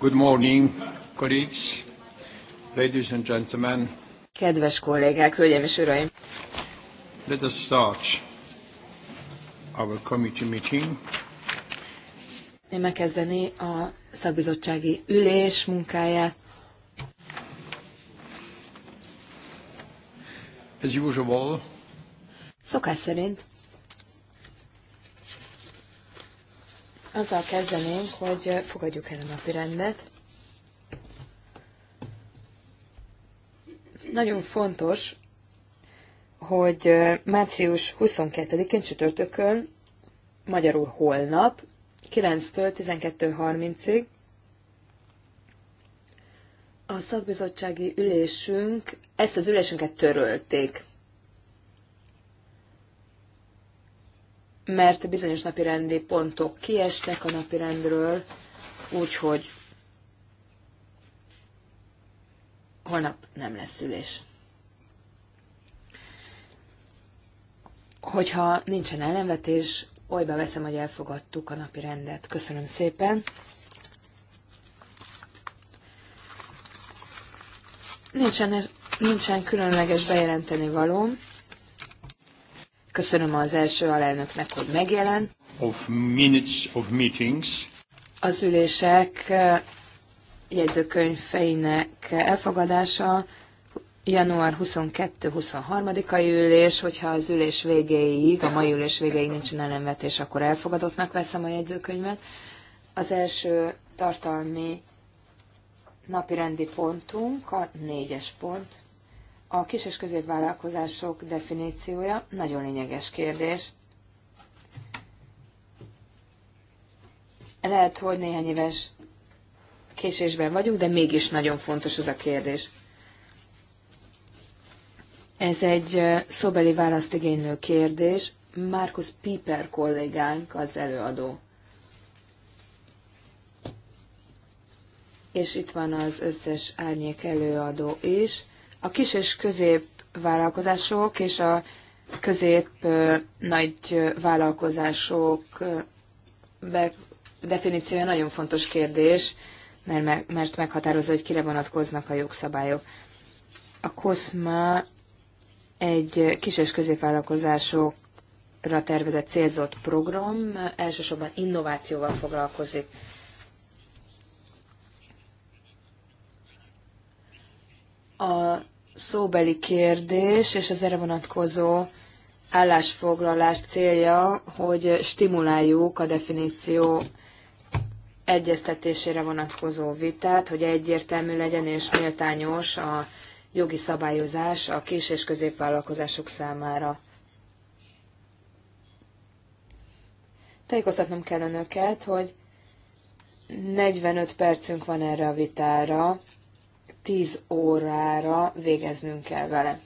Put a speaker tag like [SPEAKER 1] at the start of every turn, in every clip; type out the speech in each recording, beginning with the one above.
[SPEAKER 1] Good morning, colleagues, ladies
[SPEAKER 2] and gentlemen.
[SPEAKER 1] Kedves kollégák, hölgyeim és uraim!
[SPEAKER 2] Let us start
[SPEAKER 1] our committee meeting. Én megkezdeni a szakbizottsági ülés munkáját.
[SPEAKER 3] As usual.
[SPEAKER 1] Szokás szerint Azzal kezdenénk, hogy fogadjuk el a napi rendet. Nagyon fontos, hogy március 22-én csütörtökön, magyarul holnap, 9-től 12.30-ig a szakbizottsági ülésünk, ezt az ülésünket törölték. mert bizonyos napirendi pontok kiestek a napirendről, úgyhogy holnap nem lesz szülés. Hogyha nincsen ellenvetés, olyba veszem, hogy elfogadtuk a napi rendet. Köszönöm szépen. Nincsen, nincsen különleges bejelenteni valóm. Köszönöm az első alelnöknek, hogy megjelen.
[SPEAKER 2] Of minutes of meetings.
[SPEAKER 1] Az ülések jegyzőkönyveinek elfogadása január 22-23-ai ülés, hogyha az ülés végéig, a mai ülés végéig nincsen ellenvetés, akkor elfogadottnak veszem a jegyzőkönyvet. Az első tartalmi napirendi pontunk, a négyes pont, a kis- és középvállalkozások definíciója nagyon lényeges kérdés. Lehet, hogy néhány éves késésben vagyunk, de mégis nagyon fontos az a kérdés. Ez egy szóbeli választ igénylő kérdés. Markus Piper kollégánk az előadó. És itt van az összes árnyék előadó is. A kis és közép vállalkozások és a közép nagy vállalkozások be, definíciója nagyon fontos kérdés, mert, mert meghatározza, hogy kire vonatkoznak a jogszabályok. A COSMA egy kis és középvállalkozásokra tervezett célzott program, elsősorban innovációval foglalkozik. A szóbeli kérdés, és az erre vonatkozó állásfoglalás célja, hogy stimuláljuk a definíció egyeztetésére vonatkozó vitát, hogy egyértelmű legyen és méltányos a jogi szabályozás a kis- és középvállalkozások számára. Tájékoztatnom kell önöket, hogy 45 percünk van erre a vitára, 10 órára végeznünk kell vele.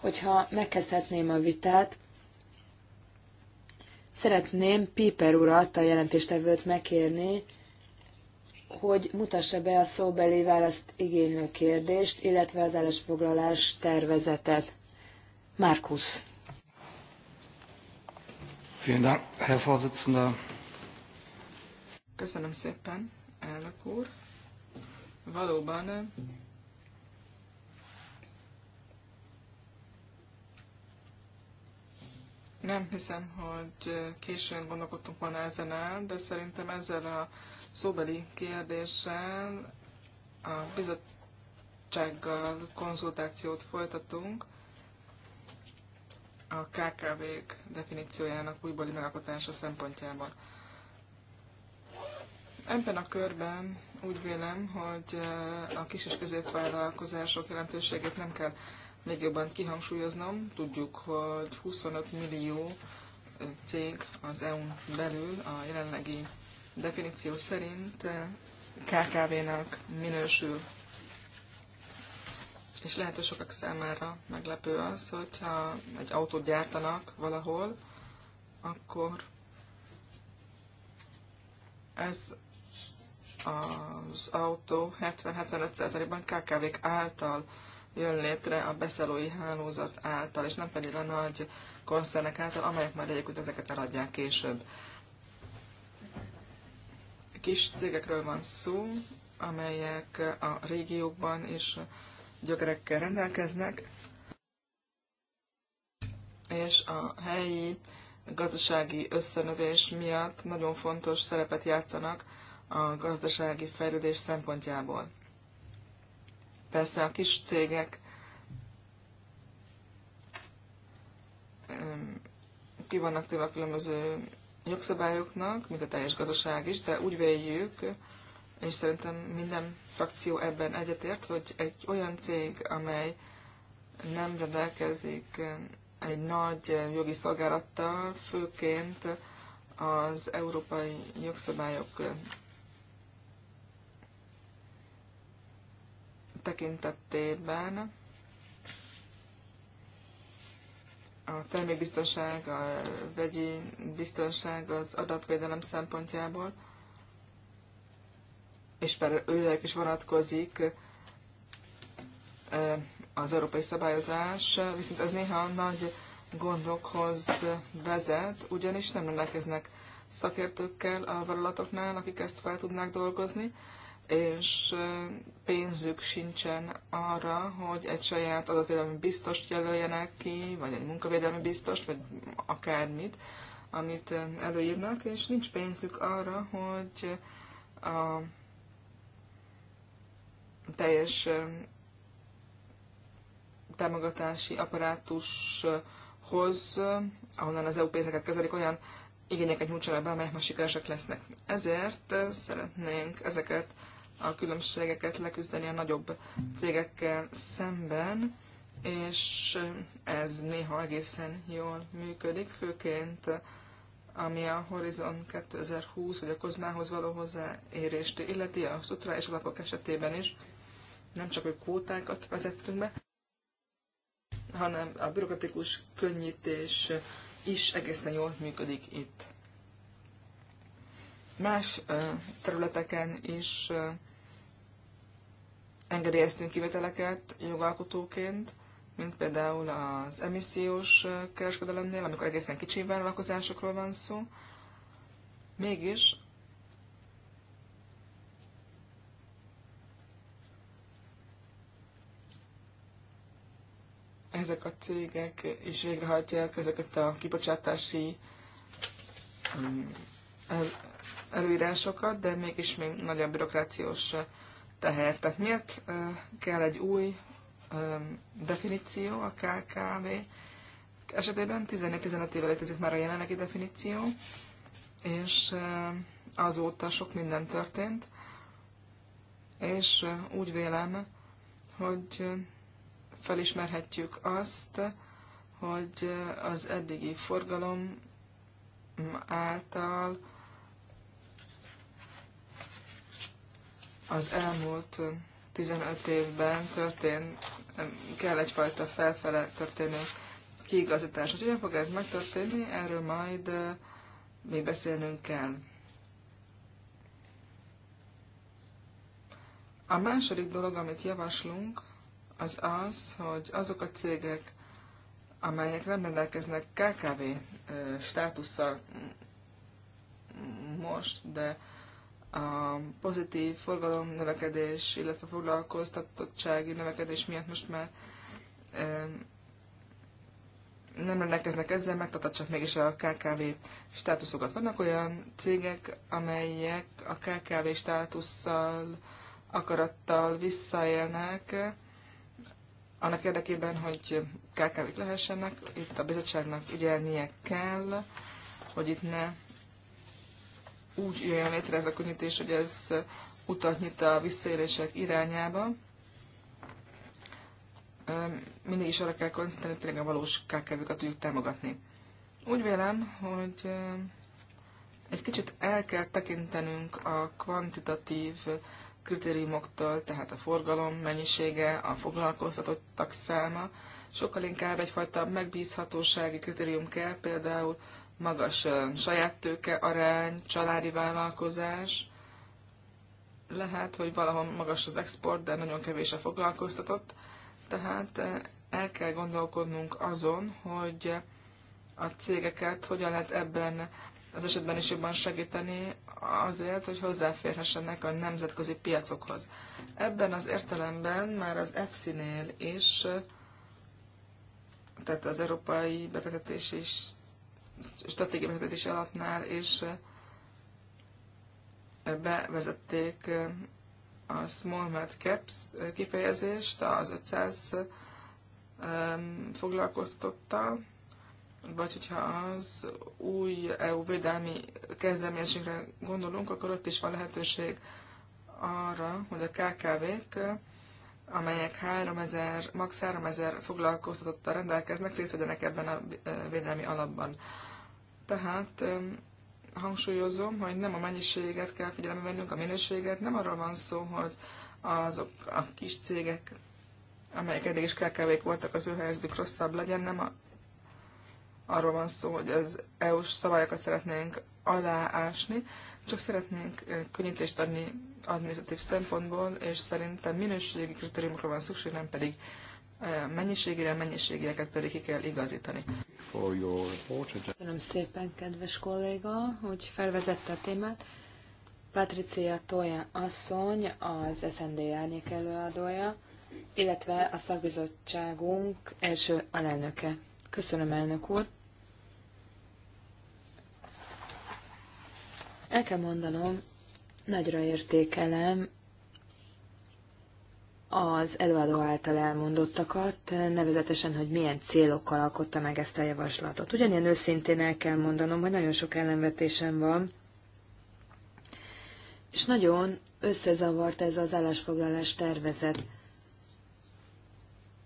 [SPEAKER 1] Hogyha megkezdhetném a vitát, szeretném Piper urat, a jelentéstevőt megkérni, hogy mutassa be a szóbeli választ igénylő kérdést, illetve az állásfoglalás tervezetet. Markus.
[SPEAKER 3] Vielen Dank, Herr Vorsitzender. Köszönöm szépen, elnök úr valóban nem hiszem, hogy későn gondolkodtunk volna ezen el, de szerintem ezzel a szóbeli kérdéssel a bizottsággal konzultációt folytatunk a KKV-k definíciójának újbóli megalkotása szempontjából. Ebben a körben úgy vélem, hogy eh, a kis és középvállalkozások jelentőségét nem kell még jobban kihangsúlyoznom. Tudjuk, hogy 25 millió eh, cég az EU-n belül a jelenlegi definíció szerint eh, KKV-nak minősül. És lehet, hogy sokak számára meglepő az, hogyha egy autót gyártanak valahol, akkor ez az autó 70-75%-ban KKV-k által jön létre a beszállói hálózat által, és nem pedig a nagy koncernek által, amelyek majd egyébként ezeket eladják később. Kis cégekről van szó, amelyek a régiókban is gyökerekkel rendelkeznek, és a helyi gazdasági összenövés miatt nagyon fontos szerepet játszanak a gazdasági fejlődés szempontjából. Persze a kis cégek ki vannak téve a különböző jogszabályoknak, mint a teljes gazdaság is, de úgy véljük, és szerintem minden frakció ebben egyetért, hogy egy olyan cég, amely nem rendelkezik egy nagy jogi szolgálattal, főként az európai jogszabályok tekintetében a termékbiztonság, a vegyi biztonság az adatvédelem szempontjából, és per őrek is vonatkozik eh, az európai szabályozás, viszont ez néha nagy gondokhoz vezet, ugyanis nem rendelkeznek szakértőkkel a vállalatoknál, akik ezt fel tudnák dolgozni, és pénzük sincsen arra, hogy egy saját adatvédelmi biztost jelöljenek ki, vagy egy munkavédelmi biztost, vagy akármit, amit előírnak, és nincs pénzük arra, hogy a teljes támogatási apparátushoz, ahonnan az EU pénzeket kezelik, olyan igényeket nyújtsanak be, amelyek már sikeresek lesznek. Ezért szeretnénk ezeket a különbségeket leküzdeni a nagyobb cégekkel szemben, és ez néha egészen jól működik, főként ami a Horizon 2020 vagy a Kozmához való hozzáérést illeti, a strukturális alapok esetében is nem csak, hogy kvótákat vezettünk be, hanem a bürokratikus könnyítés is egészen jól működik itt más területeken is engedélyeztünk kiveteleket jogalkotóként, mint például az emissziós kereskedelemnél, amikor egészen kicsi vállalkozásokról van szó. Mégis ezek a cégek is végrehajtják ezeket a kibocsátási mm, előírásokat, de mégis még nagyobb bürokrációs teher. Tehát miért kell egy új definíció a KKV esetében? 14-15 évvel létezik már a jelenlegi definíció, és azóta sok minden történt, és úgy vélem, hogy felismerhetjük azt, hogy az eddigi forgalom által az elmúlt 15 évben történ, kell egyfajta felfele történő kiigazítás. Hogy hogyan fog ez megtörténni, erről majd még beszélnünk kell. A második dolog, amit javaslunk, az az, hogy azok a cégek, amelyek nem rendelkeznek KKV státusszal most, de a pozitív forgalom növekedés, illetve foglalkoztatottsági növekedés miatt most már nem rendelkeznek ezzel, megtartatsak csak mégis a KKV státuszokat. Vannak olyan cégek, amelyek a KKV státusszal, akarattal visszaélnek, annak érdekében, hogy KKV-k lehessenek, itt a bizottságnak ügyelnie kell, hogy itt ne úgy jön létre ez a könnyítés, hogy ez utat nyit a visszaélések irányába. Mindig is arra kell koncentrálni, hogy a valós kkv tudjuk támogatni. Úgy vélem, hogy egy kicsit el kell tekintenünk a kvantitatív kritériumoktól, tehát a forgalom mennyisége, a foglalkoztatottak száma, sokkal inkább egyfajta megbízhatósági kritérium kell, például magas saját tőke arány, családi vállalkozás, lehet, hogy valahol magas az export, de nagyon kevés a foglalkoztatott, tehát el kell gondolkodnunk azon, hogy a cégeket hogyan lehet ebben az esetben is jobban segíteni azért, hogy hozzáférhessenek a nemzetközi piacokhoz. Ebben az értelemben már az EFSI-nél is, tehát az Európai Befektetési stratégiai befektetési alapnál és eh, bevezették eh, a small mad caps eh, kifejezést az 500 foglalkoztatottal, vagy hogyha az új EU védelmi kezdeményezésre gondolunk, akkor ott is van lehetőség arra, hogy a KKV-k amelyek 3000, max. 3000 foglalkoztatottal rendelkeznek, részt vegyenek ebben a eh, védelmi alapban. Tehát hangsúlyozom, hogy nem a mennyiséget kell figyelembe vennünk, a minőséget, nem arról van szó, hogy azok a kis cégek, amelyek eddig is kkv voltak, az ő helyzetük rosszabb legyen, nem a, arról van szó, hogy az EU-s szabályokat szeretnénk aláásni, csak szeretnénk eh, könnyítést adni administratív szempontból, és szerintem minőségi kritériumokra van szükség, nem pedig mennyiségére, mennyiségieket pedig ki kell igazítani.
[SPEAKER 1] Köszönöm szépen, kedves kolléga,
[SPEAKER 3] hogy felvezette a témát.
[SPEAKER 1] Patricia Tolja asszony, az SND árnyék előadója, illetve a szakbizottságunk első alelnöke. Köszönöm, elnök úr! El kell mondanom, Nagyra értékelem az előadó által elmondottakat, nevezetesen, hogy milyen célokkal alkotta meg ezt a javaslatot. Ugyanilyen őszintén el kell mondanom, hogy nagyon sok ellenvetésem van, és nagyon összezavart ez az állásfoglalás tervezet.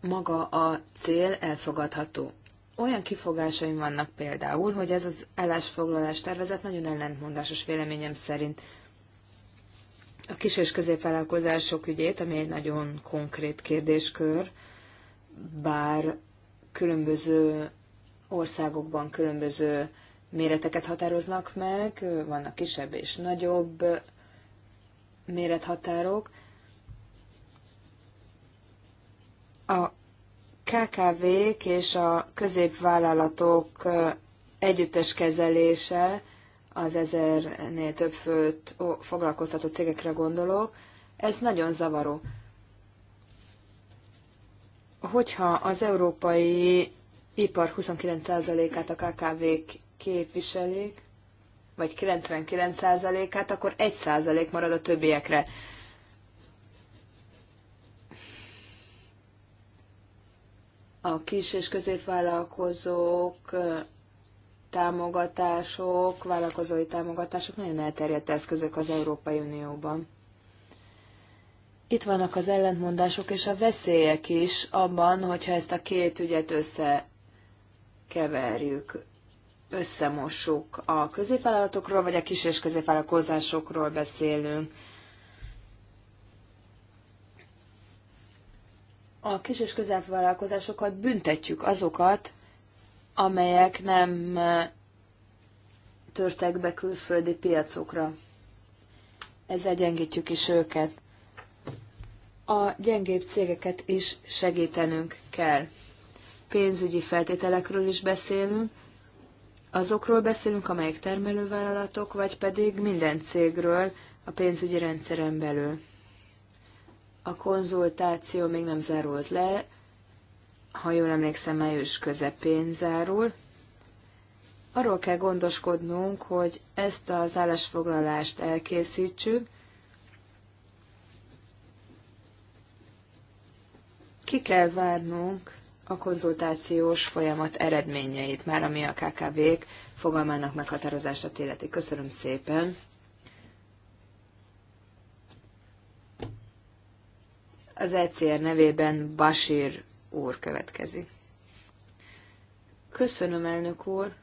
[SPEAKER 1] Maga a cél elfogadható. Olyan kifogásaim vannak például, hogy ez az állásfoglalás tervezet nagyon ellentmondásos véleményem szerint a kis- és középvállalkozások ügyét, ami egy nagyon konkrét kérdéskör, bár különböző országokban különböző méreteket határoznak meg, vannak kisebb és nagyobb mérethatárok. A KKV-k és a középvállalatok együttes kezelése az ezernél több főt foglalkoztató cégekre gondolok, ez nagyon zavaró. Hogyha az európai ipar 29%-át a KKV-k képviselik, vagy 99%-át, akkor 1% marad a többiekre. A kis és középvállalkozók támogatások, vállalkozói támogatások nagyon elterjedt eszközök az Európai Unióban. Itt vannak az ellentmondások és a veszélyek is abban, hogyha ezt a két ügyet összekeverjük, összemossuk a középvállalatokról, vagy a kis- és középvállalkozásokról beszélünk. A kis- és középvállalkozásokat büntetjük azokat, amelyek nem törtek be külföldi piacokra. Ezzel gyengítjük is őket. A gyengébb cégeket is segítenünk kell. Pénzügyi feltételekről is beszélünk, azokról beszélünk, amelyek termelővállalatok, vagy pedig minden cégről a pénzügyi rendszeren belül. A konzultáció még nem zárult le, ha jól emlékszem, május közepén zárul. Arról kell gondoskodnunk, hogy ezt az állásfoglalást elkészítsük, ki kell várnunk a konzultációs folyamat eredményeit, már ami a KKV-k fogalmának meghatározását illeti. Köszönöm szépen! Az ECR nevében Basír úr következik. Köszönöm, elnök úr.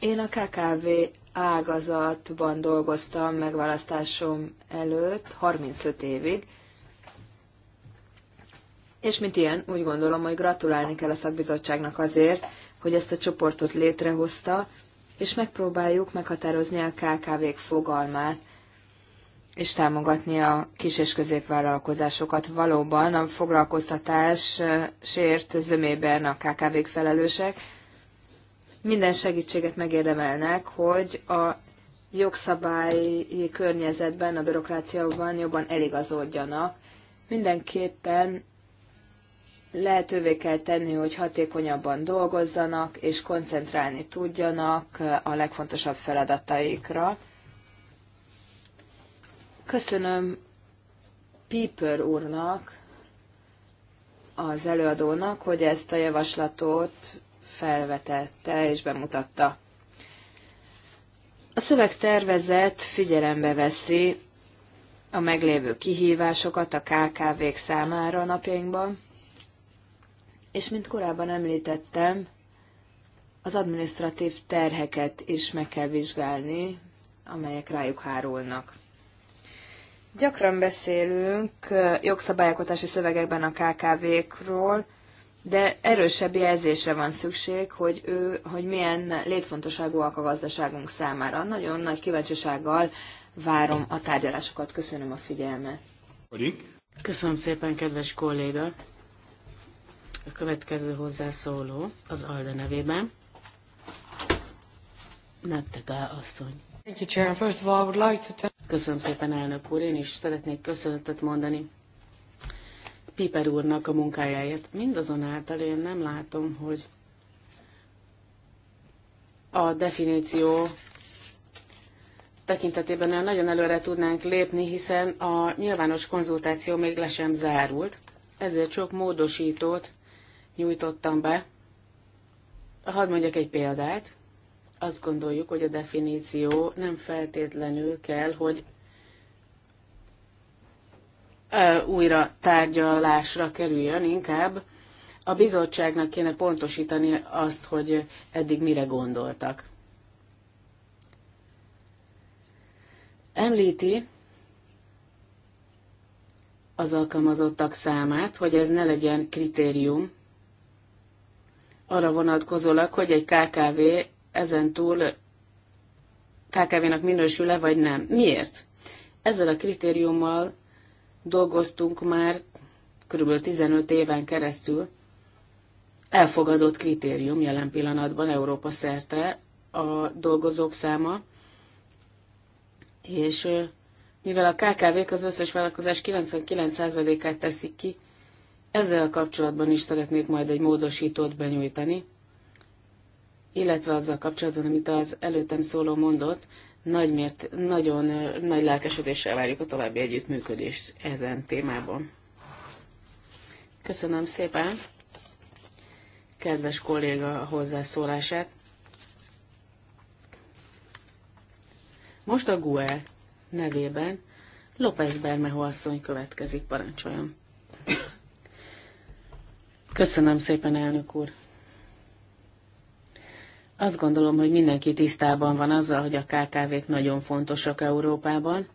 [SPEAKER 1] Én a KKV ágazatban dolgoztam megválasztásom előtt 35 évig, és mint ilyen, úgy gondolom, hogy gratulálni kell a szakbizottságnak azért, hogy ezt a csoportot létrehozta, és megpróbáljuk meghatározni a KKV-k fogalmát és támogatni a kis- és középvállalkozásokat. Valóban a foglalkoztatásért zömében a KKV-k felelősek minden segítséget megérdemelnek, hogy a jogszabályi környezetben, a bürokráciában jobban eligazodjanak. Mindenképpen lehetővé kell tenni, hogy hatékonyabban dolgozzanak és koncentrálni tudjanak a legfontosabb feladataikra Köszönöm Piper úrnak, az előadónak, hogy ezt a javaslatot felvetette és bemutatta. A szövegtervezet figyelembe veszi a meglévő kihívásokat a KKV-k számára a napjainkban, és mint korábban említettem, az administratív terheket is meg kell vizsgálni, amelyek rájuk hárulnak. Gyakran beszélünk jogszabályalkotási szövegekben a KKV-król, de erősebb jelzésre van szükség, hogy, ő, hogy milyen létfontosságúak a gazdaságunk számára. Nagyon nagy kíváncsisággal várom a tárgyalásokat. Köszönöm a figyelmet.
[SPEAKER 2] Köszönöm szépen, kedves kolléga. A következő hozzászóló az Alda nevében. Naptagá asszony. Thank you, Chair. First of all, I would like to Köszönöm szépen, elnök úr. Én is szeretnék köszönetet mondani Piper úrnak a munkájáért. Mindazonáltal én nem látom, hogy a definíció tekintetében olyan nagyon előre tudnánk lépni, hiszen a nyilvános konzultáció még le sem zárult, ezért sok módosítót nyújtottam be. Hadd mondjak egy példát azt gondoljuk, hogy a definíció nem feltétlenül kell, hogy újra tárgyalásra kerüljön, inkább a bizottságnak kéne pontosítani azt, hogy eddig mire gondoltak. Említi az alkalmazottak számát, hogy ez ne legyen kritérium arra vonatkozólag, hogy egy KKV ezen túl KKV-nak minősül-e vagy nem. Miért? Ezzel a kritériummal dolgoztunk már kb. 15 éven keresztül. Elfogadott kritérium jelen pillanatban Európa szerte a dolgozók száma, és mivel a KKV-k az összes vállalkozás 99%-át teszik ki, ezzel kapcsolatban is szeretnék majd egy módosítót benyújtani, illetve azzal kapcsolatban, amit az előttem szóló mondott, nagy mért, nagyon nagy lelkesedéssel várjuk a további együttműködést ezen témában. Köszönöm szépen kedves kolléga hozzászólását. Most a GUE nevében López Bermeho asszony következik, parancsoljon. Köszönöm szépen, elnök úr. Azt gondolom, hogy mindenki tisztában van azzal, hogy a KKV-k nagyon fontosak Európában.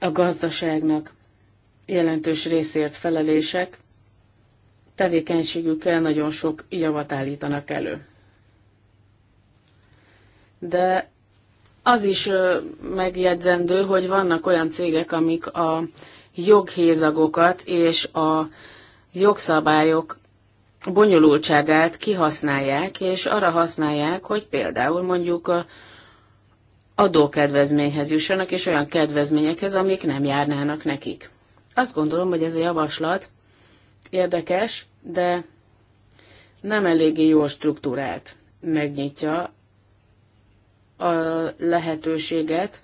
[SPEAKER 2] A gazdaságnak jelentős részért felelések, tevékenységükkel nagyon sok javat állítanak elő. De az is megjegyzendő, hogy vannak olyan cégek, amik a joghézagokat és a jogszabályok bonyolultságát kihasználják, és arra használják, hogy például mondjuk a adókedvezményhez jussanak, és olyan kedvezményekhez, amik nem járnának nekik. Azt gondolom, hogy ez a javaslat érdekes, de nem eléggé jó struktúrát megnyitja a lehetőséget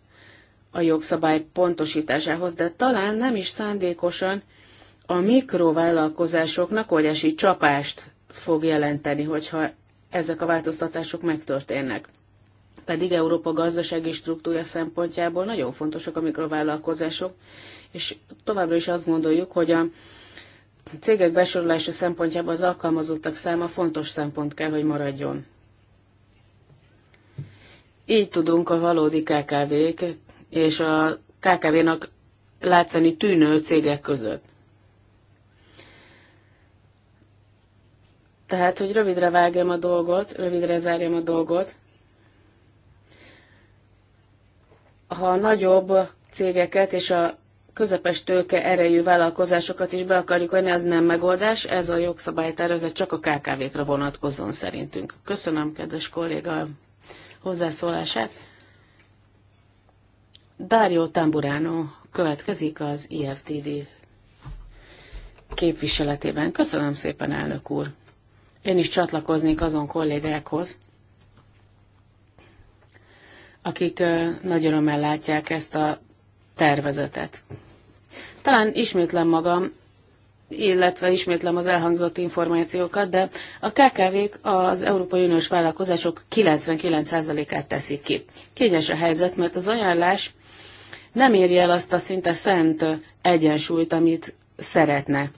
[SPEAKER 2] a jogszabály pontosításához, de talán nem is szándékosan a mikrovállalkozásoknak óriási csapást fog jelenteni, hogyha ezek a változtatások megtörténnek. Pedig Európa gazdasági struktúra szempontjából nagyon fontosak a mikrovállalkozások, és továbbra is azt gondoljuk, hogy a cégek besorolása szempontjából az alkalmazottak száma fontos szempont kell, hogy maradjon. Így tudunk a valódi KKV-k és a KKV-nak látszani tűnő cégek között. Tehát, hogy rövidre vágjam a dolgot, rövidre zárjam a dolgot. Ha a nagyobb cégeket és a közepes tőke erejű vállalkozásokat is be akarjuk venni, az nem megoldás, ez a jogszabálytervezet csak a KKV-kra vonatkozón szerintünk. Köszönöm, kedves kolléga, hozzászólását. Dario Tamburano következik az IFTD képviseletében. Köszönöm szépen, elnök úr! Én is csatlakoznék azon kollégákhoz, akik nagy örömmel látják ezt a tervezetet. Talán ismétlem magam, illetve ismétlem az elhangzott információkat, de a KKV-k az Európai Uniós vállalkozások 99%-át teszik ki. Kényes a helyzet, mert az ajánlás nem éri el azt a szinte szent egyensúlyt, amit szeretne.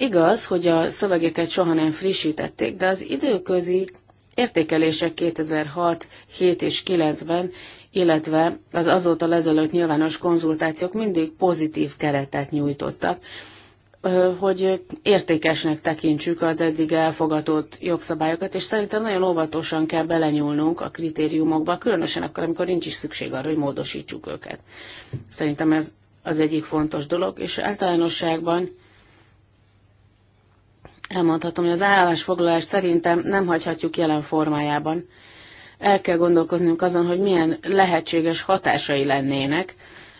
[SPEAKER 2] Igaz, hogy a szövegeket soha nem frissítették, de az időközi értékelések 2006, 7 és 9-ben, illetve az azóta lezelőtt nyilvános konzultációk mindig pozitív keretet nyújtottak, hogy értékesnek tekintsük az eddig elfogadott jogszabályokat, és szerintem nagyon óvatosan kell belenyúlnunk a kritériumokba, különösen akkor, amikor nincs is szükség arra, hogy módosítsuk őket. Szerintem ez az egyik fontos dolog, és általánosságban elmondhatom, hogy az állásfoglalást szerintem nem hagyhatjuk jelen formájában. El kell gondolkoznunk azon, hogy milyen lehetséges hatásai lennének,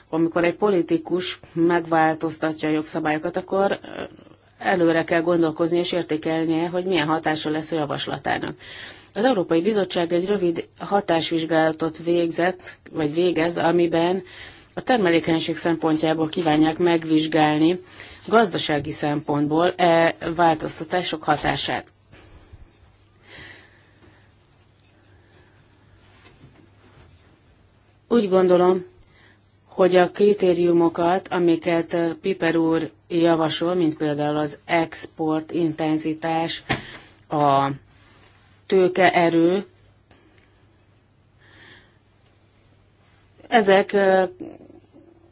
[SPEAKER 2] amikor egy politikus megváltoztatja a jogszabályokat, akkor előre kell gondolkozni és értékelnie, hogy milyen hatása lesz a javaslatának. Az Európai Bizottság egy rövid hatásvizsgálatot végzett, vagy végez, amiben a termelékenység szempontjából kívánják megvizsgálni gazdasági szempontból e változtatások hatását. Úgy gondolom, hogy a kritériumokat, amiket Piper úr javasol, mint például az export intenzitás, a tőkeerő, ezek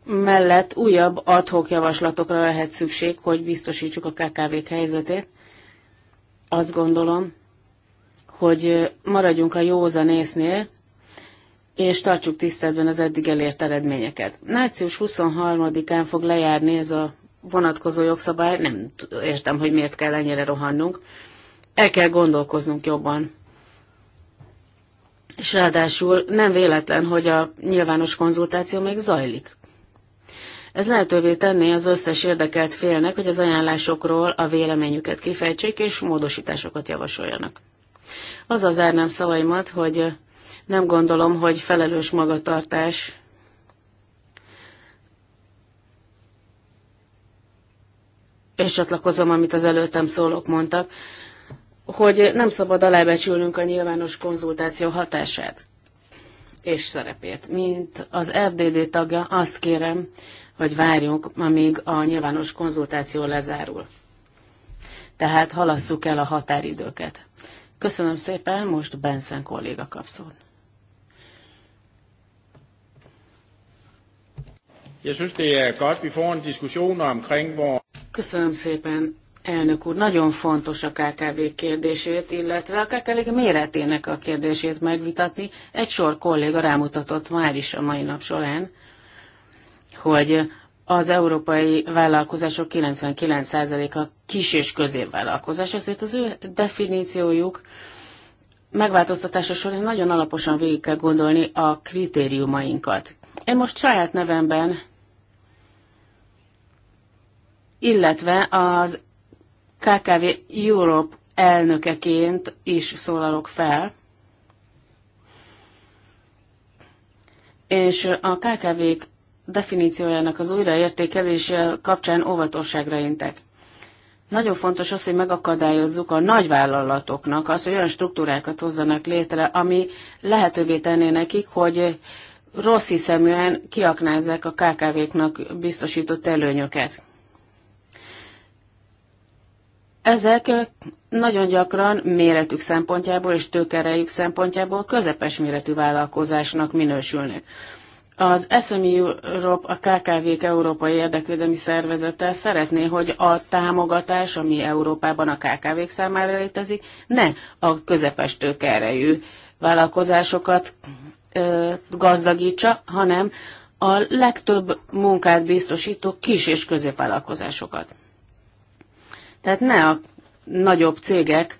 [SPEAKER 2] mellett újabb adhok javaslatokra lehet szükség, hogy biztosítsuk a KKV-k helyzetét. Azt gondolom, hogy maradjunk a józan észnél, és tartsuk tiszteletben az eddig elért eredményeket. Március 23-án fog lejárni ez a vonatkozó jogszabály, nem értem, hogy miért kell ennyire rohannunk. El kell gondolkoznunk jobban. És ráadásul nem véletlen, hogy a nyilvános konzultáció még zajlik. Ez lehetővé tenné az összes érdekelt félnek, hogy az ajánlásokról a véleményüket kifejtsék és módosításokat javasoljanak. Az az nem szavaimat, hogy nem gondolom, hogy felelős magatartás és csatlakozom, amit az előttem szólók mondtak, hogy nem szabad alábecsülnünk a nyilvános konzultáció hatását és szerepét. Mint az FDD tagja, azt kérem, vagy várjunk, amíg a nyilvános konzultáció lezárul. Tehát halasszuk el a határidőket. Köszönöm szépen, most Benszen kolléga kap szót.
[SPEAKER 3] Er
[SPEAKER 2] Köszönöm szépen, elnök úr. Nagyon fontos a KKV kérdését, illetve a KKV méretének a kérdését megvitatni. Egy sor kolléga rámutatott már is a mai nap során, hogy az európai vállalkozások 99%-a kis és középvállalkozás, ezért az ő definíciójuk megváltoztatása során nagyon alaposan végig kell gondolni a kritériumainkat. Én most saját nevemben, illetve az KKV Europe elnökeként is szólalok fel, és a KKV-k definíciójának az újraértékelése kapcsán óvatosságra intek. Nagyon fontos az, hogy megakadályozzuk a nagyvállalatoknak az, hogy olyan struktúrákat hozzanak létre, ami lehetővé tenné nekik, hogy rossz hiszeműen kiaknázzák a KKV-knak biztosított előnyöket. Ezek nagyon gyakran méretük szempontjából és tőkerejük szempontjából közepes méretű vállalkozásnak minősülnek. Az SME Europe, a KKV-k Európai Érdekvédelmi Szervezete szeretné, hogy a támogatás, ami Európában a KKV-k számára létezik, ne a közepes tőkerejű vállalkozásokat ö, gazdagítsa, hanem a legtöbb munkát biztosító kis és középvállalkozásokat. Tehát ne a nagyobb cégek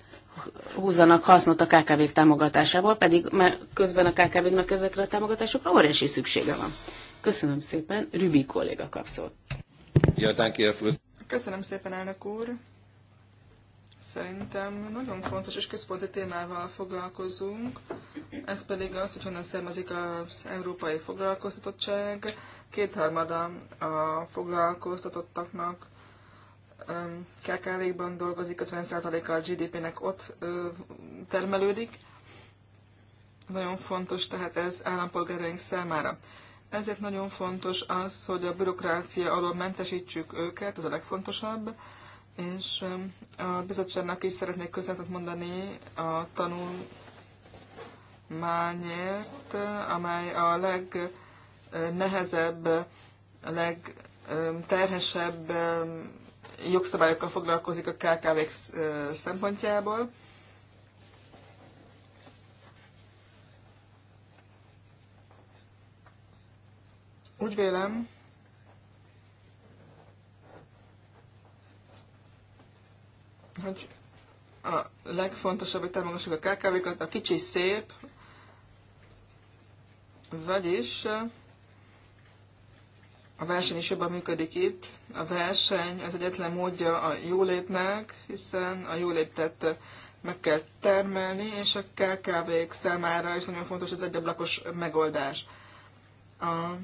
[SPEAKER 2] húzzanak hasznot a KKV-k támogatásából, pedig mert közben a kkv ezekre a támogatásokra óriási szüksége van. Köszönöm szépen, Rübi kolléga kap szót.
[SPEAKER 3] Köszönöm szépen, elnök úr. Szerintem nagyon fontos és központi témával foglalkozunk, ez pedig az, hogy honnan származik az európai foglalkoztatottság. Kétharmada a foglalkoztatottaknak Um, KKV-kban dolgozik, 50%-a a GDP-nek ott termelődik. Nagyon fontos tehát ez állampolgáraink számára. Ezért nagyon fontos az, hogy a bürokrácia alól mentesítsük őket, ez a legfontosabb, és um, a bizottságnak is szeretnék köszönetet mondani a tanulmányért, amely a legnehezebb, a legterhesebb um, jogszabályokkal foglalkozik a kkv szempontjából. Úgy vélem, hogy a legfontosabb, hogy támogassuk a KKV-kat, a kicsi szép, vagyis a verseny is jobban működik itt. A verseny az egyetlen módja a jólétnek, hiszen a jólétet meg kell termelni, és a KKV-k számára is nagyon fontos az egyablakos megoldás. A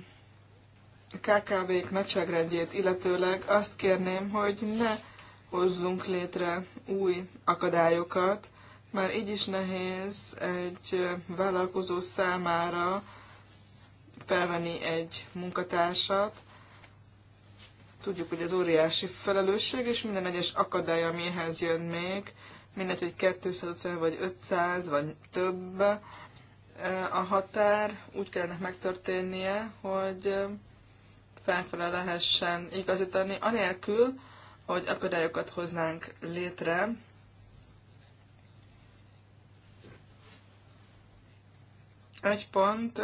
[SPEAKER 3] KKV-k nagyságrendjét illetőleg azt kérném, hogy ne hozzunk létre új akadályokat, már így is nehéz egy vállalkozó számára felvenni egy munkatársat. Tudjuk, hogy ez óriási felelősség, és minden egyes akadály, ami ehhez jön még, mindegy, hogy 250 vagy 500 vagy több eh, a határ, úgy kellene megtörténnie, hogy eh, felfele lehessen igazítani, anélkül, hogy akadályokat hoznánk létre, egy pont,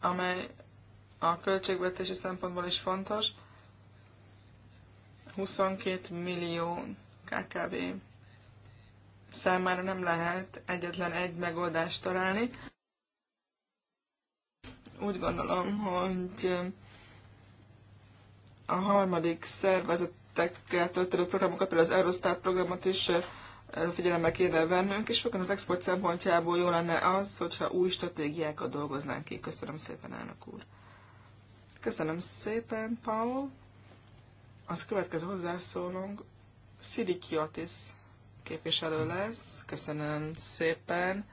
[SPEAKER 3] amely a költségvetési szempontból is fontos. 22 millió KKV számára nem lehet egyetlen egy megoldást találni. Úgy gondolom, hogy a harmadik szervezetekkel történő programokat, például az Eurostat programot is figyelembe kéne bennünk, és főként az export szempontjából jó lenne az, hogyha új stratégiákat dolgoznánk ki. Köszönöm szépen, elnök úr. Köszönöm szépen, Paul. Az következő hozzászólónk Siri Kiotis képviselő lesz. Köszönöm szépen,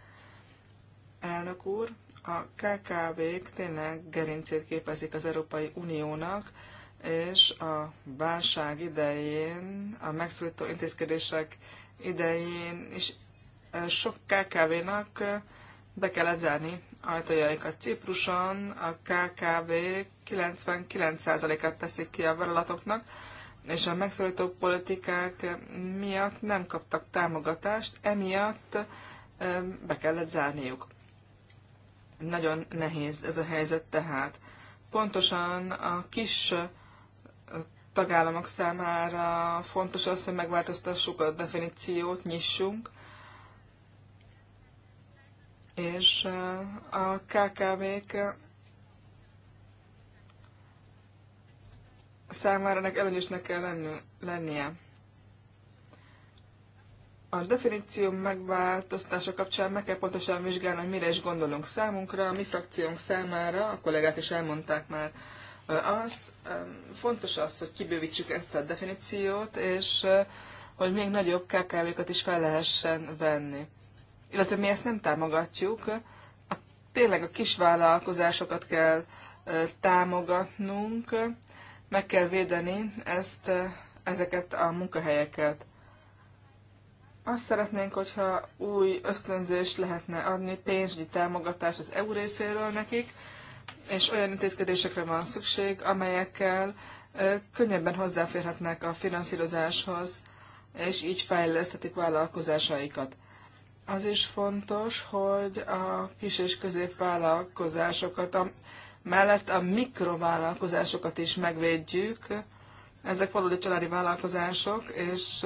[SPEAKER 3] elnök úr. A KKV-k tényleg gerincét képezik az Európai Uniónak, és a válság idején a megszólító intézkedések idején, és sok KKV-nak be kellett zárni ajtajaikat. Cipruson a KKV 99%-át teszik ki a vállalatoknak, és a megszorító politikák miatt nem kaptak támogatást, emiatt be kellett zárniuk. Nagyon nehéz ez a helyzet tehát. Pontosan a kis tagállamok számára fontos az, hogy megváltoztassuk a definíciót, nyissunk, és eh, a KKV-k eh, számára ennek előnyösnek kell lennie. A definíció megváltoztása kapcsán meg kell pontosan vizsgálni, hogy mire is gondolunk számunkra, a mi frakciónk számára, a kollégák is elmondták már azt, fontos az, hogy kibővítsük ezt a definíciót, és hogy még nagyobb KKV-kat is fel lehessen venni. Illetve mi ezt nem támogatjuk, a, tényleg a kisvállalkozásokat kell támogatnunk, meg kell védeni ezt, ezeket a munkahelyeket. Azt szeretnénk, hogyha új ösztönzést lehetne adni, pénzügyi támogatást az EU részéről nekik, és olyan intézkedésekre van szükség, amelyekkel könnyebben hozzáférhetnek a finanszírozáshoz, és így fejleszthetik vállalkozásaikat. Az is fontos, hogy a kis és középvállalkozásokat, a, mellett a mikrovállalkozásokat is megvédjük. Ezek valódi családi vállalkozások, és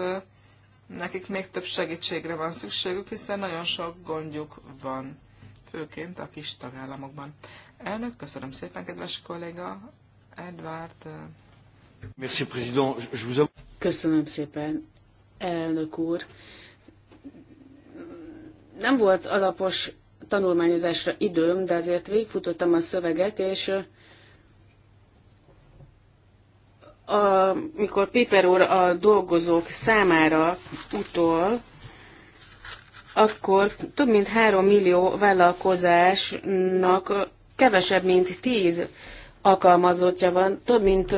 [SPEAKER 3] nekik még több segítségre van szükségük, hiszen nagyon sok gondjuk van, főként a kis tagállamokban. Elnök, köszönöm szépen, kedves kolléga Edward.
[SPEAKER 1] Merci, président.
[SPEAKER 2] Köszönöm szépen,
[SPEAKER 3] elnök úr.
[SPEAKER 2] Nem volt alapos tanulmányozásra időm, de azért végfutottam a szöveget, és amikor Piper úr a dolgozók számára utol, akkor több mint 3 millió vállalkozásnak kevesebb, mint 10 alkalmazottja van, több mint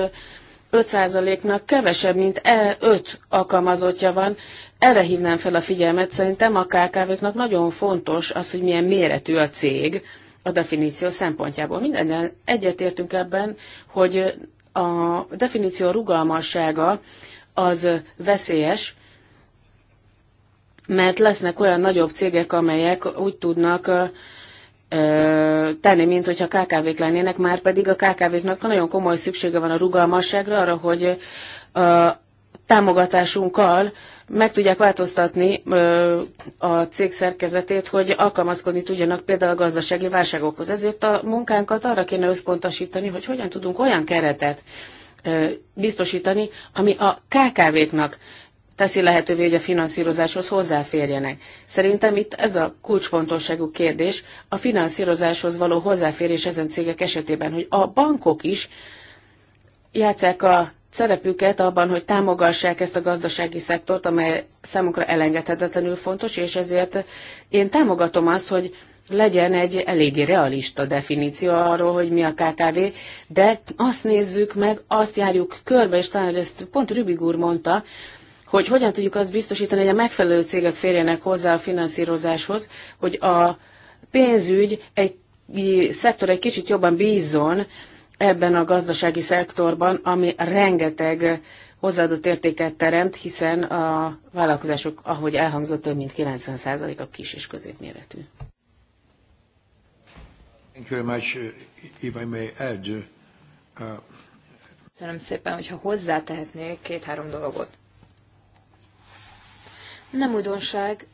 [SPEAKER 2] 5%-nak kevesebb, mint 5 e, alkalmazottja van. Erre hívnám fel a figyelmet, szerintem a KKV-knak nagyon fontos az, hogy milyen méretű a cég a definíció szempontjából. Mindennel egyetértünk ebben, hogy a definíció rugalmassága az veszélyes, mert lesznek olyan nagyobb cégek, amelyek úgy tudnak tenni, mint hogyha KKV-k lennének, már pedig a KKV-knak nagyon komoly szüksége van a rugalmasságra, arra, hogy a támogatásunkkal meg tudják változtatni a cég szerkezetét, hogy alkalmazkodni tudjanak például a gazdasági válságokhoz. Ezért a munkánkat arra kéne összpontosítani, hogy hogyan tudunk olyan keretet biztosítani, ami a KKV-knak teszi lehetővé, hogy a finanszírozáshoz hozzáférjenek. Szerintem itt ez a kulcsfontosságú kérdés, a finanszírozáshoz való hozzáférés ezen cégek esetében, hogy a bankok is játszák a szerepüket abban, hogy támogassák ezt a gazdasági szektort, amely számukra elengedhetetlenül fontos, és ezért én támogatom azt, hogy legyen egy eléggé realista definíció arról, hogy mi a KKV, de azt nézzük meg, azt járjuk körbe, és talán ezt pont Rübig úr mondta, hogy hogyan tudjuk azt biztosítani, hogy a megfelelő cégek férjenek hozzá a finanszírozáshoz, hogy a pénzügy egy szektor egy kicsit jobban bízzon ebben a gazdasági szektorban, ami rengeteg hozzáadott értéket teremt, hiszen a vállalkozások, ahogy elhangzott, több mint 90% a kis és középméretű.
[SPEAKER 1] Thank you very much. may uh, Köszönöm szépen, hogyha hozzátehetnék két-három dolgot. Nem újdonság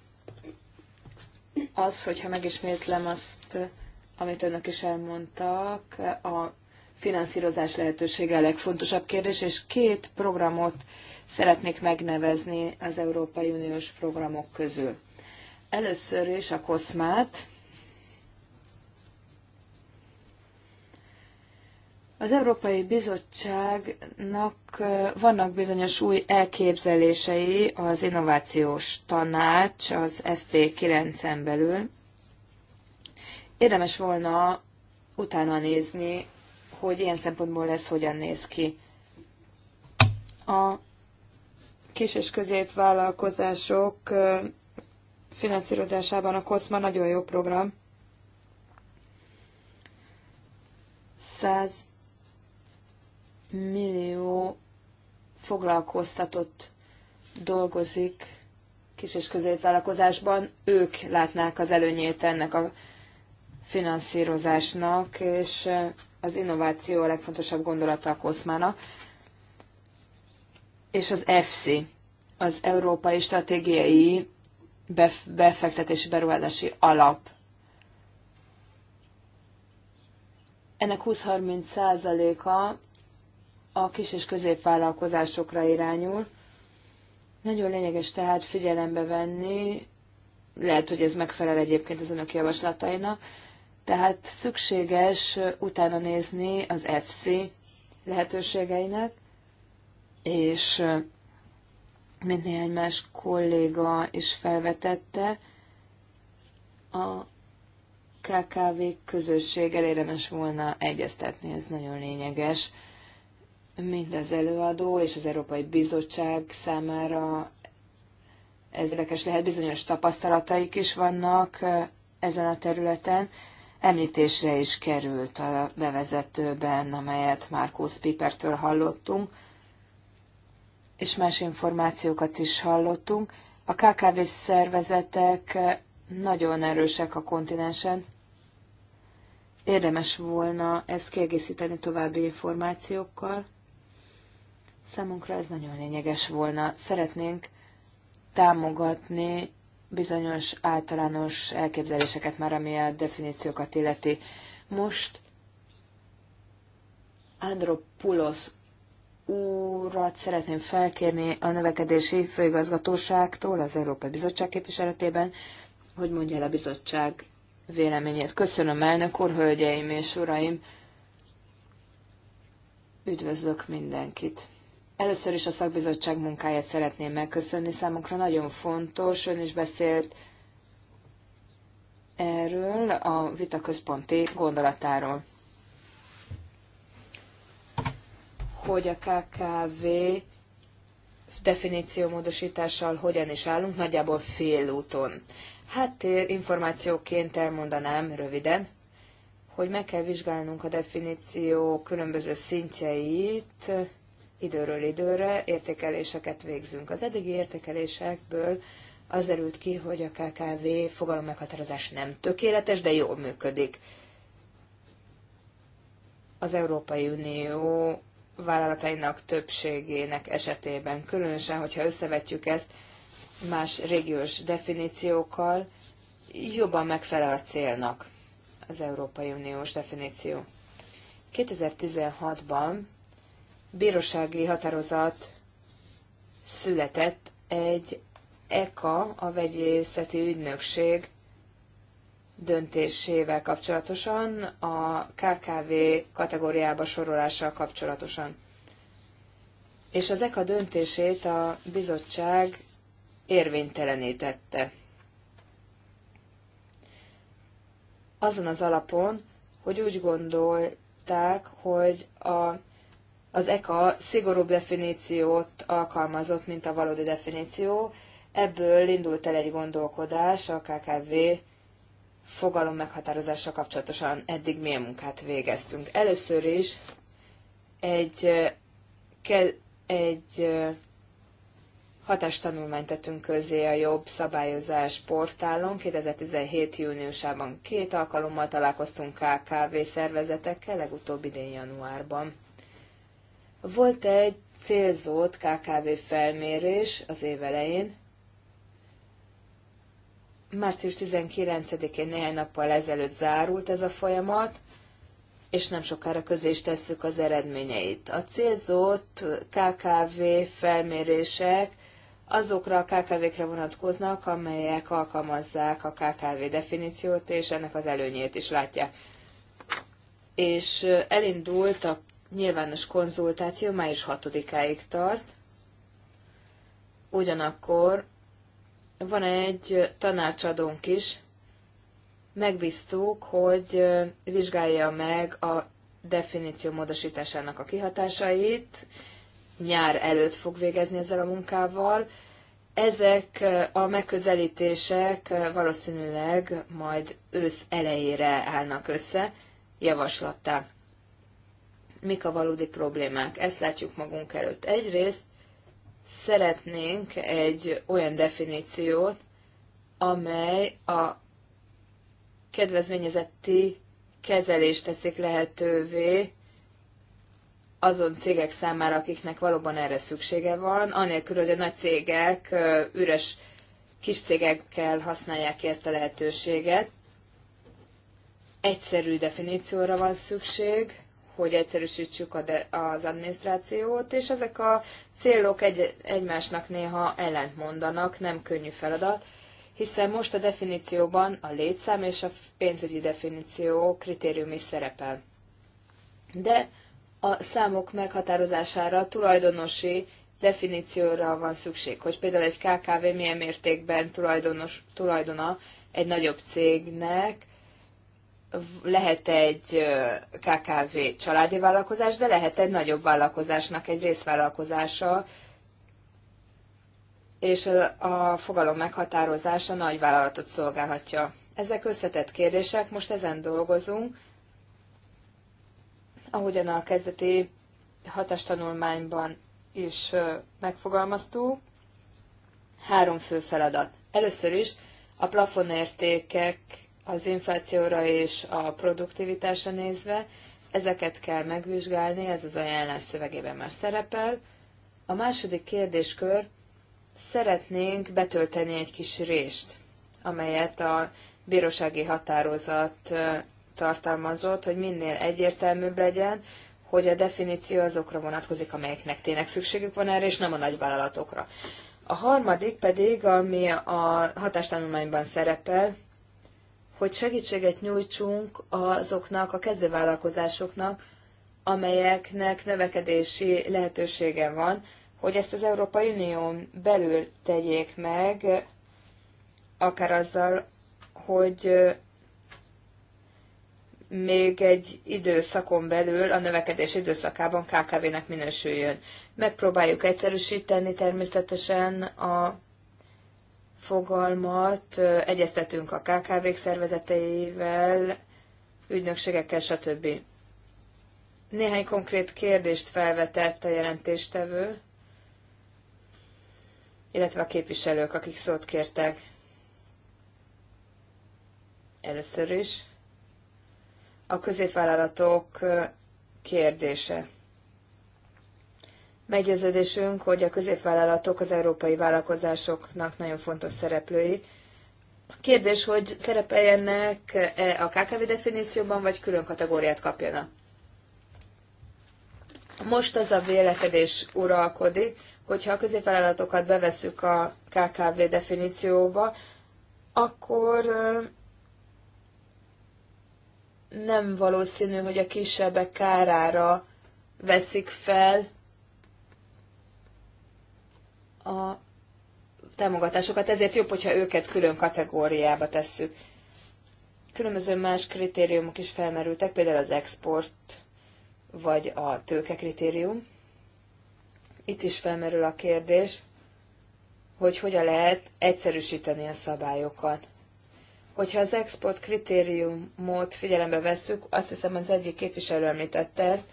[SPEAKER 1] az, hogyha megismétlem azt, amit önök is elmondtak, a finanszírozás lehetősége a legfontosabb kérdés, és két programot szeretnék megnevezni az Európai Uniós programok közül. Először is a koszmát, Az Európai Bizottságnak eh, vannak bizonyos új elképzelései az innovációs tanács az FP9-en belül. Érdemes volna utána nézni, hogy ilyen szempontból ez hogyan néz ki. A kis és középvállalkozások eh, finanszírozásában a COSMA nagyon jó program. 100 millió foglalkoztatott dolgozik kis- és középvállalkozásban, ők látnák az előnyét ennek a finanszírozásnak, és az innováció a legfontosabb gondolata a koszmának. És az EFSI, az Európai Stratégiai Befektetési Beruházási Alap. Ennek 20-30 százaléka a kis- és középvállalkozásokra irányul. Nagyon lényeges tehát figyelembe venni, lehet, hogy ez megfelel egyébként az önök javaslatainak, tehát szükséges utána nézni az FC lehetőségeinek, és mint néhány más kolléga is felvetette, a KKV közösséggel érdemes volna egyeztetni, ez nagyon lényeges mind az előadó és az Európai Bizottság számára ez érdekes lehet, bizonyos tapasztalataik is vannak ezen a területen. Említésre is került a bevezetőben, amelyet Márkusz Pipertől hallottunk, és más információkat is hallottunk. A KKV szervezetek nagyon erősek a kontinensen. Érdemes volna ezt kiegészíteni további információkkal. Számunkra ez nagyon lényeges volna. Szeretnénk támogatni bizonyos általános elképzeléseket már, ami a definíciókat illeti. Most Andropulos úrat szeretném felkérni a növekedési főigazgatóságtól, az Európai Bizottság képviseletében, hogy mondja el a bizottság véleményét. Köszönöm, elnök úr, hölgyeim és uraim! Üdvözlök mindenkit! Először is a szakbizottság munkáját szeretném megköszönni. Számunkra nagyon fontos, ön is beszélt erről a vitaközponti gondolatáról. Hogy a KKV definíció módosítással hogyan is állunk, nagyjából félúton. Hát, információként elmondanám röviden, hogy meg kell vizsgálnunk a definíció különböző szintjeit, időről időre értékeléseket végzünk. Az eddigi értékelésekből az derült ki, hogy a KKV fogalom meghatározás nem tökéletes, de jól működik. Az Európai Unió vállalatainak többségének esetében, különösen, hogyha összevetjük ezt más régiós definíciókkal, jobban megfelel a célnak az Európai Uniós definíció. 2016-ban bírósági határozat született egy ECA, a vegyészeti ügynökség döntésével kapcsolatosan, a KKV kategóriába sorolással kapcsolatosan. És az ECA döntését a bizottság érvénytelenítette. Azon az alapon, hogy úgy gondolták, hogy a az ECA szigorúbb definíciót alkalmazott, mint a valódi definíció. Ebből indult el egy gondolkodás a KKV fogalom meghatározása kapcsolatosan eddig milyen munkát végeztünk. Először is egy, egy hatástanulmányt tettünk közé a jobb szabályozás portálon. 2017. júniusában két alkalommal találkoztunk KKV szervezetekkel, legutóbb idén januárban volt egy célzott KKV felmérés az év elején, március 19-én néhány nappal ezelőtt zárult ez a folyamat, és nem sokára közé is tesszük az eredményeit. A célzott KKV felmérések azokra a KKV-kre vonatkoznak, amelyek alkalmazzák a KKV definíciót, és ennek az előnyét is látják. És elindult a nyilvános konzultáció május 6-áig tart. Ugyanakkor van egy tanácsadónk is, megbíztuk, hogy vizsgálja meg a definíció módosításának a kihatásait, nyár előtt fog végezni ezzel a munkával. Ezek a megközelítések valószínűleg majd ősz elejére állnak össze javaslattá mik a valódi problémák. Ezt látjuk magunk előtt. Egyrészt szeretnénk egy olyan definíciót, amely a kedvezményezetti kezelést teszik lehetővé azon cégek számára, akiknek valóban erre szüksége van, anélkül, hogy a nagy cégek üres kis cégekkel használják ki ezt a lehetőséget. Egyszerű definícióra van szükség, hogy egyszerűsítsük az adminisztrációt, és ezek a célok egy, egymásnak néha ellentmondanak, nem könnyű feladat, hiszen most a definícióban a létszám és a pénzügyi definíció kritérium is szerepel. De a számok meghatározására tulajdonosi definícióra van szükség, hogy például egy KKV milyen mértékben tulajdonos, tulajdona egy nagyobb cégnek, lehet egy KKV családi vállalkozás, de lehet egy nagyobb vállalkozásnak egy részvállalkozása, és a fogalom meghatározása nagy vállalatot szolgálhatja. Ezek összetett kérdések, most ezen dolgozunk. Ahogyan a kezdeti hatástanulmányban is megfogalmaztuk, három fő feladat. Először is a plafonértékek az inflációra és a produktivitásra nézve, ezeket kell megvizsgálni, ez az ajánlás szövegében már szerepel. A második kérdéskör, szeretnénk betölteni egy kis rést, amelyet a bírósági határozat tartalmazott, hogy minél egyértelműbb legyen, hogy a definíció azokra vonatkozik, amelyeknek tényleg szükségük van erre, és nem a nagyvállalatokra. A harmadik pedig, ami a hatástanulmányban szerepel, hogy segítséget nyújtsunk azoknak a kezdővállalkozásoknak, amelyeknek növekedési lehetősége van, hogy ezt az Európai Unión belül tegyék meg, akár azzal, hogy még egy időszakon belül, a növekedés időszakában KKV-nek minősüljön. Megpróbáljuk egyszerűsíteni természetesen a fogalmat egyeztetünk a KKV-k szervezeteivel, ügynökségekkel, stb. Néhány konkrét kérdést felvetett a jelentéstevő, illetve a képviselők, akik szót kértek. Először is a középvállalatok kérdése. Meggyőződésünk, hogy a középvállalatok az európai vállalkozásoknak nagyon fontos szereplői. Kérdés, hogy szerepeljenek-e a KKV definícióban, vagy külön kategóriát kapjanak? Most az a vélekedés uralkodik, hogyha a középvállalatokat bevesszük a KKV definícióba, akkor nem valószínű, hogy a kisebbek kárára veszik fel a támogatásokat, ezért jobb, hogyha őket külön kategóriába tesszük. Különböző más kritériumok is felmerültek, például az export vagy a tőke kritérium. Itt is felmerül a kérdés, hogy hogyan lehet egyszerűsíteni a szabályokat. Hogyha az export kritériumot figyelembe vesszük, azt hiszem az egyik képviselő említette ezt,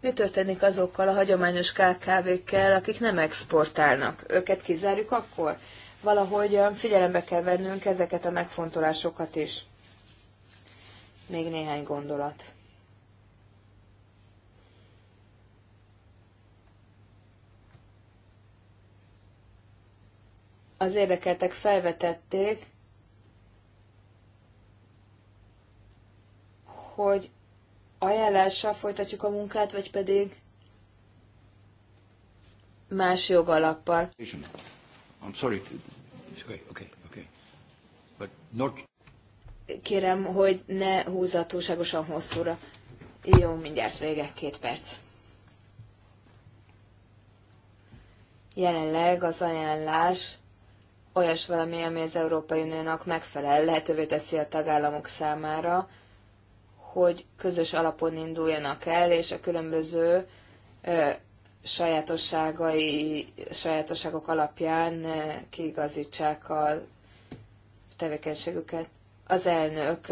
[SPEAKER 1] mi történik azokkal a hagyományos KKV-kkel, akik nem exportálnak? Őket kizárjuk akkor? Valahogy figyelembe kell vennünk ezeket a megfontolásokat is. Még néhány gondolat. az érdekeltek felvetették, hogy ajánlással folytatjuk a munkát, vagy pedig más jogalappal.
[SPEAKER 3] I'm sorry. Okay, okay, okay. But not...
[SPEAKER 1] Kérem, hogy ne húzza túlságosan hosszúra. Jó, mindjárt vége, két perc. Jelenleg az ajánlás olyas valami, ami az Európai Uniónak megfelel, lehetővé teszi a tagállamok számára, hogy közös alapon induljanak el, és a különböző ö, sajátosságai, sajátosságok alapján kiigazítsák a tevékenységüket. Az elnök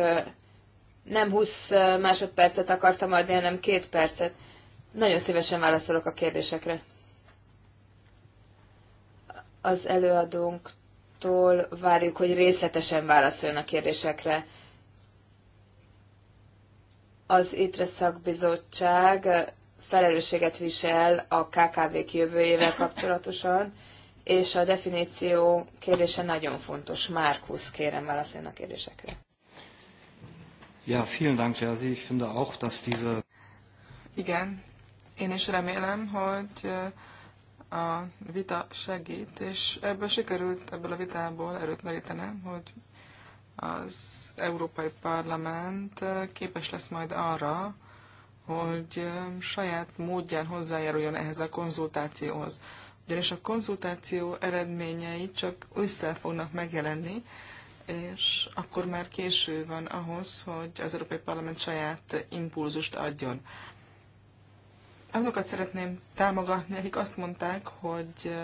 [SPEAKER 1] nem 20 másodpercet akartam adni, hanem két percet. Nagyon szívesen válaszolok a kérdésekre. Az előadónktól várjuk, hogy részletesen válaszoljon a kérdésekre az ITRE szakbizottság felelősséget visel a KKV-k jövőjével kapcsolatosan, és a definíció kérdése nagyon fontos.
[SPEAKER 3] Márkusz, kérem válaszoljon a kérdésekre. Ja, vielen Dank, ja, Ich finde
[SPEAKER 1] auch, dass diese...
[SPEAKER 3] Igen, én is remélem, hogy eh, a vita segít, és ebből sikerült, ebből a vitából erőt merítenem, hogy az Európai Parlament képes lesz majd arra, hogy saját módján hozzájáruljon ehhez a konzultációhoz. Ugyanis a konzultáció eredményei csak ősszel fognak megjelenni, és akkor már késő van ahhoz, hogy az Európai Parlament saját impulzust adjon. Azokat szeretném támogatni, akik azt mondták, hogy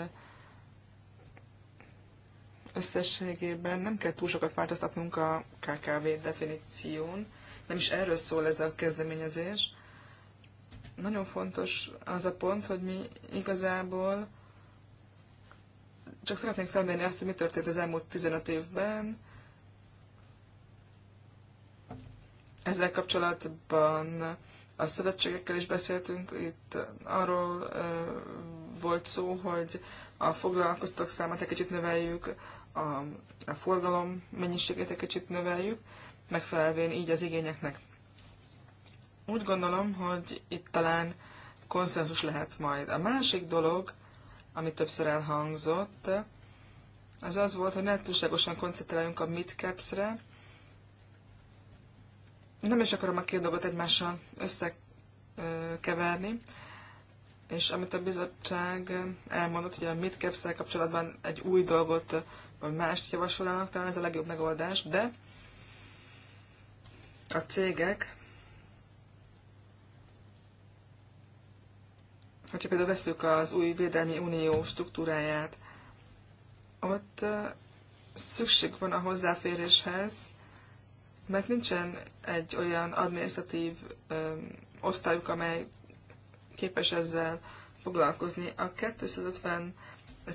[SPEAKER 3] összességében nem kell túl sokat változtatnunk a KKV definíción, nem is erről szól ez a kezdeményezés. Nagyon fontos az a pont, hogy mi igazából csak szeretnénk felmérni azt, hogy mi történt az elmúlt 15 évben. Ezzel kapcsolatban a szövetségekkel is beszéltünk, itt arról volt szó, hogy a foglalkoztatók számát egy kicsit növeljük, a, a forgalom mennyiségét egy kicsit növeljük, megfelelvén így az igényeknek. Úgy gondolom, hogy itt talán konszenzus lehet majd. A másik dolog, ami többször elhangzott, az az volt, hogy ne túlságosan koncentráljunk a midcapsre. Nem is akarom a két dolgot egymással összekeverni, és amit a bizottság elmondott, hogy a midcaps kapcsolatban egy új dolgot vagy mást javasolnának, talán ez a legjobb megoldás, de a cégek, hogyha például veszük az új Védelmi Unió struktúráját, ott szükség van a hozzáféréshez, mert nincsen egy olyan adminisztratív osztályuk, amely képes ezzel foglalkozni. A 250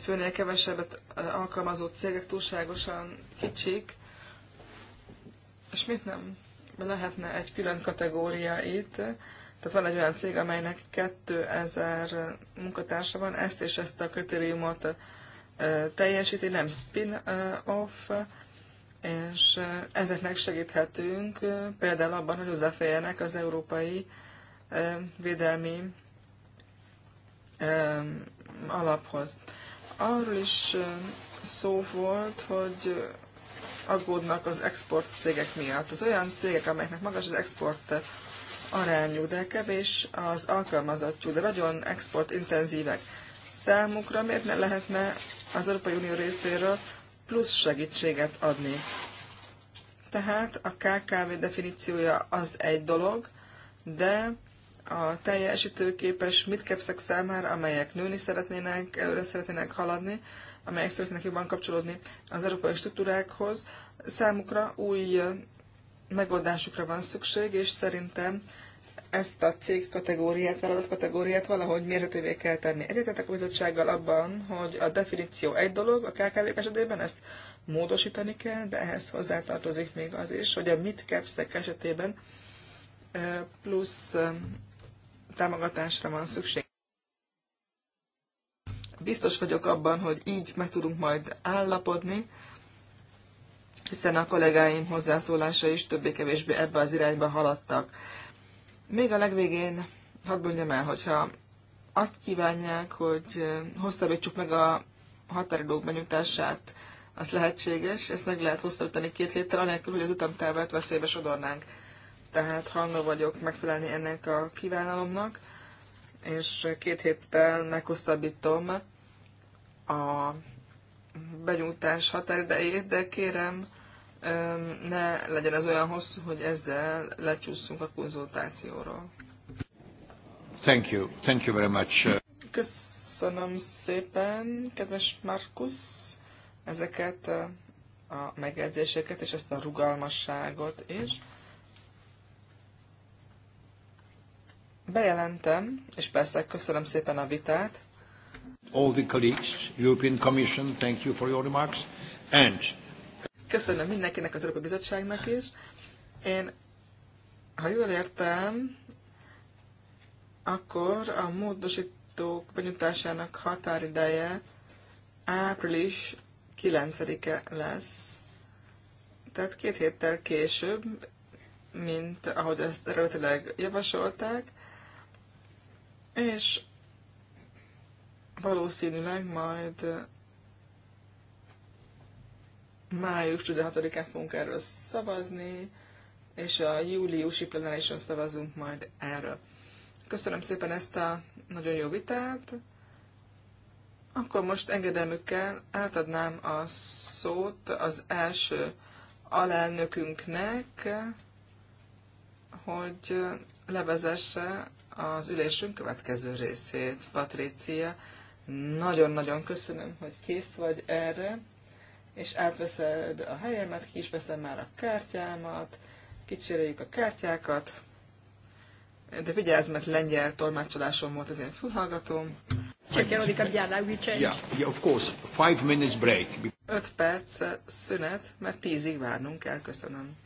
[SPEAKER 3] főnél kevesebbet alkalmazó cégek túlságosan kicsik, és mit nem lehetne egy külön kategória itt, tehát van egy olyan cég, amelynek 2000 munkatársa van, ezt és ezt a kritériumot teljesíti, nem spin-off, és ezeknek segíthetünk például abban, hogy hozzáférjenek az európai védelmi alaphoz arról is szó volt, hogy aggódnak az export cégek miatt. Az olyan cégek, amelyeknek magas az export arányú, de kevés az alkalmazottjuk, de nagyon exportintenzívek. Számukra miért ne lehetne az Európai Unió részéről plusz segítséget adni? Tehát a KKV definíciója az egy dolog, de a teljesítőképes midkepszek számára, amelyek nőni szeretnének, előre szeretnének haladni, amelyek szeretnének jobban kapcsolódni az európai struktúrákhoz, számukra új megoldásukra van szükség, és szerintem ezt a cég kategóriát, vállalat kategóriát valahogy mérhetővé kell tenni. Egyetetek a bizottsággal abban, hogy a definíció egy dolog, a KKV esetében ezt módosítani kell, de ehhez hozzátartozik még az is, hogy a midcapsek esetében plusz támogatásra van szükség. Biztos vagyok abban, hogy így meg tudunk majd állapodni, hiszen a kollégáim hozzászólása is többé-kevésbé ebbe az irányba haladtak. Még a legvégén hadd mondjam el, hogyha azt kívánják, hogy hosszabbítsuk meg a határidók benyújtását, az lehetséges, ezt meg lehet hosszabbítani két héttel, anélkül, hogy az utamtávát veszélybe sodornánk tehát hajlandó vagyok megfelelni ennek a kívánalomnak, és két héttel meghosszabbítom a benyújtás határidejét, de kérem, ne legyen ez olyan hosszú, hogy ezzel lecsúszunk a konzultációról. Thank you. Thank you very much. Köszönöm szépen, kedves Markus, ezeket a megjegyzéseket és ezt a rugalmasságot is. És... Bejelentem, és persze köszönöm szépen a vitát.
[SPEAKER 1] All the colleagues, European Commission, thank you for your remarks. And...
[SPEAKER 3] Köszönöm mindenkinek, az Európai Bizottságnak is. Én, ha jól értem, akkor a módosítók benyújtásának határideje április 9-e lesz. Tehát két héttel később, mint ahogy ezt eredetileg javasolták, és valószínűleg majd május 16-án fogunk erről szavazni, és a júliusi plenárison szavazunk majd erről. Köszönöm szépen ezt a nagyon jó vitát. Akkor most engedelmükkel átadnám a szót az első alelnökünknek, hogy levezesse az ülésünk következő részét. Patrícia, nagyon-nagyon köszönöm, hogy kész vagy erre, és átveszed a helyemet, ki is veszem már a kártyámat, kicseréljük a kártyákat, de vigyázz, mert lengyel tolmácsolásom volt az én fülhallgatóm. Csak Yeah,
[SPEAKER 1] yeah, of course. Five minutes break.
[SPEAKER 3] Öt perc szünet, mert tízig várnunk kell, köszönöm.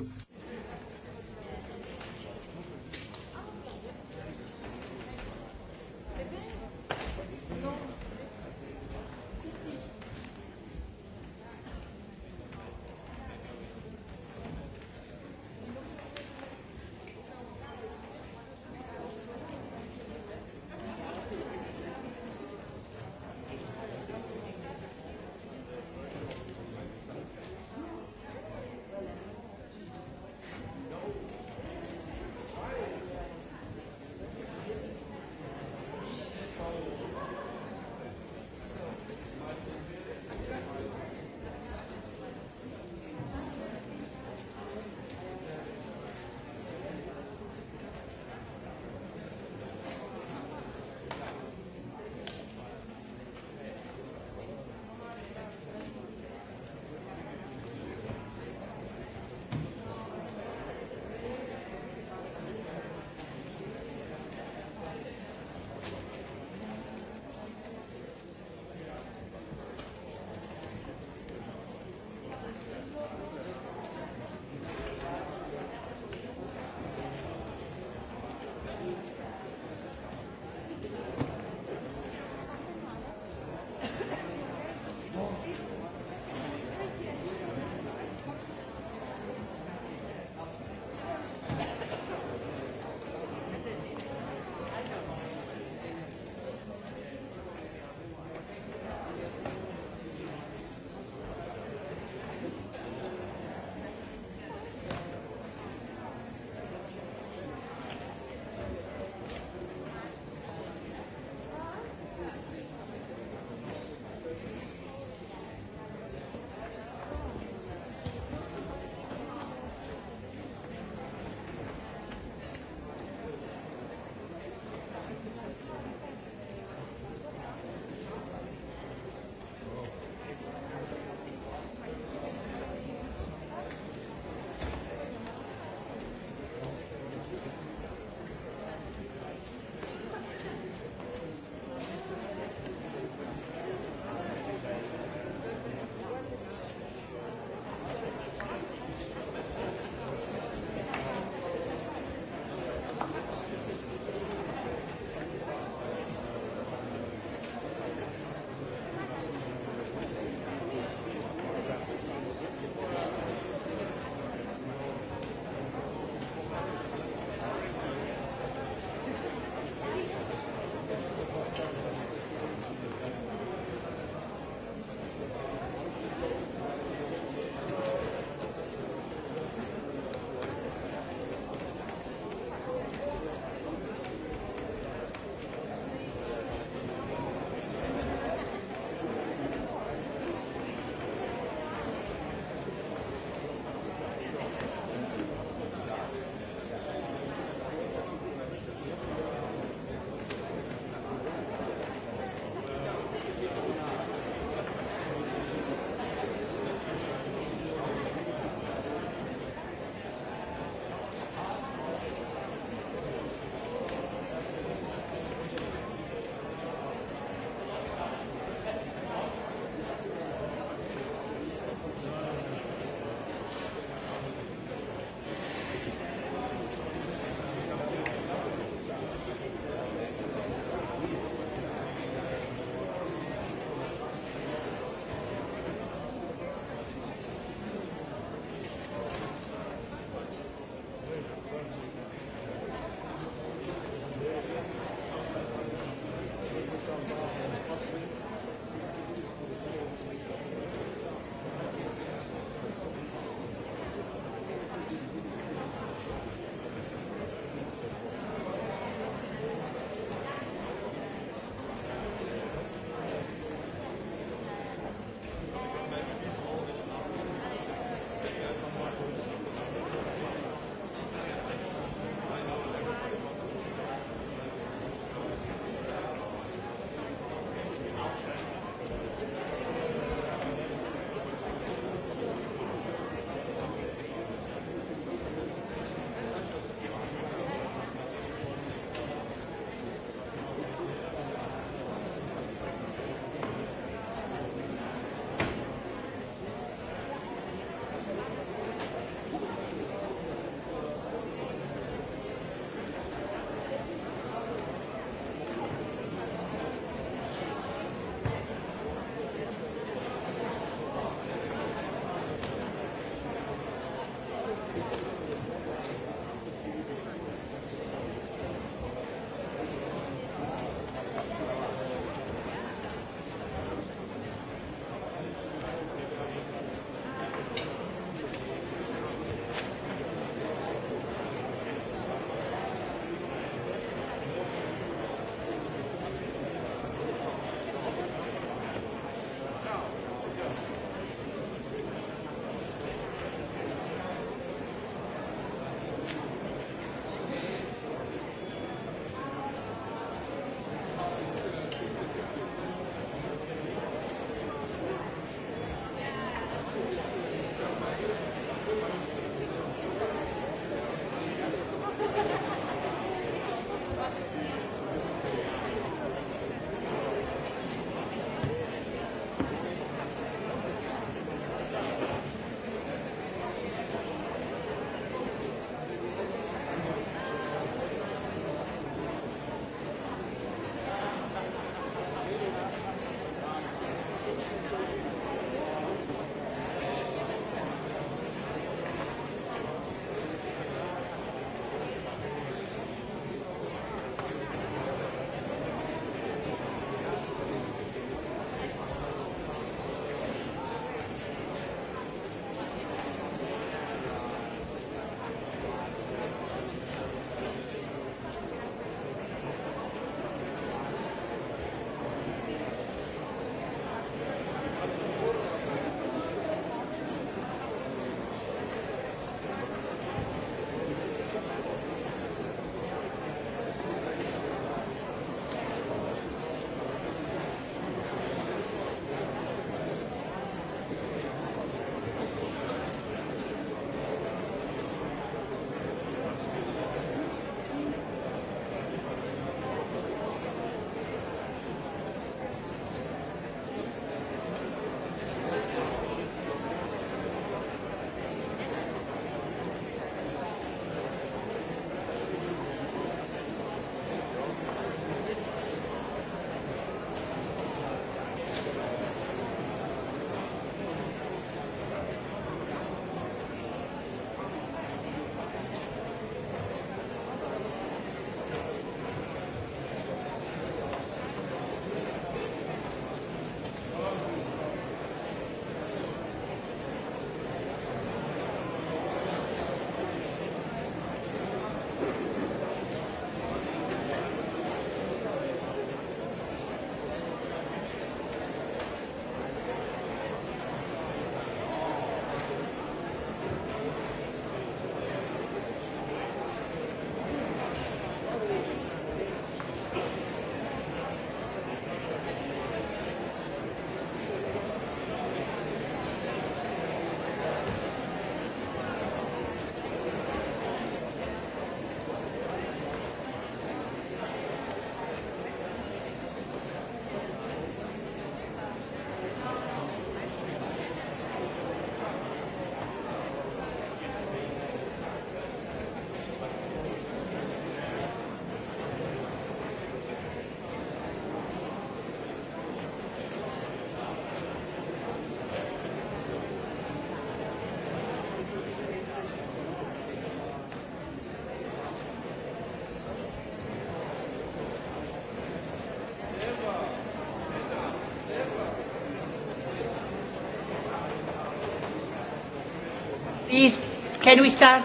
[SPEAKER 2] Can we start?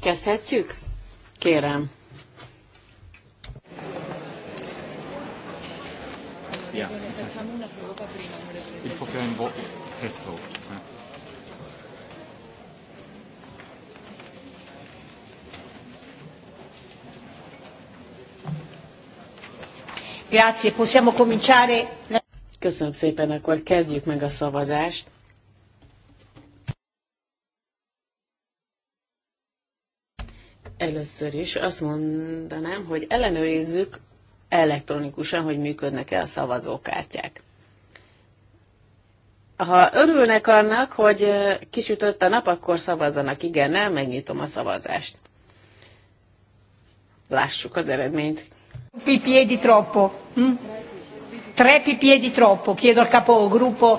[SPEAKER 2] Kezdhetjük? Kérem.
[SPEAKER 3] Yeah.
[SPEAKER 1] Il faut faire un
[SPEAKER 2] Grazie, possiamo cominciare. Köszönöm szépen, akkor kezdjük meg a szavazást. Először is azt mondanám, hogy ellenőrizzük elektronikusan, hogy működnek-e a szavazókártyák. Ha örülnek annak, hogy kisütött a nap, akkor szavazzanak igen, nem, megnyitom a szavazást. Lássuk az eredményt. Pipiedi troppo. Hm? Tre pipiedi troppo. Chiedo al capo gruppo.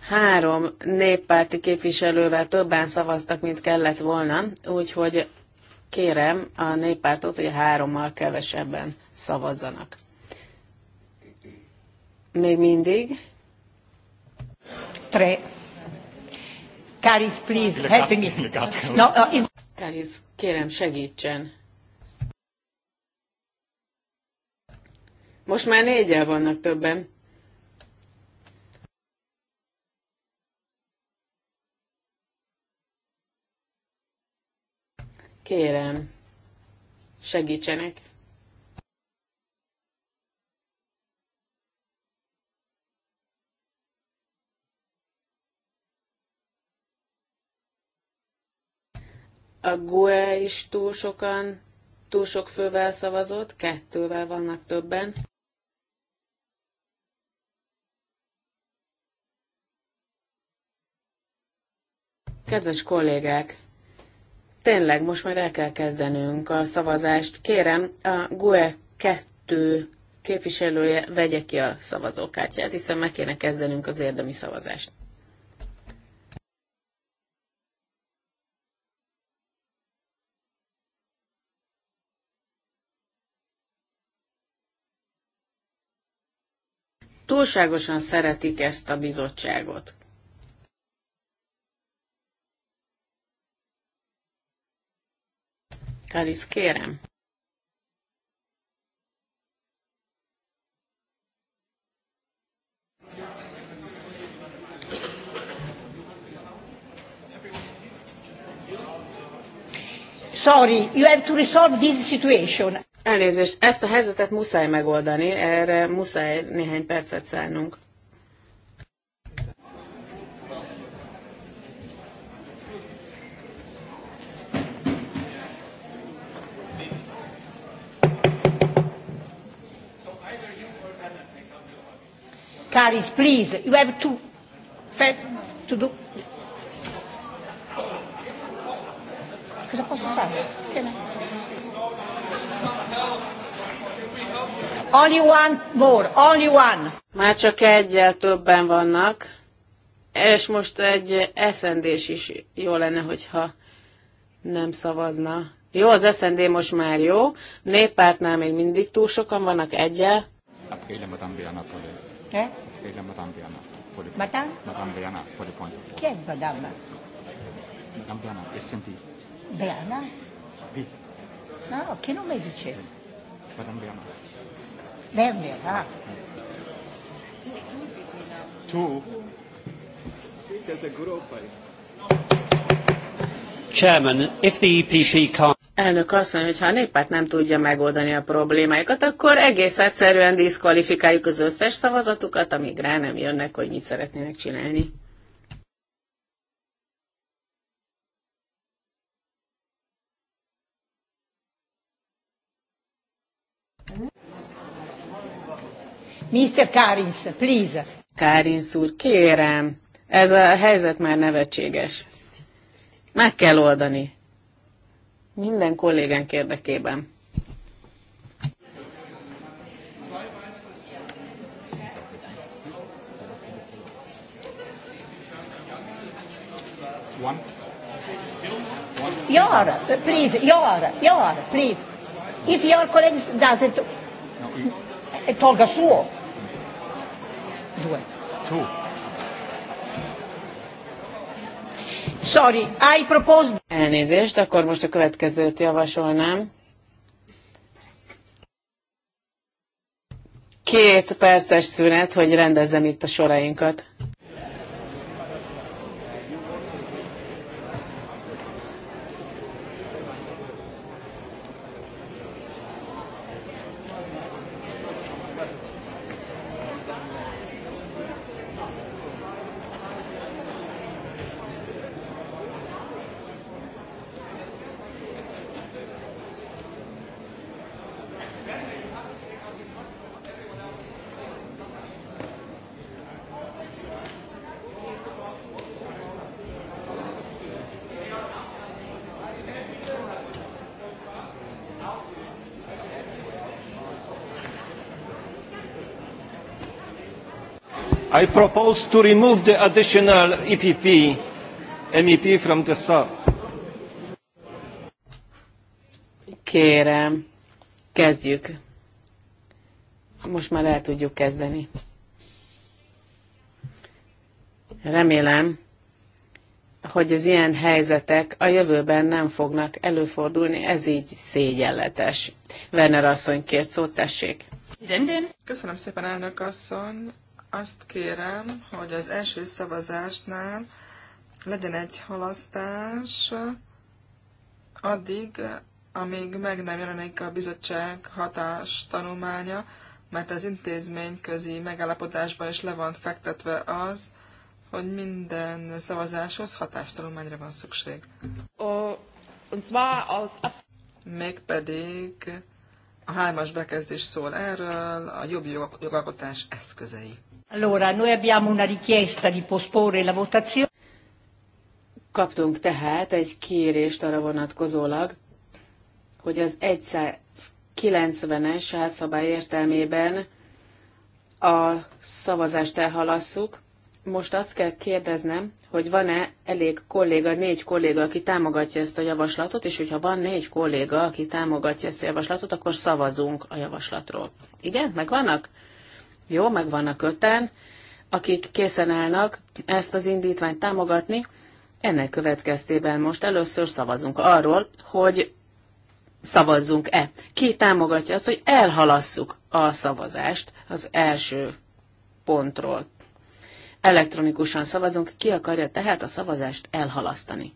[SPEAKER 2] Három néppárti képviselővel többen szavaztak, mint kellett volna, úgyhogy kérem a néppártot, hogy hárommal kevesebben szavazzanak. Még mindig. Tre. Karis,
[SPEAKER 3] please, help me. No,
[SPEAKER 2] uh, Karis, kérem, segítsen. Most már négyel vannak többen. Kérem, segítsenek! A GUE is túl sokan, túl sok fővel szavazott, kettővel vannak többen. Kedves kollégák! tényleg most már el kell kezdenünk a szavazást. Kérem, a GUE 2 képviselője vegye ki a szavazókártyát, hiszen meg kéne kezdenünk az érdemi szavazást. Túlságosan szeretik ezt a bizottságot. Kalisz, kérem. Sorry, you have to resolve this situation. Elnézést, ezt a helyzetet muszáj megoldani, erre muszáj néhány percet szállnunk.
[SPEAKER 1] Karis, please, you have to, to do.
[SPEAKER 3] Cosa posso fare? Che
[SPEAKER 2] Only one more, only one. Már csak egyel többen vannak, és most egy eszendés is jó lenne, hogyha nem szavazna. Jó, az SND most már jó, néppártnál még mindig túl sokan vannak, egyel. Hát kérem, hogy Eh?
[SPEAKER 3] E la Madame Diana. Poli Madame? Madame Diana, poli point.
[SPEAKER 2] Chi Madame?
[SPEAKER 3] Madame Diana, SD. Beana? Sì.
[SPEAKER 1] No, ah, che nome
[SPEAKER 3] dice? Madame Diana.
[SPEAKER 1] Verde, ah.
[SPEAKER 3] Tu? There's a group.
[SPEAKER 2] Chairman, if the EPP can't elnök mondja, hogy ha a néppárt nem tudja megoldani a problémáikat, akkor egész egyszerűen diszkvalifikáljuk az összes szavazatukat, amíg rá nem jönnek, hogy mit szeretnének csinálni. Mr. Karins, please. Karins úr, kérem, ez a helyzet már nevetséges. Meg kell oldani minden kollégánk érdekében.
[SPEAKER 1] Jar, please, jar, jar,
[SPEAKER 3] please. If your colleagues doesn't,
[SPEAKER 1] no,
[SPEAKER 3] tolga suo.
[SPEAKER 2] Due. Two. Sorry, I proposed... Elnézést, akkor most a következőt javasolnám. Két perces szünet, hogy rendezzem itt a sorainkat. I propose to remove the additional EPP MEP from the sub. Kérem, kezdjük. Most már el tudjuk kezdeni. Remélem, hogy az ilyen helyzetek a jövőben nem fognak előfordulni, ez így szégyenletes. Werner asszony kért szót, tessék.
[SPEAKER 3] Köszönöm szépen, elnök asszony azt kérem, hogy az első szavazásnál legyen egy halasztás addig, amíg meg nem jelenik a bizottság hatás tanulmánya, mert az intézmény közi megállapodásban is le van fektetve az, hogy minden szavazáshoz hatástanulmányra van szükség. Mégpedig a hármas bekezdés szól erről, a jobb jogalkotás eszközei.
[SPEAKER 1] Allora, noi abbiamo una richiesta di posporre la votazione. Kaptunk
[SPEAKER 2] tehát egy kérést arra vonatkozólag, hogy az 190-es házszabály értelmében a szavazást elhalasszuk. Most azt kell kérdeznem, hogy van-e elég kolléga, négy kolléga, aki támogatja ezt a javaslatot, és hogyha van négy kolléga, aki támogatja ezt a javaslatot, akkor szavazunk a javaslatról. Igen? Megvannak? Jó, meg vannak öten, akik készen állnak ezt az indítványt támogatni. Ennek következtében most először szavazunk arról, hogy szavazzunk-e. Ki támogatja azt, hogy elhalasszuk a szavazást az első pontról. Elektronikusan szavazunk, ki akarja tehát a szavazást elhalasztani.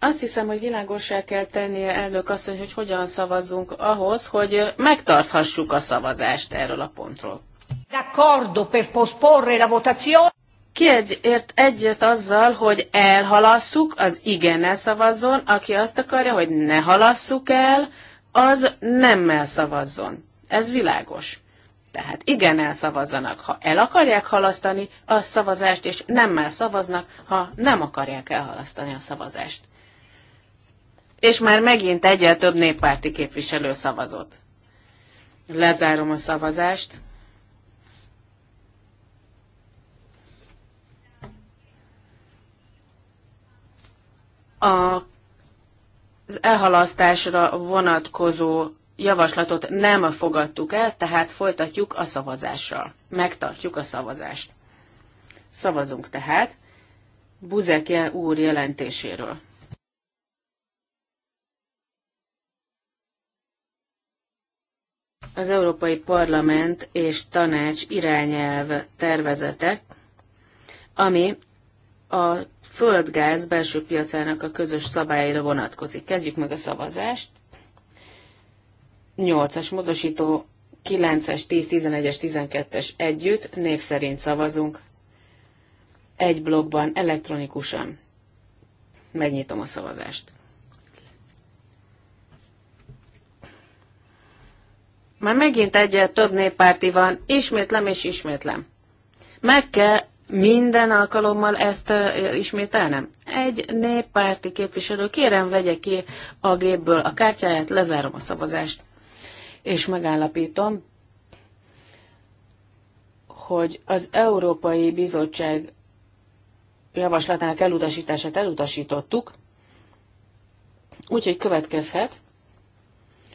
[SPEAKER 2] Azt hiszem, hogy világosá kell tennie elnök asszony, hogy hogyan szavazzunk ahhoz, hogy megtarthassuk a szavazást erről a pontról. D'accordo per la votazione. ért egyet azzal, hogy elhalasszuk, az igennel szavazzon, aki azt akarja, hogy ne halasszuk el, az nemmel szavazzon. Ez világos. Tehát igen elszavazzanak, ha el akarják halasztani a szavazást, és már szavaznak, ha nem akarják elhalasztani a szavazást. És már megint egyel több néppárti képviselő szavazott. Lezárom a szavazást. A az elhalasztásra vonatkozó javaslatot nem fogadtuk el, tehát folytatjuk a szavazással. Megtartjuk a szavazást. Szavazunk tehát Buzekje úr jelentéséről. Az Európai Parlament és Tanács irányelv tervezete, ami a földgáz belső piacának a közös szabályra vonatkozik. Kezdjük meg a szavazást. 8-as módosító, 9-es, 10, 11-es, 12-es együtt név szerint szavazunk. Egy blogban elektronikusan. Megnyitom a szavazást. Már megint egyet több néppárti van, ismétlem és ismétlem. Meg kell minden alkalommal ezt ismételnem. Egy néppárti képviselő, kérem vegye ki a gépből a kártyáját, lezárom a szavazást és megállapítom, hogy az Európai Bizottság javaslatának elutasítását elutasítottuk, úgyhogy következhet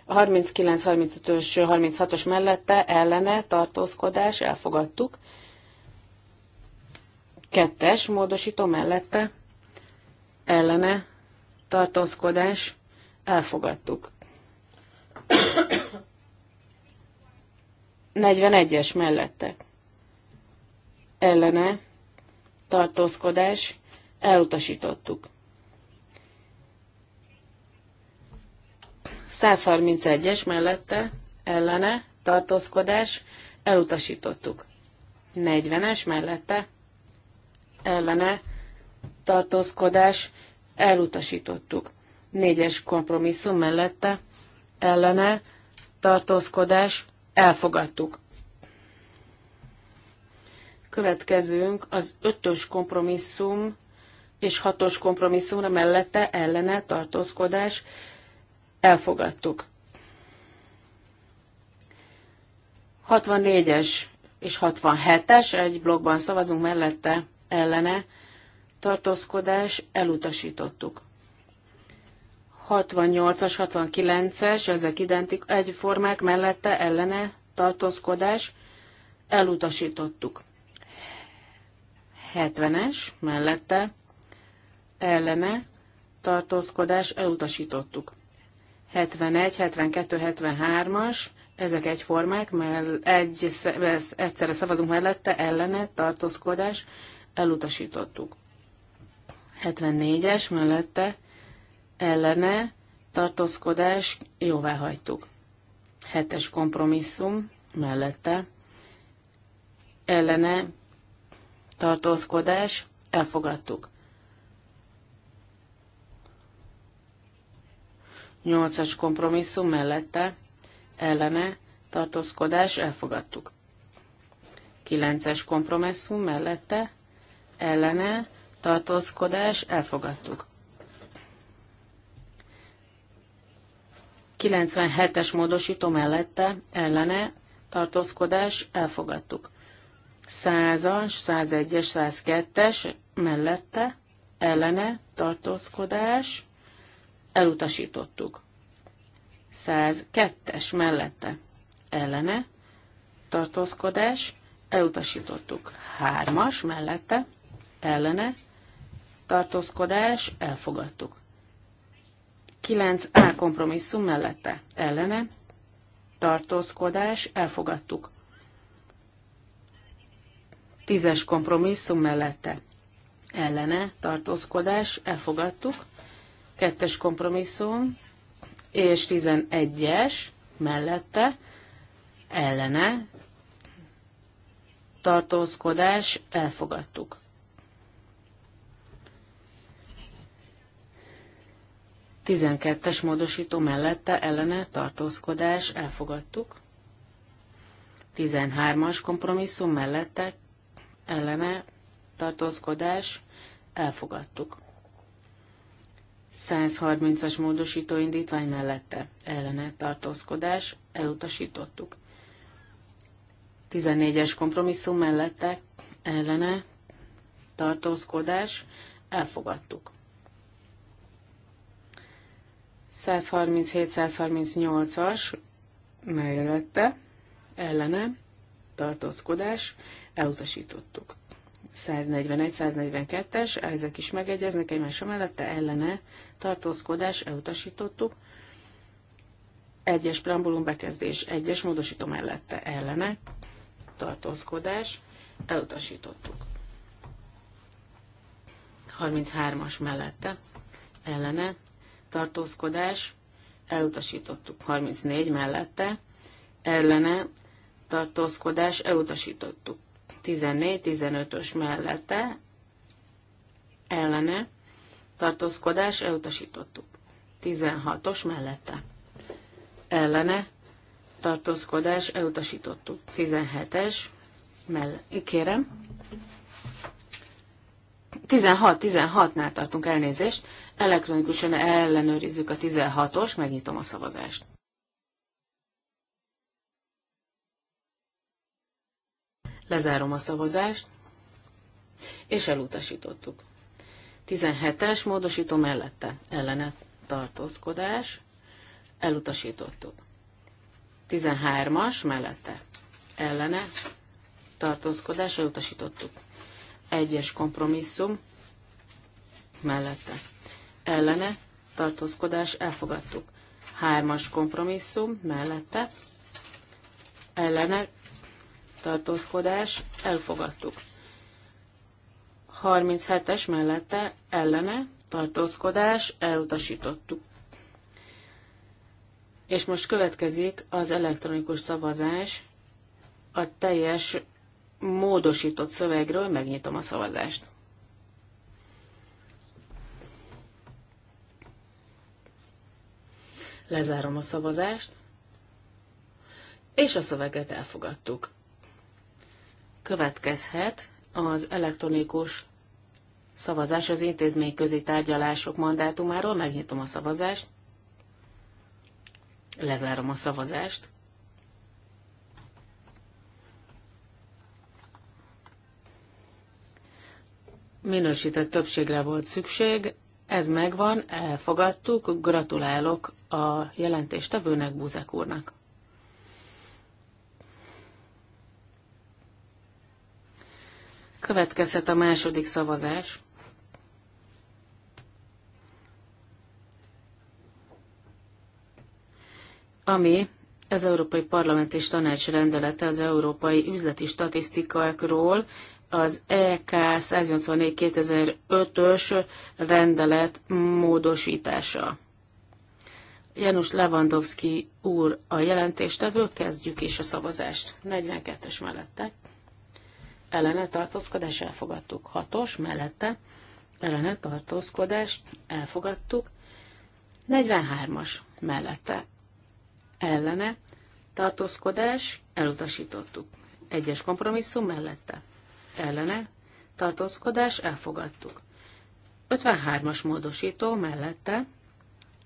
[SPEAKER 2] a 39, 35-ös, 36-os mellette ellene tartózkodás elfogadtuk, kettes módosító mellette ellene tartózkodás elfogadtuk. 41-es mellette. Ellene tartózkodás elutasítottuk. 131-es mellette ellene tartózkodás elutasítottuk. 40-es mellette ellene tartózkodás elutasítottuk. 4-es kompromisszum mellette ellene tartózkodás Elfogadtuk. Következünk az ötös kompromisszum és hatos kompromisszumra mellette ellene tartózkodás. Elfogadtuk. 64-es és 67-es, egy blogban szavazunk mellette ellene tartózkodás, elutasítottuk. 68-as, 69-es, ezek identik, egyformák mellette ellene tartózkodás, elutasítottuk. 70-es mellette ellene tartózkodás, elutasítottuk. 71, 72, 73-as, ezek egyformák, mert egy, egyszerre szavazunk mellette, ellene, tartózkodás, elutasítottuk. 74-es mellette, ellene tartózkodás jóvá hagytuk. Hetes kompromisszum mellette ellene tartózkodás elfogadtuk. Nyolcas kompromisszum mellette ellene tartózkodás elfogadtuk. Kilences kompromisszum mellette ellene tartózkodás elfogadtuk. 97-es módosító mellette ellene tartózkodás elfogadtuk. 100-as, 101-es, 102-es mellette ellene tartózkodás elutasítottuk. 102-es mellette ellene tartózkodás elutasítottuk. 3-as mellette ellene tartózkodás elfogadtuk. 9A kompromisszum mellette ellene tartózkodás elfogadtuk. 10-es kompromisszum mellette ellene tartózkodás elfogadtuk. 2-es kompromisszum és 11-es mellette ellene tartózkodás elfogadtuk. 12-es módosító mellette ellene tartózkodás elfogadtuk. 13-as kompromisszum mellette ellene tartózkodás elfogadtuk. 130-as módosító indítvány mellette ellene tartózkodás elutasítottuk. 14-es kompromisszum mellette ellene tartózkodás elfogadtuk. 137-138-as mellette ellene tartózkodás elutasítottuk. 141-142-es, ezek is megegyeznek egymás mellette, ellene tartózkodás elutasítottuk. Egyes preambulum bekezdés, egyes módosító mellette ellene tartózkodás elutasítottuk. 33-as mellette ellene tartózkodás, elutasítottuk 34 mellette, ellene tartózkodás, elutasítottuk 14-15-ös mellette, ellene tartózkodás, elutasítottuk 16-os mellette, ellene tartózkodás, elutasítottuk 17-es mellette, kérem, 16-16-nál tartunk elnézést, Elektronikusan ellenőrizzük a 16-os, megnyitom a szavazást. Lezárom a szavazást, és elutasítottuk. 17-es módosító mellette ellene tartózkodás, elutasítottuk. 13-as mellette ellene tartózkodás, elutasítottuk. Egyes kompromisszum mellette ellene tartózkodás elfogadtuk. Hármas kompromisszum mellette ellene tartózkodás elfogadtuk. 37-es mellette ellene tartózkodás elutasítottuk. És most következik az elektronikus szavazás a teljes módosított szövegről, megnyitom a szavazást. Lezárom a szavazást, és a szöveget elfogadtuk. Következhet az elektronikus szavazás az intézményközi tárgyalások mandátumáról. Megnyitom a szavazást, lezárom a szavazást, minősített többségre volt szükség, ez megvan, elfogadtuk, gratulálok a jelentéstevőnek, Búzek úrnak. Következhet a második szavazás. ami az Európai Parlament és Tanács rendelete az Európai Üzleti Statisztikákról, az EK 184-2005-ös rendelet módosítása. Janusz Lewandowski úr a jelentéstevő, kezdjük is a szavazást. 42-es mellette. Ellene tartózkodás elfogadtuk. 6-os mellette. Ellene tartózkodást elfogadtuk. 43-as mellette. Ellene tartózkodás elutasítottuk. Egyes kompromisszum mellette. Ellene tartózkodás elfogadtuk. 53-as módosító mellette.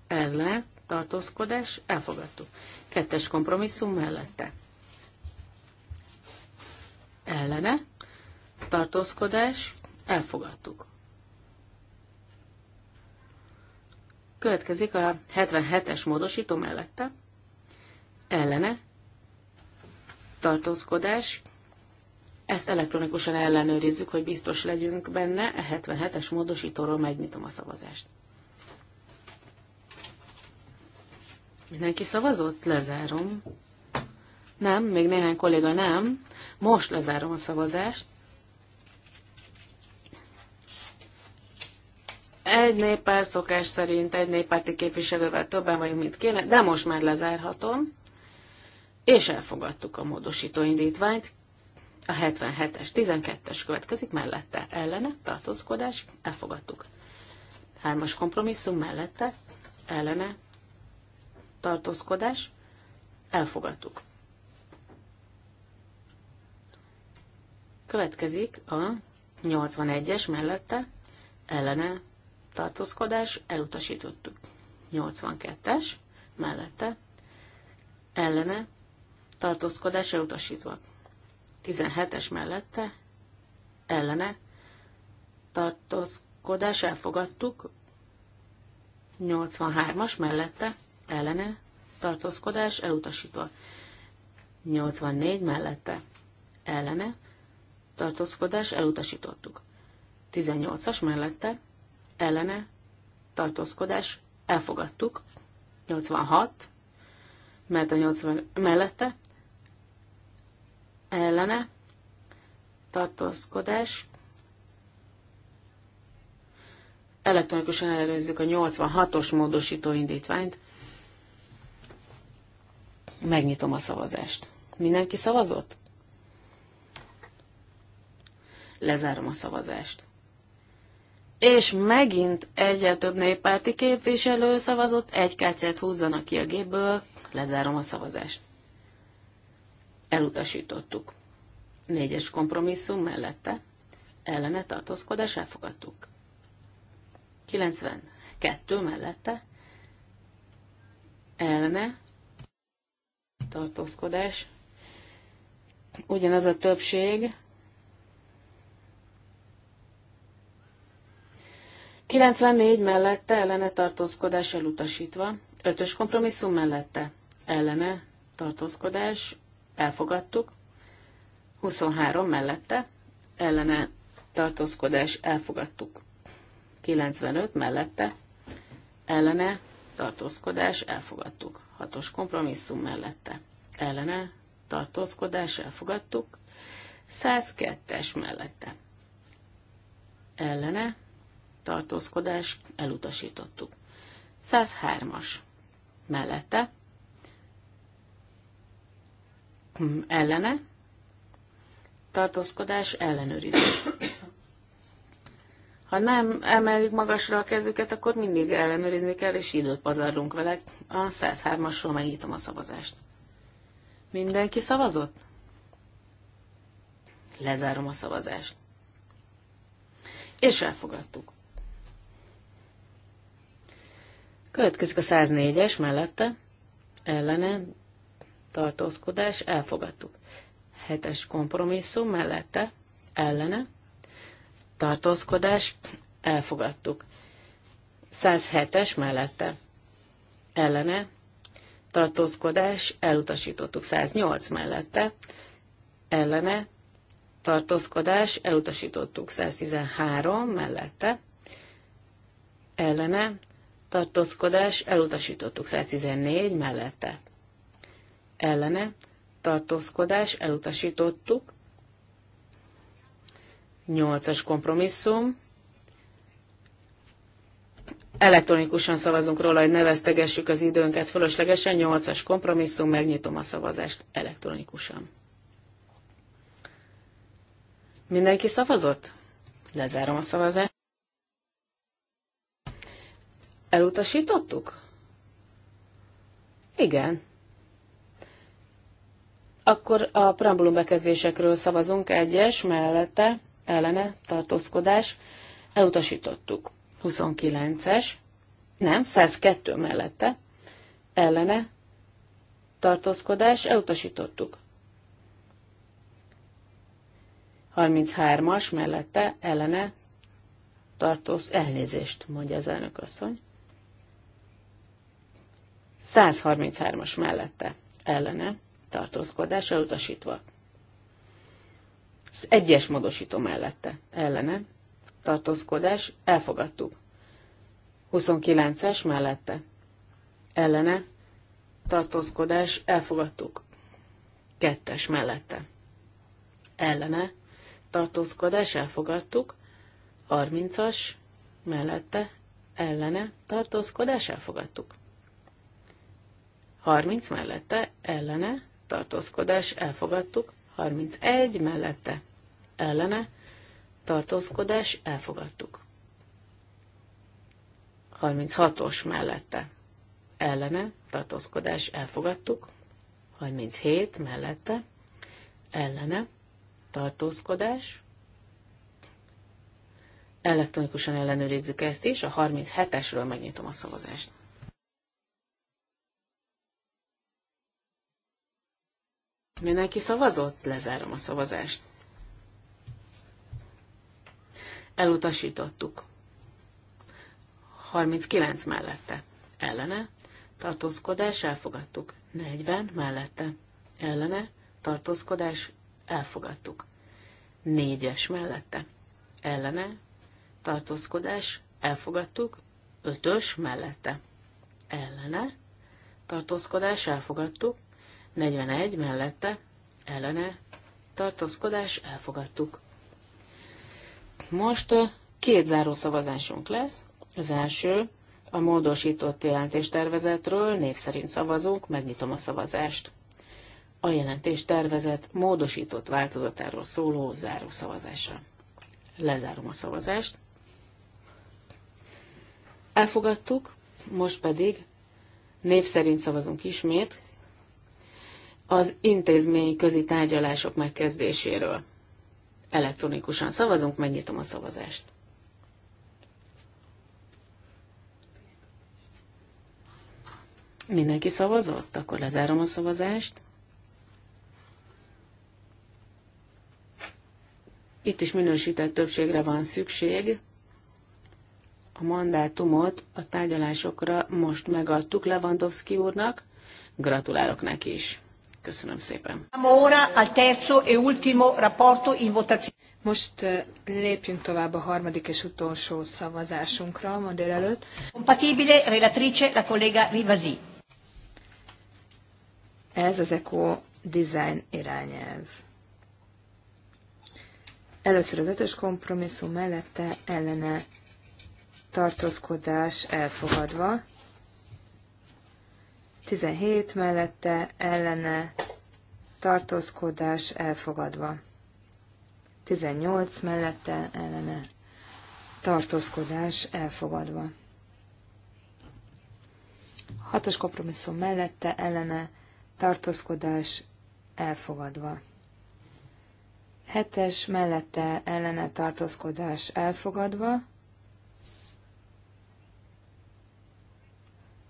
[SPEAKER 2] Ellene tartózkodás, elfogadtuk. Kettes kompromisszum mellette. Ellene, tartózkodás, elfogadtuk. Következik a 77-es módosító mellette. Ellene, tartózkodás, ezt elektronikusan ellenőrizzük, hogy biztos legyünk benne. A 77-es módosítóról megnyitom a szavazást. Mindenki szavazott? Lezárom. Nem, még néhány kolléga nem. Most lezárom a szavazást. Egy néppárt szokás szerint egy néppárti képviselővel többen vagyunk, mint kéne, de most már lezárhatom. És elfogadtuk a módosító indítványt. A 77-es, 12-es következik mellette. Ellene, tartózkodás, elfogadtuk. Hármas kompromisszum mellette, ellene, tartózkodás, elfogadtuk. Következik a 81-es mellette ellene tartózkodás, elutasítottuk. 82-es mellette ellene tartózkodás elutasítva. 17-es mellette ellene tartózkodás elfogadtuk. 83-as mellette ellene, tartózkodás elutasítva. 84 mellette, ellene, tartózkodás elutasítottuk. 18-as mellette, ellene, tartózkodás elfogadtuk. 86, mert a 80 mellette, ellene, tartózkodás elektronikusan ellenőrizzük a 86-os módosító indítványt. Megnyitom a szavazást. Mindenki szavazott? Lezárom a szavazást. És megint egyel több néppárti képviselő szavazott, egy kártyát húzzanak ki a gépből, lezárom a szavazást. Elutasítottuk. Négyes kompromisszum mellette ellene tartózkodás elfogadtuk. 92 mellette ellene tartózkodás. Ugyanaz a többség. 94 mellette ellene tartózkodás elutasítva, 5 kompromisszum mellette ellene tartózkodás elfogadtuk, 23 mellette ellene tartózkodás elfogadtuk, 95 mellette ellene tartózkodás elfogadtuk. Hatos kompromisszum mellette ellene tartózkodás elfogadtuk. 102-es mellette ellene tartózkodás elutasítottuk. 103-as mellette hm, ellene tartózkodás ellenőriző. Ha nem emeljük magasra a kezüket, akkor mindig ellenőrizni kell, és időt pazarlunk vele. A 103-asról megnyitom a szavazást. Mindenki szavazott? Lezárom a szavazást. És elfogadtuk. Következik a 104-es mellette. Ellene tartózkodás, elfogadtuk. 7-es kompromisszum mellette. Ellene tartózkodás, elfogadtuk. 107-es mellette, ellene, tartózkodás, elutasítottuk. 108 mellette, ellene, tartózkodás, elutasítottuk. 113 mellette, ellene, tartózkodás, elutasítottuk. 114 mellette, ellene, tartózkodás, elutasítottuk. Nyolcas kompromisszum. Elektronikusan szavazunk róla, hogy neveztegessük az időnket fölöslegesen. Nyolcas kompromisszum, megnyitom a szavazást elektronikusan. Mindenki szavazott? Lezárom a szavazást. Elutasítottuk? Igen. Akkor a preambulum bekezdésekről szavazunk egyes mellette, ellene tartózkodás elutasítottuk. 29-es, nem, 102 mellette ellene tartózkodás elutasítottuk. 33-as mellette ellene tartóz, elnézést, mondja az elnök asszony. 133-as mellette ellene tartózkodás elutasítva. Az egyes módosító mellette ellene tartózkodás elfogadtuk. 29-es mellette ellene tartózkodás elfogadtuk. Kettes mellette ellene tartózkodás elfogadtuk. 30-as mellette ellene tartózkodás elfogadtuk. 30 mellette ellene tartózkodás elfogadtuk, 31 mellette ellene tartózkodás elfogadtuk. 36-os mellette ellene tartózkodás elfogadtuk. 37 mellette ellene tartózkodás. Elektronikusan ellenőrizzük ezt is, a 37-esről megnyitom a szavazást. Mindenki szavazott? Lezárom a szavazást. Elutasítottuk. 39 mellette. Ellene. Tartózkodás elfogadtuk. 40 mellette. Ellene. Tartózkodás elfogadtuk. 4-es mellette. Ellene. Tartózkodás elfogadtuk. 5-ös mellette. Ellene. Tartózkodás elfogadtuk. 41 mellette ellene tartózkodás elfogadtuk. Most két záró szavazásunk lesz. Az első a módosított jelentéstervezetről név szerint szavazunk, megnyitom a szavazást. A jelentéstervezet módosított változatáról szóló záró szavazásra. Lezárom a szavazást. Elfogadtuk, most pedig név szerint szavazunk ismét, az intézményi közi tárgyalások megkezdéséről. Elektronikusan szavazunk, megnyitom a szavazást. Mindenki szavazott? Akkor lezárom a szavazást. Itt is minősített többségre van szükség. A mandátumot a tárgyalásokra most megadtuk Lewandowski úrnak. Gratulálok neki is. Köszönöm szépen.
[SPEAKER 1] E Most eh, lépjünk tovább a harmadik és utolsó szavazásunkra ma délelőtt. Compatibile relatrice la collega Rivasi. Ez az Eco Design irányelv. Először az ötös kompromisszum mellette ellene tartózkodás elfogadva. 17 mellette ellene tartózkodás elfogadva. 18 mellette ellene tartózkodás elfogadva. 6-os kompromisszum mellette ellene tartózkodás elfogadva. 7-es mellette ellene tartózkodás elfogadva.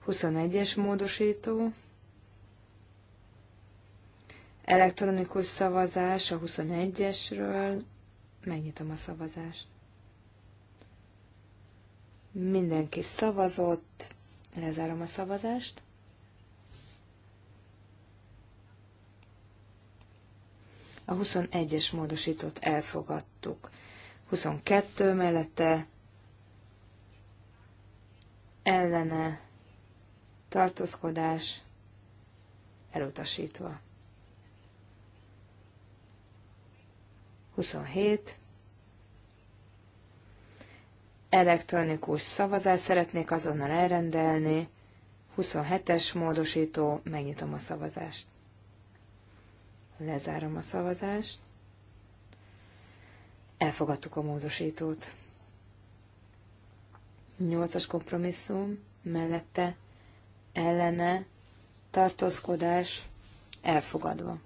[SPEAKER 1] 21-es módosító, elektronikus szavazás a 21-esről, megnyitom a szavazást. Mindenki szavazott, lezárom a szavazást. A 21-es módosítót elfogadtuk. 22 mellette ellene tartózkodás elutasítva. 27. Elektronikus szavazást szeretnék azonnal elrendelni. 27-es módosító, megnyitom a szavazást. Lezárom a szavazást. Elfogadtuk a módosítót. 8-as kompromisszum mellette ellene tartózkodás elfogadva.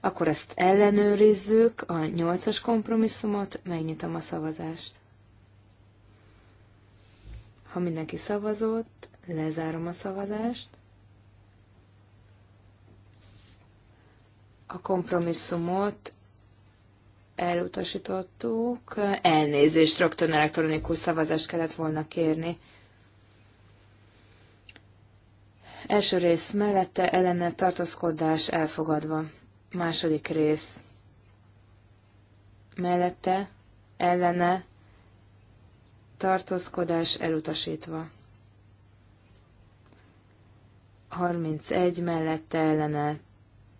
[SPEAKER 1] Akkor ezt ellenőrizzük, a nyolcas kompromisszumot, megnyitom a szavazást. Ha mindenki szavazott, lezárom a szavazást. A kompromisszumot elutasítottuk, elnézést, rögtön elektronikus szavazást kellett volna kérni. Első rész mellette ellene tartózkodás elfogadva. Második rész mellette ellene tartózkodás elutasítva. 31 mellette ellene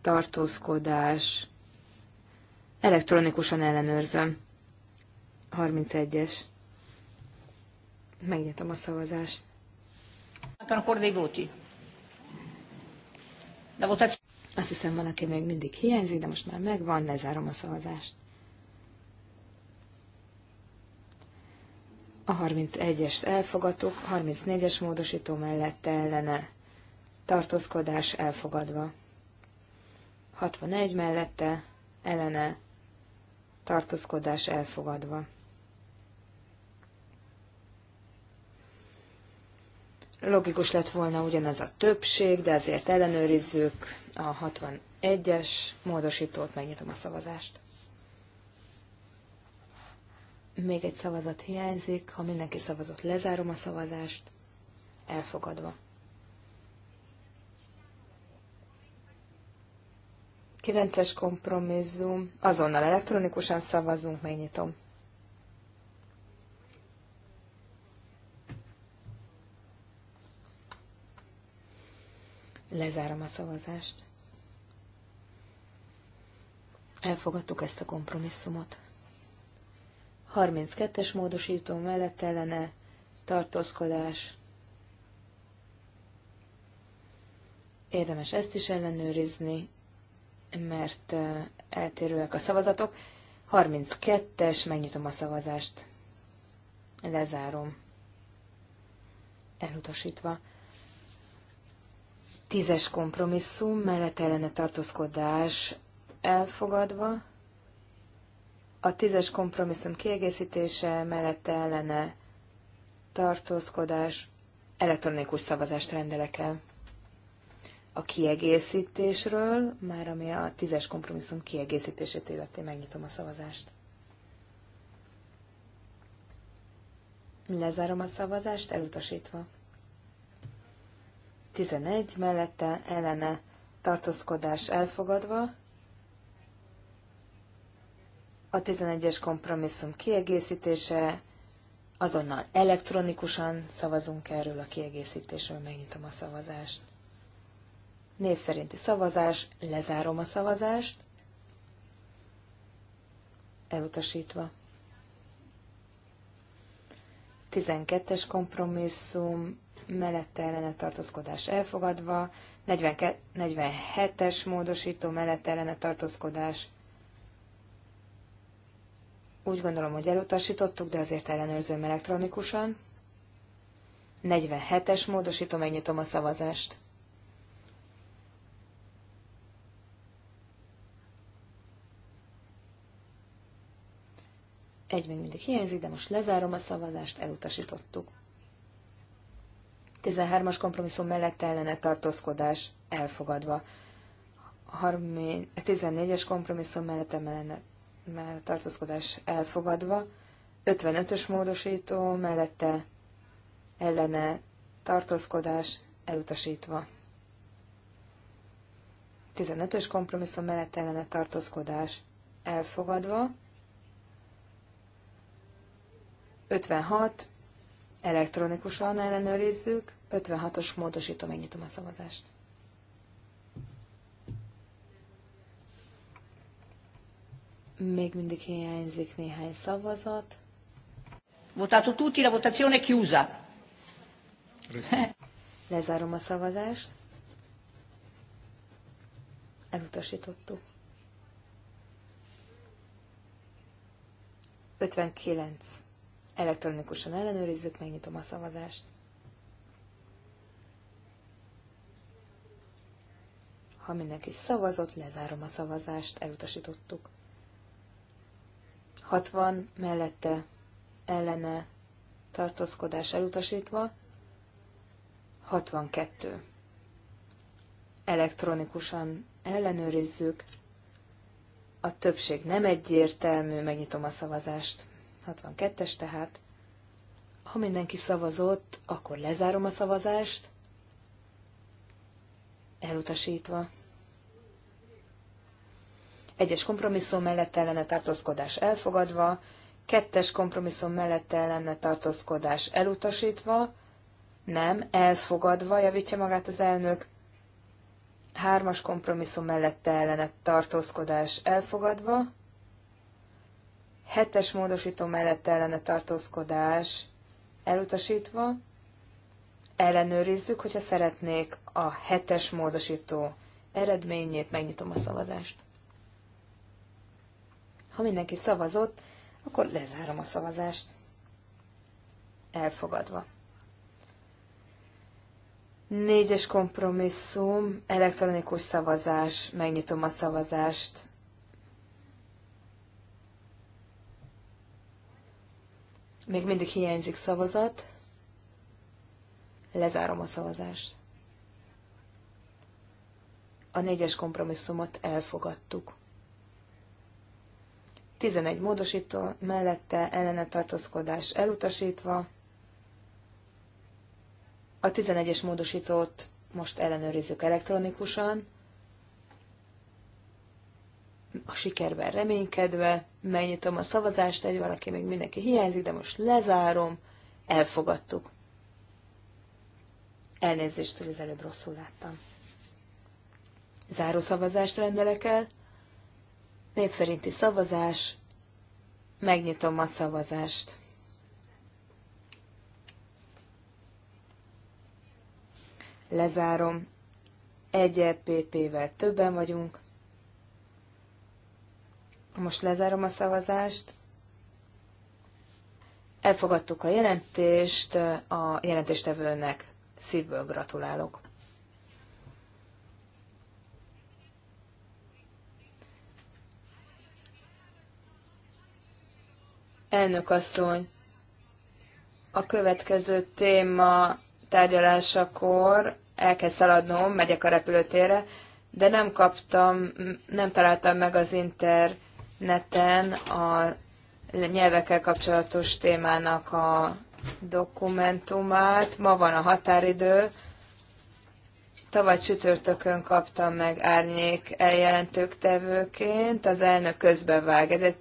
[SPEAKER 1] tartózkodás. Elektronikusan ellenőrzöm. 31-es. Megnyitom a szavazást. Akkor dei volt egy... Azt hiszem van, aki még mindig hiányzik, de most már megvan, lezárom a szavazást. A 31 es elfogadtuk, 34-es módosító mellett ellene. Tartózkodás elfogadva. 61 mellette ellene. Tartózkodás elfogadva. Logikus lett volna ugyanaz a többség, de azért ellenőrizzük a 61-es módosítót, megnyitom a szavazást. Még egy szavazat hiányzik, ha mindenki szavazott, lezárom a szavazást, elfogadva. 9-es kompromisszum, azonnal elektronikusan szavazunk, megnyitom. Lezárom a szavazást. Elfogadtuk ezt a kompromisszumot. 32-es módosító mellett ellene tartózkodás. Érdemes ezt is ellenőrizni, mert eltérőek a szavazatok. 32-es, megnyitom a szavazást. Lezárom. Elutasítva. Tízes kompromisszum mellett ellene tartózkodás elfogadva. A tízes kompromisszum kiegészítése mellett ellene tartózkodás elektronikus szavazást rendelek el. A kiegészítésről, már ami a tízes kompromisszum kiegészítését illeti, megnyitom a szavazást. Lezárom a szavazást, elutasítva. 11 mellette ellene tartózkodás elfogadva, a 11-es kompromisszum kiegészítése, azonnal elektronikusan szavazunk erről a kiegészítésről, megnyitom a szavazást. Név szerinti szavazás, lezárom a szavazást, elutasítva. 12-es kompromisszum mellette ellene tartózkodás elfogadva, 47-es módosító mellette ellene tartózkodás. Úgy gondolom, hogy elutasítottuk, de azért ellenőrzöm elektronikusan. 47-es módosító, megnyitom a szavazást. Egy még mindig hiányzik, de most lezárom a szavazást, elutasítottuk. 13-as kompromisszum mellett ellene tartózkodás elfogadva. 14-es kompromisszum mellett ellene mellett tartózkodás elfogadva. 55-ös módosító mellette ellene tartózkodás elutasítva. 15-ös kompromisszum mellett ellene tartózkodás elfogadva. 56 Elektronikusan ellenőrizzük. 56-os módosító, megnyitom a szavazást. Még mindig hiányzik néhány szavazat. Votato tutti, la votazione chiusa. Lezárom a szavazást. Elutasítottuk. 59 Elektronikusan ellenőrizzük, megnyitom a szavazást. Ha mindenki szavazott, lezárom a szavazást, elutasítottuk. 60 mellette ellene tartózkodás elutasítva, 62. Elektronikusan ellenőrizzük, a többség nem egyértelmű, megnyitom a szavazást. 62-es tehát. Ha mindenki szavazott, akkor lezárom a szavazást. Elutasítva. Egyes kompromisszum mellett ellene tartózkodás elfogadva, kettes kompromisszum mellett ellene tartózkodás elutasítva, nem, elfogadva, javítja magát az elnök, hármas kompromisszum mellette ellene tartózkodás elfogadva, Hetes módosító mellett ellene tartózkodás elutasítva. Ellenőrizzük, hogyha szeretnék a hetes módosító eredményét, megnyitom a szavazást. Ha mindenki szavazott, akkor lezárom a szavazást. Elfogadva. Négyes kompromisszum, elektronikus szavazás, megnyitom a szavazást. Még mindig hiányzik szavazat. Lezárom a szavazást. A négyes kompromisszumot elfogadtuk. 11 módosító mellette ellene tartózkodás elutasítva. A 11-es módosítót most ellenőrizzük elektronikusan a sikerben reménykedve, megnyitom a szavazást, egy valaki még mindenki hiányzik, de most lezárom, elfogadtuk. Elnézést, hogy az előbb rosszul láttam. Záró szavazást rendelek el. Név szerinti szavazás. Megnyitom a szavazást. Lezárom. Egy EPP-vel többen vagyunk. Most lezárom a szavazást. Elfogadtuk a jelentést, a jelentéstevőnek szívből gratulálok. Elnök asszony, a következő téma tárgyalásakor el kell szaladnom, megyek a repülőtérre, de nem kaptam, nem találtam meg az inter neten a nyelvekkel kapcsolatos témának a dokumentumát. Ma van a határidő. Tavaly csütörtökön kaptam meg árnyék eljelentők tevőként. Az elnök vág. Ez egy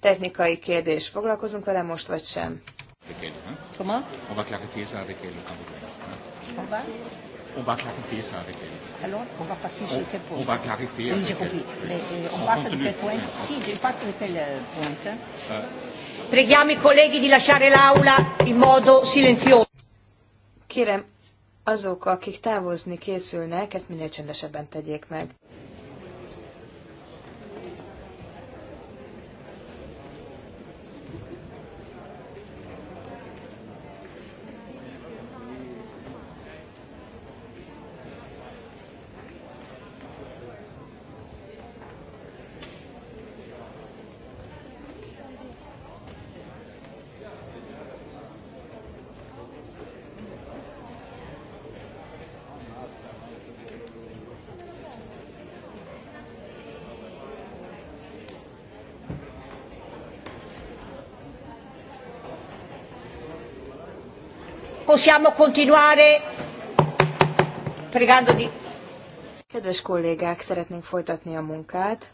[SPEAKER 1] technikai kérdés. Foglalkozunk vele most, vagy sem?
[SPEAKER 3] Comment On va clarifier ça avec elle. On va clarifier ça avec elle
[SPEAKER 1] alors on va partir sur quel point On va clarifier.
[SPEAKER 3] Oui, j'ai compris. Mais euh, on part de quel point
[SPEAKER 1] Si, je parto de quel euh, point euh. Preghiamo i colleghi di lasciare l'aula in modo silenzioso. Kérem, azok, akik távozni készülnek, ezt minél csendesebben tegyék meg.
[SPEAKER 2] Possiamo continuare pregando di...
[SPEAKER 1] Kedves kollégák, szeretnénk folytatni a munkát.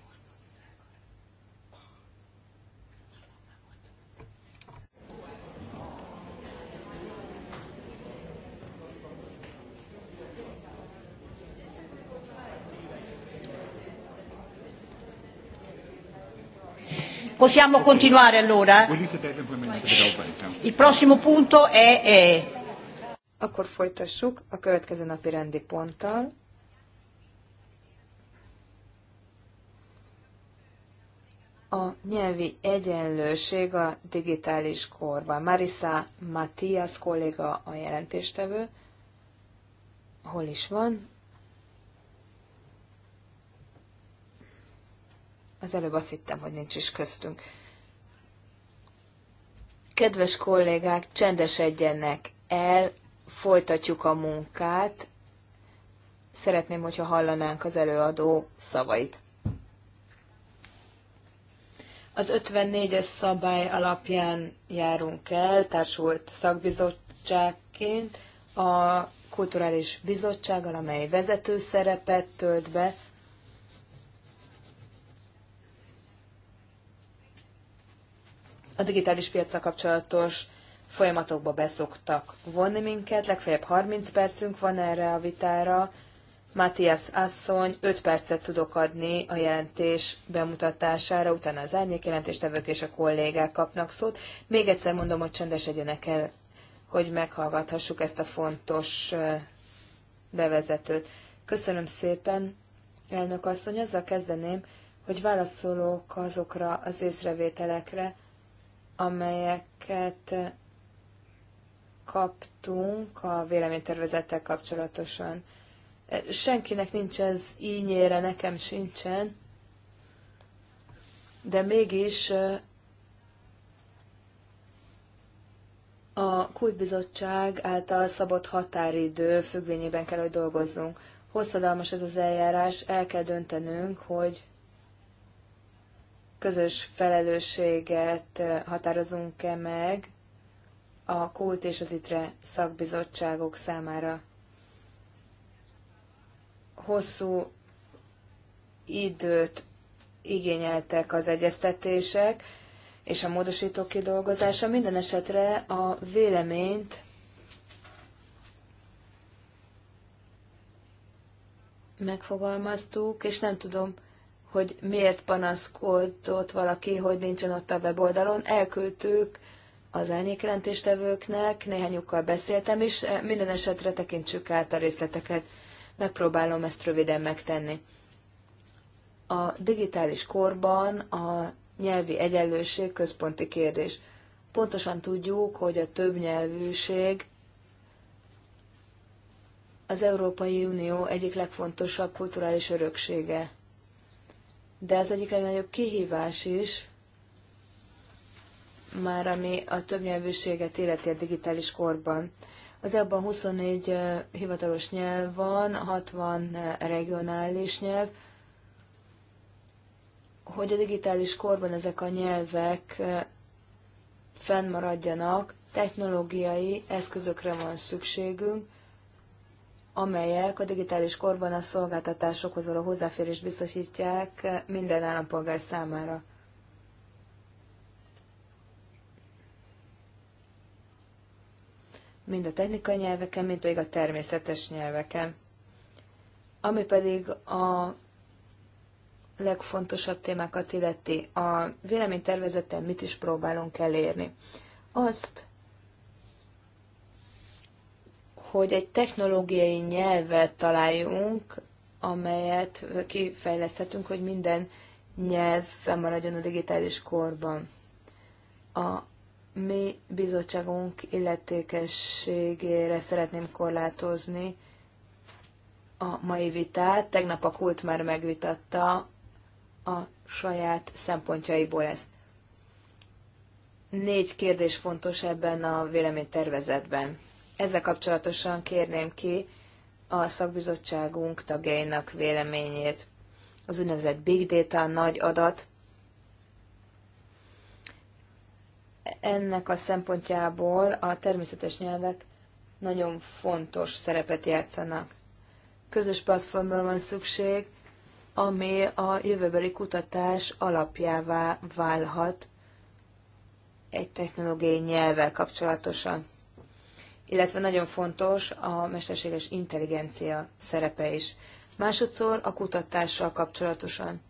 [SPEAKER 1] Possiamo continuare allora? Il prossimo punto è, è akkor folytassuk a következő napi rendi ponttal. A nyelvi egyenlőség a digitális korban. Marisa Matias kolléga a jelentéstevő. Hol is van? Az előbb azt hittem, hogy nincs is köztünk. Kedves kollégák, csendesedjenek el, folytatjuk a munkát. Szeretném, hogyha hallanánk az előadó szavait. Az 54-es szabály alapján járunk el, társult szakbizottságként a kulturális bizottsággal, amely vezető szerepet tölt be. A digitális piacra kapcsolatos folyamatokba beszoktak vonni minket, legfeljebb 30 percünk van erre a vitára. Matthias asszony 5 percet tudok adni a jelentés bemutatására, utána az árnyék és a kollégák kapnak szót. Még egyszer mondom, hogy csendesedjenek el, hogy meghallgathassuk ezt a fontos bevezetőt. Köszönöm szépen, elnök asszony, azzal kezdeném, hogy válaszolok azokra az észrevételekre, amelyeket kaptunk a véleménytervezettel kapcsolatosan. E, senkinek nincs ez ínyére, nekem sincsen, de mégis e, a kultbizottság által szabott határidő függvényében kell, hogy dolgozzunk. Hosszadalmas ez az eljárás, el kell döntenünk, hogy közös felelősséget e, határozunk-e meg, a kult és az itre szakbizottságok számára. Hosszú időt igényeltek az egyeztetések és a módosítók kidolgozása. Minden esetre a véleményt megfogalmaztuk, és nem tudom, hogy miért panaszkodott valaki, hogy nincsen ott a weboldalon. Elküldtük az elnyékjelentéstevőknek, néhányukkal beszéltem is, e, minden esetre tekintsük át a részleteket, megpróbálom ezt röviden megtenni. A digitális korban a nyelvi egyenlőség központi kérdés. Pontosan tudjuk, hogy a többnyelvűség az Európai Unió egyik legfontosabb kulturális öröksége. De az egyik legnagyobb kihívás is, már ami a többnyelvűséget illeti a digitális korban. Az ebben 24 hivatalos nyelv van, 60 regionális nyelv, hogy a digitális korban ezek a nyelvek fennmaradjanak, technológiai eszközökre van szükségünk, amelyek a digitális korban a szolgáltatásokhoz való hozzáférést biztosítják minden állampolgár számára. mind a technikai nyelveken, mind pedig a természetes nyelveken. Ami pedig a legfontosabb témákat illeti, a véleménytervezeten mit is próbálunk elérni? Azt, hogy egy technológiai nyelvet találjunk, amelyet kifejleszthetünk, hogy minden nyelv fennmaradjon a digitális korban. A mi bizottságunk illetékességére szeretném korlátozni a mai vitát. Tegnap a kult már megvitatta a saját szempontjaiból ezt. Négy kérdés fontos ebben a véleménytervezetben. Ezzel kapcsolatosan kérném ki a szakbizottságunk tagjainak véleményét. Az ünnezett big data, nagy adat ennek a szempontjából a természetes nyelvek nagyon fontos szerepet játszanak. Közös platformról van szükség, ami a jövőbeli kutatás alapjává válhat egy technológiai nyelvvel kapcsolatosan. Illetve nagyon fontos a mesterséges intelligencia szerepe is. Másodszor a kutatással kapcsolatosan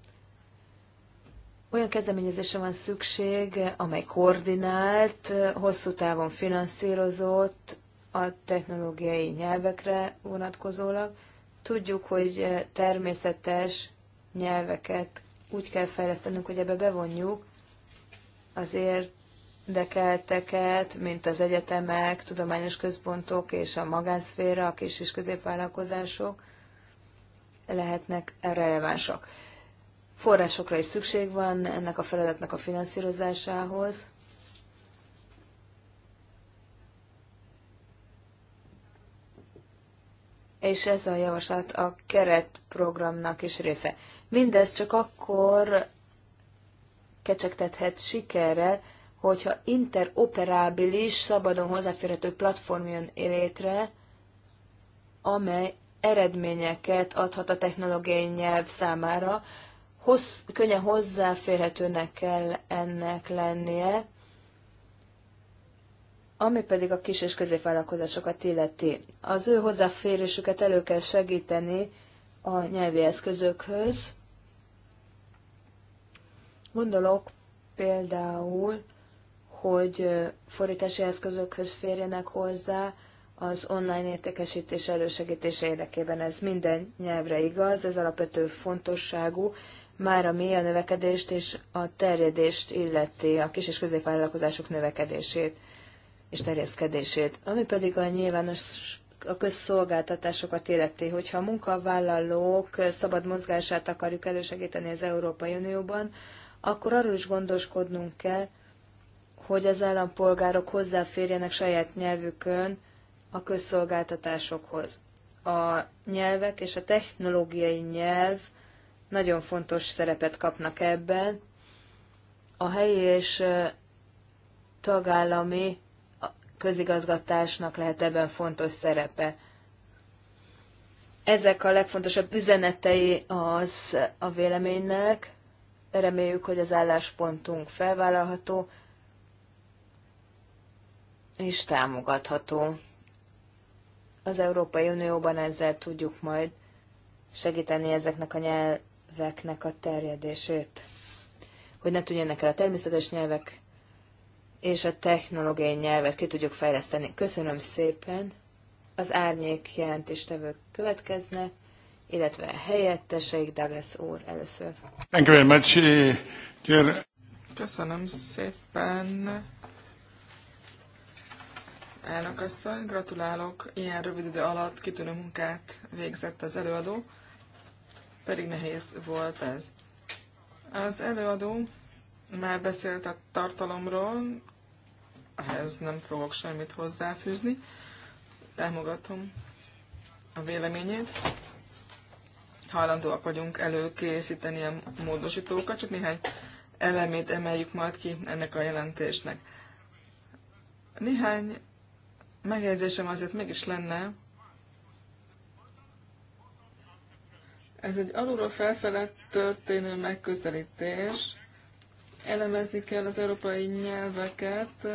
[SPEAKER 1] olyan kezdeményezésre van szükség, amely koordinált, hosszú távon finanszírozott a technológiai nyelvekre vonatkozólag. Tudjuk, hogy természetes nyelveket úgy kell fejlesztenünk, hogy ebbe bevonjuk az érdekelteket, mint az egyetemek, tudományos központok és a magánszféra, a kis és középvállalkozások lehetnek relevánsak Forrásokra is szükség van ennek a feladatnak a finanszírozásához. És ez a javaslat a keretprogramnak is része. Mindez csak akkor kecsegtethet sikerrel, hogyha interoperábilis, szabadon hozzáférhető platform jön létre, amely eredményeket adhat a technológiai nyelv számára, hossz, könnyen hozzáférhetőnek kell ennek lennie, ami pedig a kis és középvállalkozásokat illeti. Az ő hozzáférésüket elő kell segíteni a nyelvi eszközökhöz. Gondolok például, hogy forítási eszközökhöz férjenek hozzá az online értékesítés elősegítése érdekében. Ez minden nyelvre igaz, ez alapvető fontosságú, már a mély a növekedést és a terjedést illeti, a kis és középvállalkozások növekedését és terjeszkedését, ami pedig a nyilvános a közszolgáltatásokat illeti, hogyha a munkavállalók szabad mozgását akarjuk elősegíteni az Európai Unióban, akkor arról is gondoskodnunk kell, hogy az állampolgárok hozzáférjenek saját nyelvükön a közszolgáltatásokhoz. A nyelvek és a technológiai nyelv nagyon fontos szerepet kapnak ebben. A helyi és tagállami közigazgatásnak lehet ebben fontos szerepe. Ezek a legfontosabb üzenetei az a véleménynek. Reméljük, hogy az álláspontunk felvállalható és támogatható. Az Európai Unióban ezzel tudjuk majd segíteni ezeknek a nyelv, nyelveknek a terjedését, hogy ne tűnjenek el a természetes nyelvek és a technológiai nyelvet ki tudjuk fejleszteni. Köszönöm szépen! Az árnyék jelentéstevők következne, illetve a helyetteseik Douglas úr először.
[SPEAKER 3] Thank you very much. Eh, Köszönöm szépen! Elnök asszony, gratulálok! Ilyen rövid idő alatt kitűnő munkát végzett az előadó pedig nehéz volt ez. Az előadó már beszélt a tartalomról, ehhez nem fogok semmit hozzáfűzni. Támogatom a véleményét. Hajlandóak vagyunk előkészíteni a módosítókat, csak néhány elemét emeljük majd ki ennek a jelentésnek. Néhány megjegyzésem azért mégis lenne Ez egy alulról felfele történő megközelítés. Elemezni kell az európai nyelveket.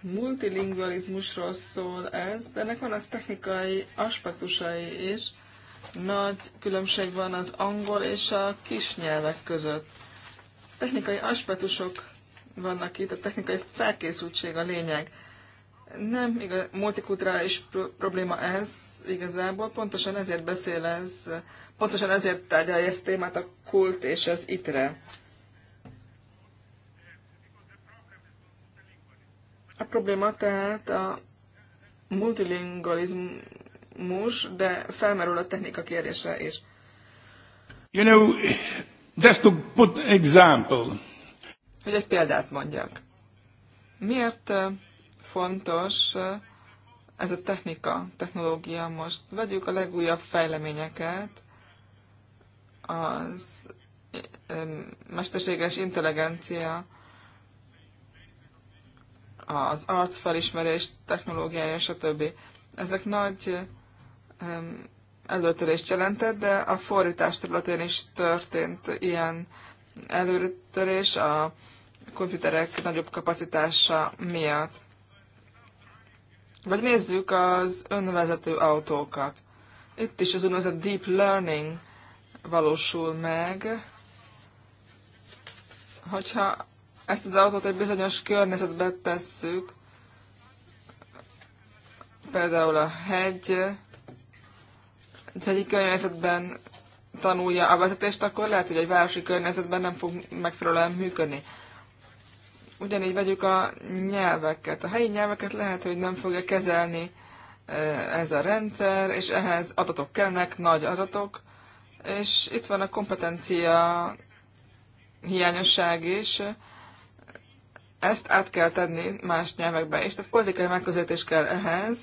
[SPEAKER 3] Multilingualizmusról szól ez, de ennek vannak technikai aspektusai is. Nagy különbség van az angol és a kis nyelvek között. Technikai aspektusok vannak itt, a technikai felkészültség a lényeg. Nem igaz, multikulturális probléma ez igazából, pontosan ezért beszél ez Pontosan ezért tárgyalja ezt témát a kult és az itre. A probléma tehát a multilingualizmus, de felmerül a technika kérdése is. You know, just to put example. Hogy egy példát mondjak. Miért fontos ez a technika, technológia most? Vegyük a legújabb fejleményeket, az mesterséges intelligencia, az arcfelismerés technológiája, stb. Ezek nagy előtörést jelentett, de a fordítás területén is történt ilyen előtörés a komputerek nagyobb kapacitása miatt. Vagy nézzük az önvezető autókat. Itt is az úgynevezett deep learning valósul meg. Hogyha ezt az autót egy bizonyos környezetbe tesszük, például a hegy, egy hegyi környezetben tanulja a vezetést, akkor lehet, hogy egy városi környezetben nem fog megfelelően működni. Ugyanígy vegyük a nyelveket. A helyi nyelveket lehet, hogy nem fogja kezelni eh, ez a rendszer, és ehhez adatok kellnek, nagy adatok, és itt van a kompetencia hiányosság is, ezt át kell tenni más nyelvekbe is, tehát politikai megközelítés kell ehhez.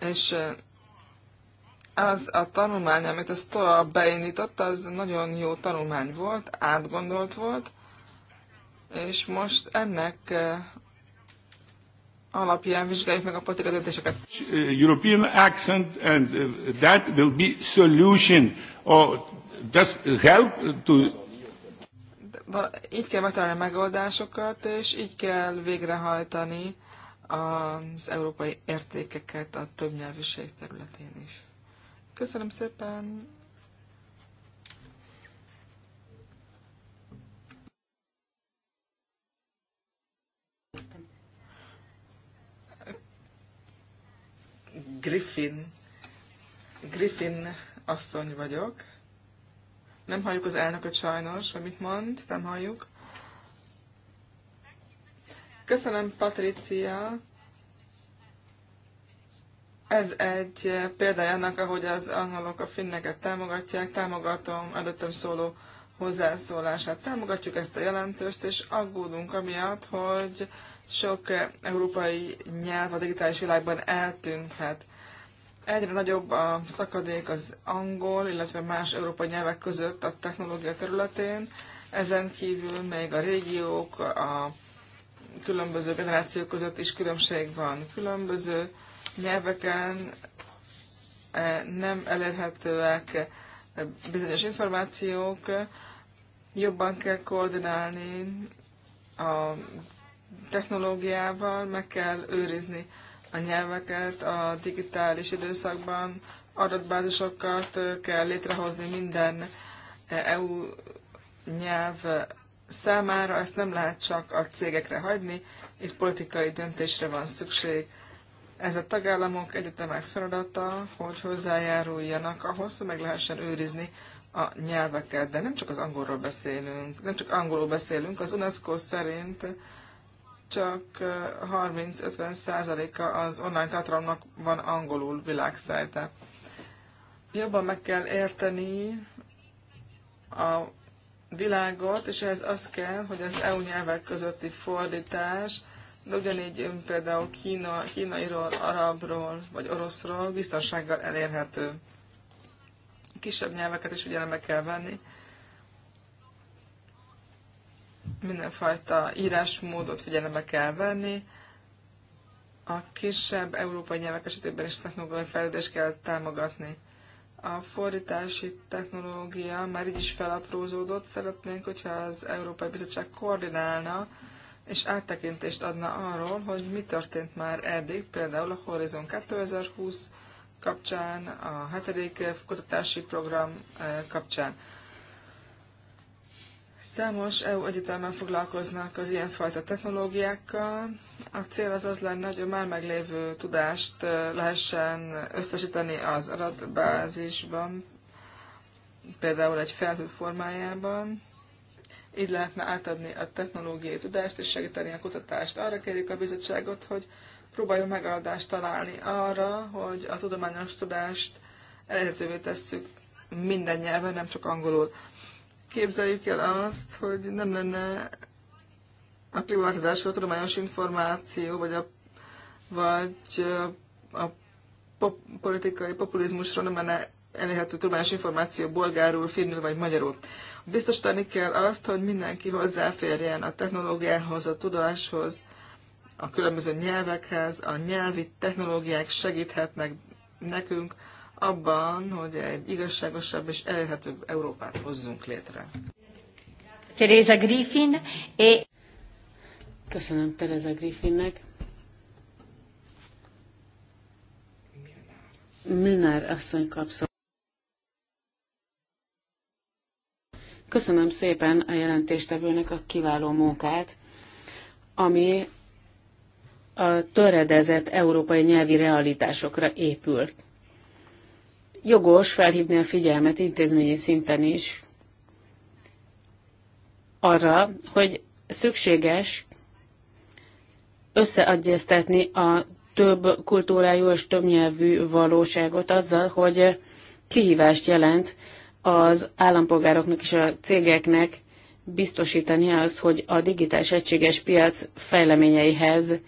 [SPEAKER 3] És eh, az a tanulmány, amit a STOA beindított, az nagyon jó tanulmány volt, átgondolt volt, és most ennek eh, alapján vizsgáljuk meg a politikai döntéseket.
[SPEAKER 2] European accent and that will be solution
[SPEAKER 3] or just help to így kell megtalálni a megoldásokat, és így kell végrehajtani az európai értékeket a többnyelvűség területén is. Köszönöm szépen, Griffin. Griffin asszony vagyok. Nem halljuk az elnököt sajnos, amit mit mond, nem halljuk. Köszönöm, Patricia. Ez egy példája annak, ahogy az angolok a finneket támogatják. Támogatom előttem szóló hozzászólását. Támogatjuk ezt a jelentőst, és aggódunk amiatt, hogy sok európai nyelv a digitális világban eltűnhet. Egyre nagyobb a szakadék az angol, illetve más európai nyelvek között a technológia területén. Ezen kívül még a régiók, a különböző generációk között is különbség van. Különböző nyelveken e, nem elérhetőek bizonyos információk, jobban kell koordinálni a technológiával, meg kell őrizni a nyelveket a digitális időszakban, adatbázisokat kell létrehozni minden e, EU nyelv számára, ezt nem lehet csak a cégekre hagyni, itt politikai döntésre van szükség. Ez a tagállamok egyetemek feladata, hogy hozzájáruljanak ahhoz, hogy meg lehessen őrizni a nyelveket, de nem csak az angolról beszélünk, nem csak angolról beszélünk, az UNESCO szerint csak 30-50 százaléka az online tartalomnak van angolul világszerte. Jobban meg kell érteni a világot, és ez az kell, hogy az EU nyelvek közötti fordítás, de ugyanígy például Kína, kínairól, arabról vagy oroszról biztonsággal elérhető. Kisebb nyelveket is figyelembe kell venni, mindenfajta írásmódot figyelembe kell venni, a kisebb európai nyelvek esetében is technológiai fejlődést kell támogatni. A fordítási technológia már így is felaprózódott, szeretnénk, hogyha az Európai Bizottság koordinálna és áttekintést adna arról, hogy mi történt már eddig, például a Horizon 2020 kapcsán, a hetedik kutatási program eh, kapcsán. Számos EU egyetemen foglalkoznak az ilyenfajta technológiákkal. A cél az az lenne, hogy a már meglévő tudást lehessen összesíteni az adatbázisban, például egy felhő formájában. Így lehetne átadni a technológiai tudást és segíteni a kutatást. Arra kérjük a bizottságot, hogy próbáljon megoldást találni arra, hogy a tudományos tudást elérhetővé tesszük minden nyelven, nem csak angolul. Képzeljük el azt, hogy nem lenne a klímaváltozásról tudományos információ, vagy a, vagy a pop, politikai populizmusról nem lenne elérhető tudományos információ bolgárul, finnül vagy magyarul. Biztosítani kell azt, hogy mindenki hozzáférjen a technológiához, a tudáshoz, a különböző nyelvekhez, a nyelvi technológiák segíthetnek nekünk abban, hogy egy igazságosabb és elérhetőbb Európát hozzunk létre.
[SPEAKER 1] Teresa Griffin.
[SPEAKER 3] É... E-
[SPEAKER 2] Köszönöm Teresa Griffinnek. Minár asszony kapszol. Köszönöm szépen a jelentéstevőnek a kiváló munkát, ami a töredezett európai nyelvi realitásokra épült jogos felhívni a figyelmet intézményi szinten is arra, hogy szükséges összeadjeztetni a több kultúrájú és több nyelvű valóságot azzal, hogy kihívást jelent az állampolgároknak és a cégeknek biztosítani azt, hogy a digitális egységes piac fejleményeihez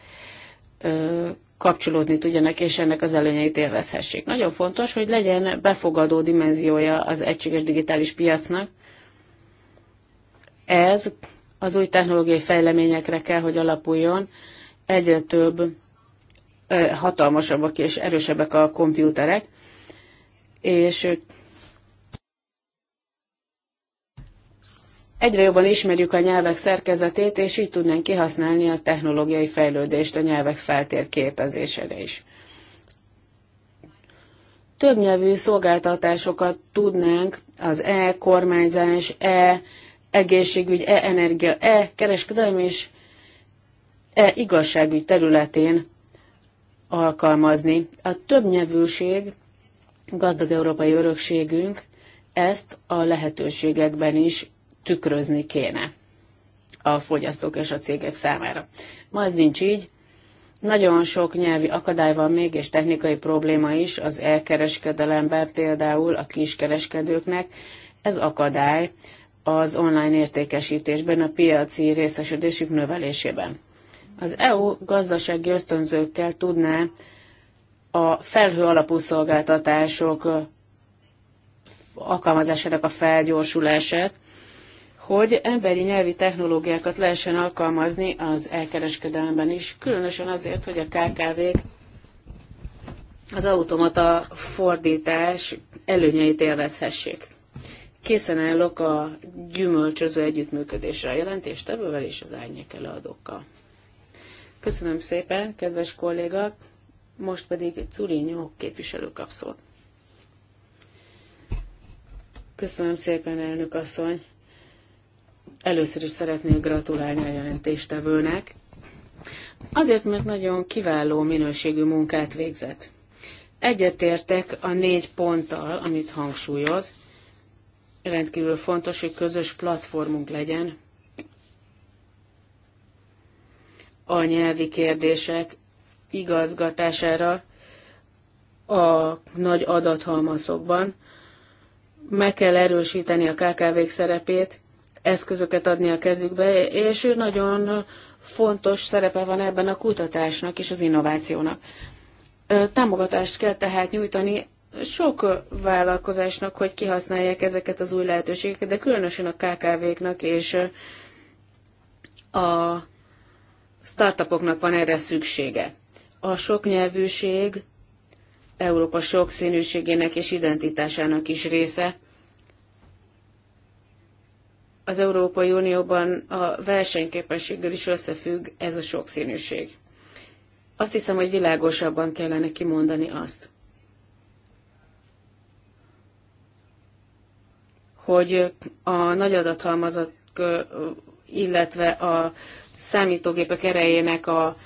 [SPEAKER 2] kapcsolódni tudjanak, és ennek az előnyeit élvezhessék. Nagyon fontos, hogy legyen befogadó dimenziója az egységes digitális piacnak. Ez az új technológiai fejleményekre kell, hogy alapuljon. Egyre több hatalmasabbak és erősebbek a komputerek és egyre jobban ismerjük a nyelvek szerkezetét, és így tudnánk kihasználni a technológiai fejlődést a nyelvek feltérképezésére is. Többnyelvű szolgáltatásokat tudnánk az e-kormányzás, e-egészségügy, e-energia, e-kereskedelmi és e-igazságügy területén alkalmazni. A többnyelvűség gazdag európai örökségünk, ezt a lehetőségekben is tükrözni kéne a fogyasztók és a cégek számára. Ma ez nincs így. Nagyon sok nyelvi akadály van még, és technikai probléma is az elkereskedelemben például a kiskereskedőknek. Ez akadály az online értékesítésben, a piaci részesedésük növelésében. Az EU gazdasági ösztönzőkkel tudná a felhő alapú szolgáltatások alkalmazásának a felgyorsulását, hogy emberi nyelvi technológiákat lehessen alkalmazni az elkereskedelemben is, különösen azért, hogy a kkv az automata fordítás előnyeit élvezhessék. Készen állok a gyümölcsöző együttműködésre a jelentéstevővel és az árnyék előadókkal. Köszönöm szépen, kedves kolléga, Most pedig Curinyó képviselő kap Köszönöm szépen, elnök asszony! Először is szeretnék gratulálni a jelentéstevőnek, azért, mert nagyon kiváló minőségű munkát végzett. Egyetértek a négy ponttal, amit hangsúlyoz. Rendkívül fontos, hogy közös platformunk legyen. A nyelvi kérdések igazgatására a nagy adathalmazokban, meg kell erősíteni a KKV-k szerepét, eszközöket adni a kezükbe, és nagyon fontos szerepe van ebben a kutatásnak és az innovációnak. Támogatást kell tehát nyújtani sok vállalkozásnak, hogy kihasználják ezeket az új lehetőségeket, de különösen a KKV-knak és a startupoknak van erre szüksége. A sok nyelvűség Európa sokszínűségének és identitásának is része, az Európai Unióban a versenyképességgel is összefügg ez a sokszínűség. Azt hiszem, hogy világosabban kellene kimondani azt, hogy a nagy adathalmazat, illetve a számítógépek erejének a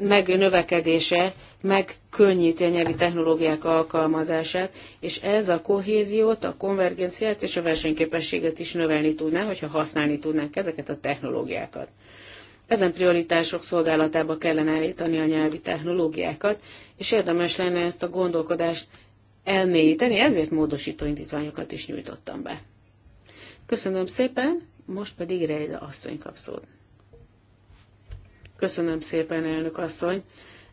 [SPEAKER 2] megnövekedése megkönnyíti a nyelvi technológiák alkalmazását, és ez a kohéziót, a konvergenciát és a versenyképességet is növelni tudná, hogyha használni tudnánk ezeket a technológiákat. Ezen prioritások szolgálatába kellene állítani a nyelvi technológiákat, és érdemes lenne ezt a gondolkodást elmélyíteni, ezért módosító indítványokat is nyújtottam be. Köszönöm szépen, most pedig Rejda asszony kapszód. Köszönöm szépen, elnök asszony.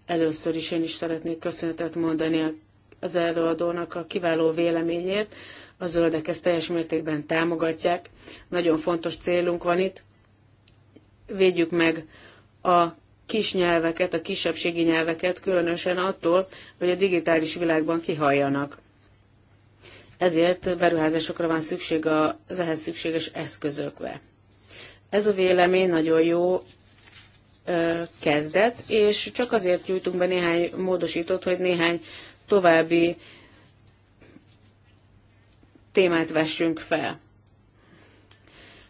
[SPEAKER 2] Először is én is szeretnék köszönetet mondani az előadónak a kiváló véleményért. A zöldek ezt teljes mértékben támogatják. Nagyon fontos célunk van itt. Védjük meg a kis nyelveket, a kisebbségi nyelveket, különösen attól, hogy a digitális világban kihaljanak. Ezért beruházásokra van szükség az ehhez szükséges eszközökre. Ez a vélemény nagyon jó kezdet, és csak azért gyújtunk be néhány módosítót, hogy néhány további témát vessünk fel.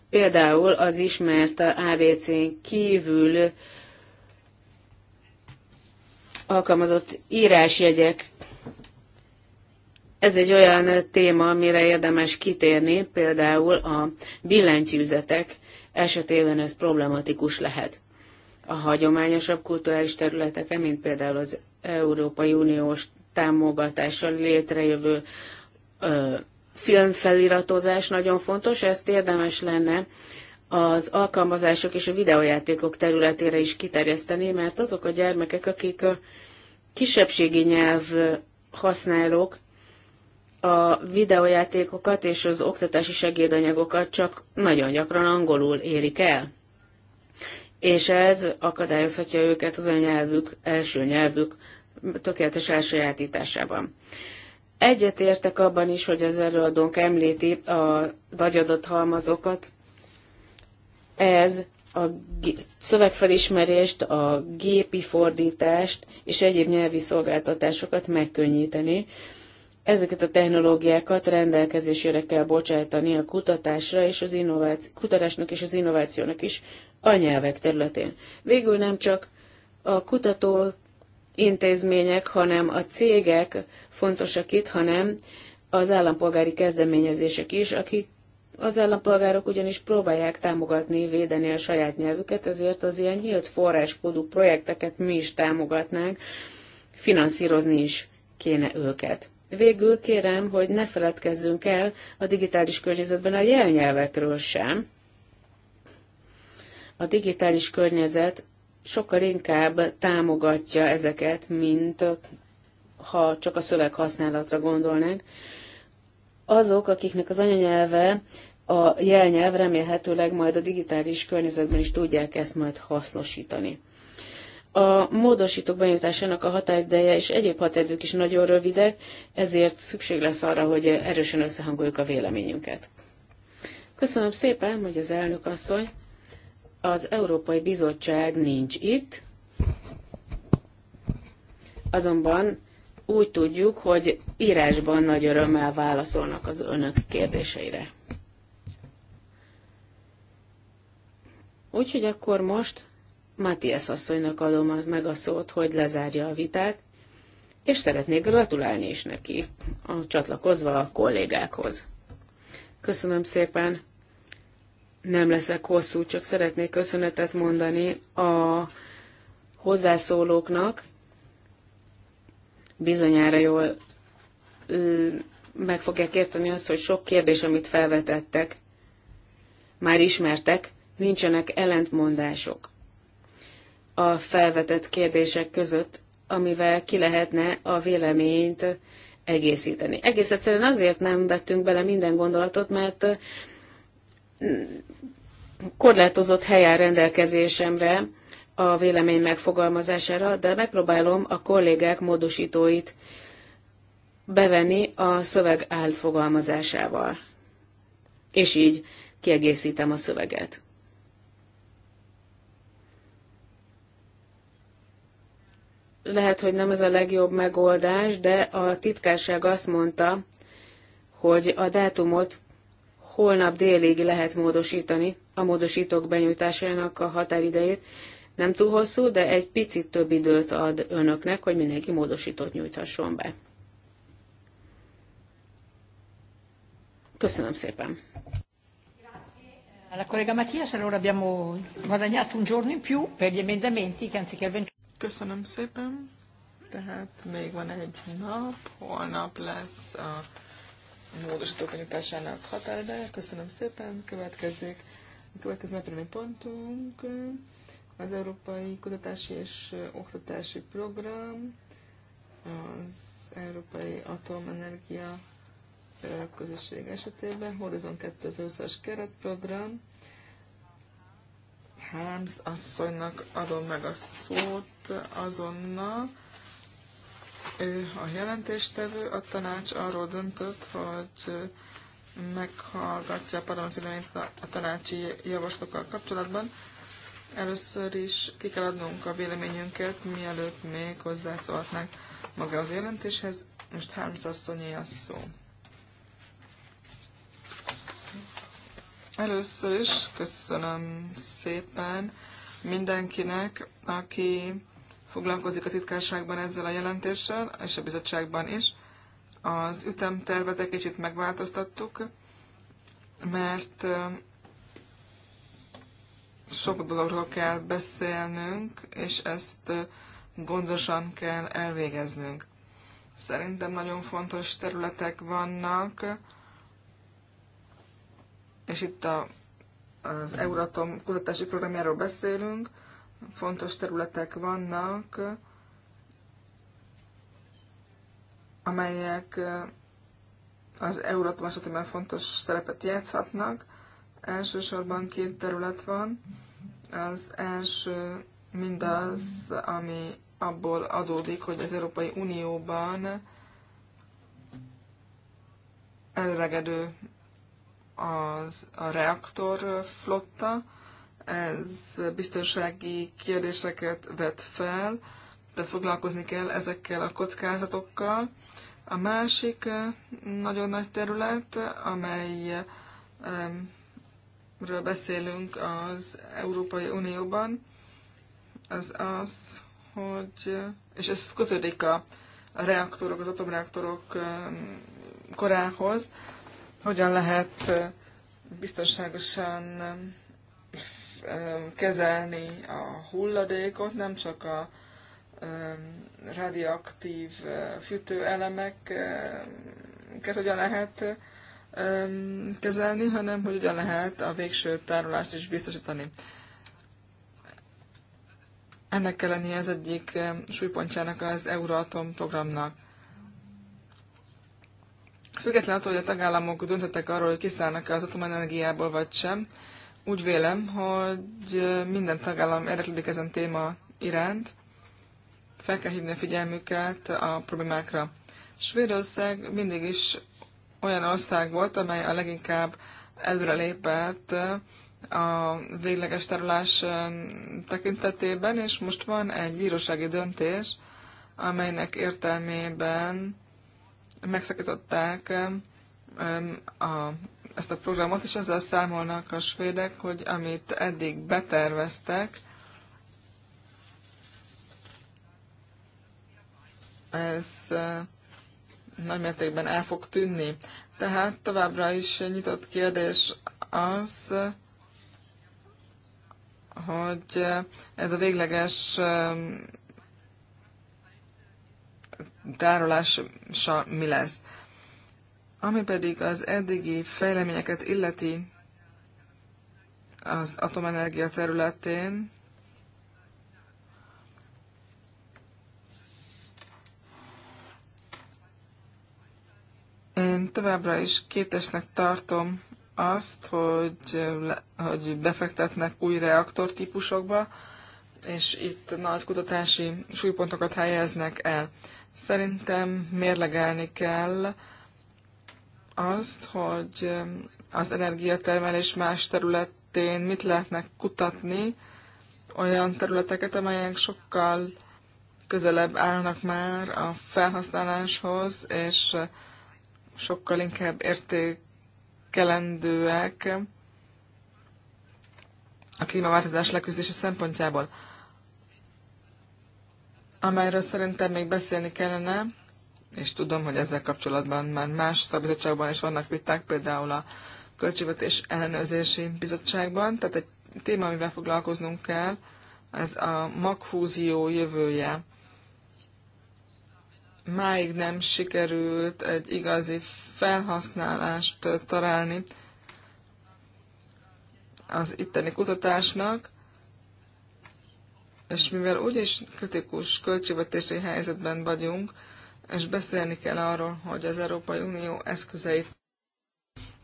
[SPEAKER 2] Például az ismert ABC-n kívül alkalmazott írásjegyek. Ez egy olyan téma, amire érdemes kitérni, például a billentyűzetek esetében ez problematikus lehet a hagyományosabb kulturális területeken, mint például az Európai Uniós támogatással létrejövő ö, filmfeliratozás nagyon fontos, ezt érdemes lenne az alkalmazások és a videójátékok területére is kiterjeszteni, mert azok a gyermekek, akik a kisebbségi nyelv használók, a videójátékokat és az oktatási segédanyagokat csak nagyon gyakran angolul érik el és ez akadályozhatja őket az a nyelvük, első nyelvük tökéletes elsajátításában. értek abban is, hogy az előadónk említi a dagyadott halmazokat. Ez a szövegfelismerést, a gépi fordítást és egyéb nyelvi szolgáltatásokat megkönnyíteni. Ezeket a technológiákat rendelkezésére kell bocsájtani a kutatásra és az innováci- kutatásnak és az innovációnak is, a nyelvek területén. Végül nem csak a kutató intézmények, hanem a cégek fontosak itt, hanem az állampolgári kezdeményezések is, akik az állampolgárok ugyanis próbálják támogatni, védeni a saját nyelvüket, ezért az ilyen nyílt forráskódú projekteket mi is támogatnánk, finanszírozni is kéne őket. Végül kérem, hogy ne feledkezzünk el a digitális környezetben a jelnyelvekről sem, a digitális környezet sokkal inkább támogatja ezeket, mint ha csak a szöveg használatra gondolnánk. Azok, akiknek az anyanyelve a jelnyelv remélhetőleg majd a digitális környezetben is tudják ezt majd hasznosítani. A módosítók benyújtásának a határideje és egyéb határidők is nagyon rövidek, ezért szükség lesz arra, hogy erősen összehangoljuk a véleményünket. Köszönöm szépen, hogy az elnök asszony. Az Európai Bizottság nincs itt, azonban úgy tudjuk, hogy írásban nagy örömmel válaszolnak az önök kérdéseire. Úgyhogy akkor most Matthias asszonynak adom meg a szót, hogy lezárja a vitát, és szeretnék gratulálni is neki, a csatlakozva a kollégákhoz. Köszönöm szépen! nem leszek hosszú, csak szeretnék köszönetet mondani a hozzászólóknak. Bizonyára jól meg fogják érteni azt, hogy sok kérdés, amit felvetettek, már ismertek, nincsenek ellentmondások a felvetett kérdések között, amivel ki lehetne a véleményt egészíteni. Egész egyszerűen azért nem vettünk bele minden gondolatot, mert korlátozott helyen rendelkezésemre a vélemény megfogalmazására, de megpróbálom a kollégák módosítóit bevenni a szöveg fogalmazásával, És így kiegészítem a szöveget. Lehet, hogy nem ez a legjobb megoldás, de a titkárság azt mondta, hogy a dátumot holnap délig lehet módosítani a módosítók benyújtásának a határidejét. Nem túl hosszú, de egy picit több időt ad önöknek, hogy mindenki módosítót nyújthasson be. Köszönöm szépen.
[SPEAKER 1] collega allora abbiamo guadagnato un giorno
[SPEAKER 3] in più per gli emendamenti che anziché il Köszönöm szépen. Tehát még van egy nap, holnap lesz a módosítók benyújtásának határidája. Köszönöm szépen, következzék. a következő napi pontunk. Az Európai Kutatási és Oktatási Program, az Európai Atomenergia Közösség esetében, Horizon 2020-as keretprogram. Harms asszonynak adom meg a szót azonnal ő a jelentéstevő, a tanács arról döntött, hogy meghallgatja a parlament véleményt a tanácsi javaslatokkal kapcsolatban. Először is ki kell adnunk a véleményünket, mielőtt még hozzászólhatnánk maga az jelentéshez. Most Hámsz asszonyé a szó. Először is köszönöm szépen mindenkinek, aki foglalkozik a titkárságban ezzel a jelentéssel, és a bizottságban is. Az ütemtervet egy kicsit megváltoztattuk, mert sok dologról kell beszélnünk, és ezt gondosan kell elvégeznünk. Szerintem nagyon fontos területek vannak, és itt a, az Euratom kutatási programjáról beszélünk, fontos területek vannak, amelyek az Euratom esetében fontos szerepet játszhatnak. Elsősorban két terület van. Az első mindaz, ami abból adódik, hogy az Európai Unióban előregedő az, a reaktor flotta, ez biztonsági kérdéseket vet fel, tehát foglalkozni kell ezekkel a kockázatokkal. A másik nagyon nagy terület, amelyről beszélünk az Európai Unióban, az az, hogy, és ez kötődik a reaktorok, az atomreaktorok korához, hogyan lehet biztonságosan Um, kezelni a hulladékot, nem csak a um, radioaktív uh, fűtőelemeket hogyan lehet um, kezelni, hanem hogy hogyan lehet a végső tárolást is biztosítani. Ennek kell lennie az egyik súlypontjának az Euratom programnak. Független attól, hogy a tagállamok döntöttek arról, hogy kiszállnak-e az atomenergiából vagy sem, úgy vélem, hogy minden tagállam érdeklődik ezen téma iránt, fel kell hívni a figyelmüket a problémákra. Svédország mindig is olyan ország volt, amely a leginkább előrelépett a végleges tárolás tekintetében, és most van egy bírósági döntés, amelynek értelmében megszakították a ezt a programot, és azzal számolnak a svédek, hogy amit eddig beterveztek, ez nagy mértékben el fog tűnni. Tehát továbbra is nyitott kérdés az, hogy ez a végleges tárolása mi lesz. Ami pedig az eddigi fejleményeket illeti az atomenergia területén, Én továbbra is kétesnek tartom azt, hogy, hogy befektetnek új reaktortípusokba, és itt nagy kutatási súlypontokat helyeznek el. Szerintem mérlegelni kell azt, hogy az energiatermelés más területén mit lehetnek kutatni, olyan területeket, amelyek sokkal közelebb állnak már a felhasználáshoz, és eh, sokkal inkább értékelendőek a klímaváltozás leküzdése szempontjából, amelyről szerintem még beszélni kellene, és tudom, hogy ezzel kapcsolatban már más szakbizottságban is vannak viták, például a Költségvetés Ellenőrzési Bizottságban, tehát egy téma, amivel foglalkoznunk kell, ez a magfúzió jövője. Máig nem sikerült egy igazi felhasználást találni az itteni kutatásnak, és mivel úgyis kritikus költségvetési helyzetben vagyunk, és beszélni kell arról, hogy az Európai Unió eszközeit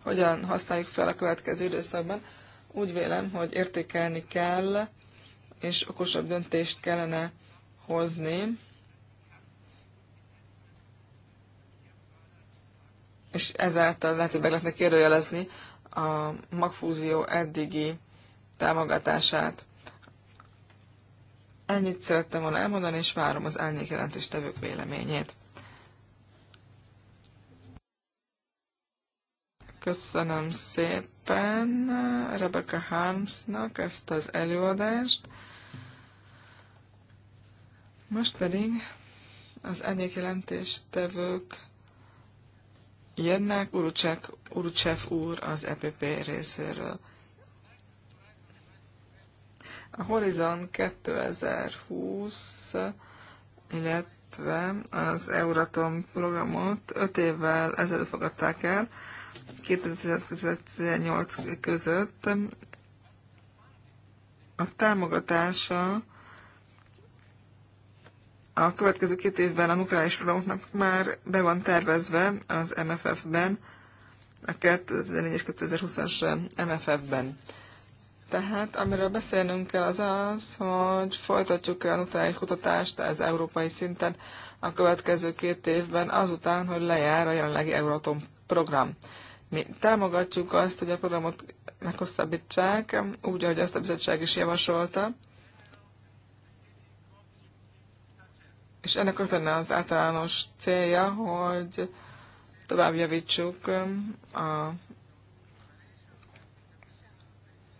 [SPEAKER 3] hogyan használjuk fel a következő időszakban. Úgy vélem, hogy értékelni kell, és okosabb döntést kellene hozni. És ezáltal lehet, hogy meg lehetne kérdőjelezni a magfúzió eddigi támogatását. Ennyit szerettem volna elmondani, és várom az elnék jelentéstevők véleményét. Köszönöm szépen Rebecca Harmsnak ezt az előadást. Most pedig az egyik jelentéstevők jönnek, Urucsek, Urucsef úr az EPP részéről. A Horizon 2020, illetve az Euratom programot 5 évvel ezelőtt fogadták el, 2018 között a támogatása a következő két évben a nukleáris programoknak már be van tervezve az MFF-ben, a 2004 és 2020-as MFF-ben. Tehát amiről beszélnünk kell az az, hogy folytatjuk a nukleáris kutatást az európai szinten a következő két évben, azután, hogy lejár a jelenlegi Euratom program. Mi támogatjuk azt, hogy a programot meghosszabbítsák, úgy, ahogy azt a bizottság is javasolta. És ennek az lenne az általános célja, hogy tovább javítsuk um, a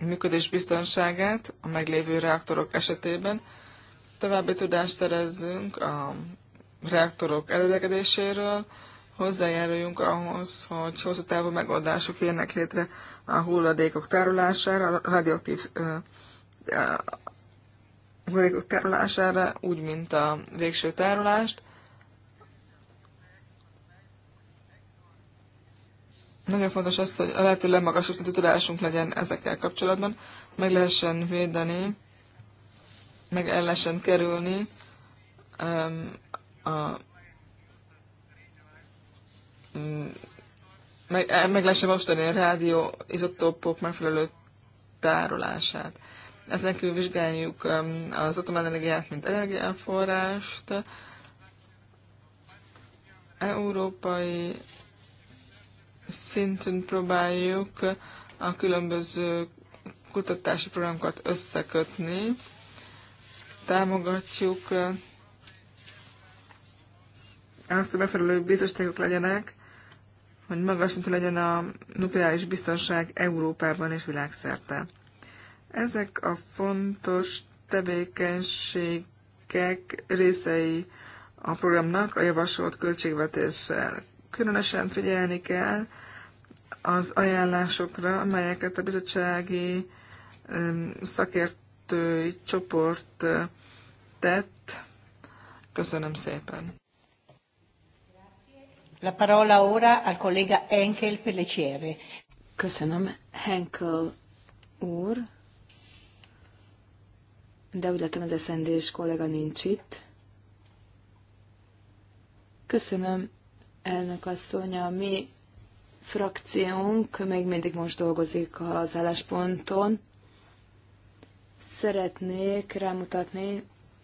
[SPEAKER 3] működés biztonságát a meglévő reaktorok esetében. További tudást szerezzünk a reaktorok előlegedéséről, hozzájáruljunk ahhoz, hogy hosszú távú megoldások jönnek létre a hulladékok tárolására, a radioaktív hulladékok tárolására, úgy, mint a végső tárolást. Nagyon fontos az, hogy a lehető legmagasabb szintű tudásunk legyen ezekkel kapcsolatban, meg lehessen védeni, meg el lehessen kerülni um, a Mm, meg, eh, meg lehessen valósítani a rádió izotópok megfelelő tárolását. Ezen kívül vizsgáljuk az atomenergiát, mint energiaforrást, európai szintűn próbáljuk a különböző kutatási programokat összekötni, támogatjuk eh, azt, hogy megfelelő biztosítékok legyenek hogy magas szintű legyen a nukleáris biztonság Európában és világszerte. Ezek a fontos tevékenységek részei a programnak a javasolt költségvetéssel. Különösen figyelni kell az ajánlásokra, amelyeket a bizottsági szakértői csoport tett. Köszönöm szépen!
[SPEAKER 1] La parola ora al collega Henkel per le CR. Köszönöm, Henkel úr. De úgy látom, az eszendés kollega nincs itt. Köszönöm, elnök asszony, a mi frakciónk még mindig most dolgozik az állásponton. Szeretnék rámutatni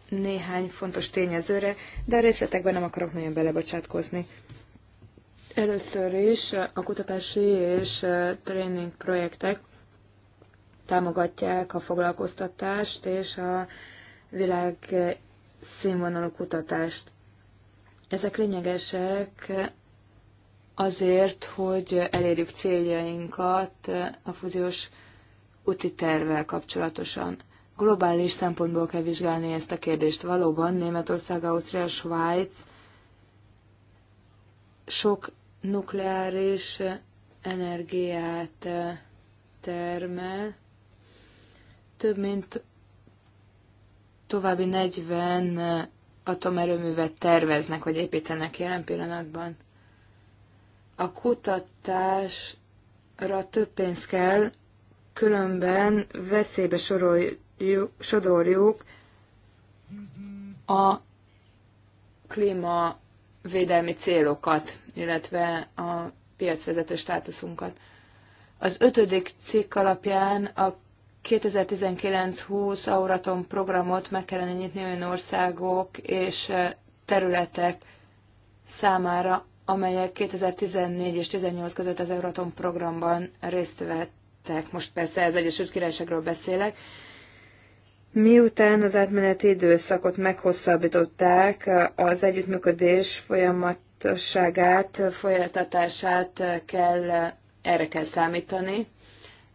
[SPEAKER 1] néhány fontos tényezőre, de a részletekben nem akarok nagyon belebocsátkozni. Először is a kutatási és tréning projektek támogatják a foglalkoztatást és a világ színvonalú kutatást. Ezek lényegesek azért, hogy elérjük céljainkat a fúziós úti tervvel kapcsolatosan. Globális szempontból kell vizsgálni ezt a kérdést. Valóban Németország, Ausztria, Svájc sok nukleáris energiát eh, termel. Több mint további 40 eh, atomerőművet terveznek, vagy építenek jelen pillanatban. A kutatásra több pénz kell, különben veszélybe soroljuk, sodorjuk a klíma védelmi célokat, illetve a piacvezető státuszunkat. Az ötödik cikk alapján a 2019-20 Auraton programot meg kellene nyitni olyan országok és területek számára, amelyek 2014 és 2018 között az Euraton programban részt vettek. Most persze az Egyesült Királyságról beszélek. Miután az átmeneti időszakot meghosszabbították, az együttműködés folyamatosságát, folytatását kell, erre kell számítani.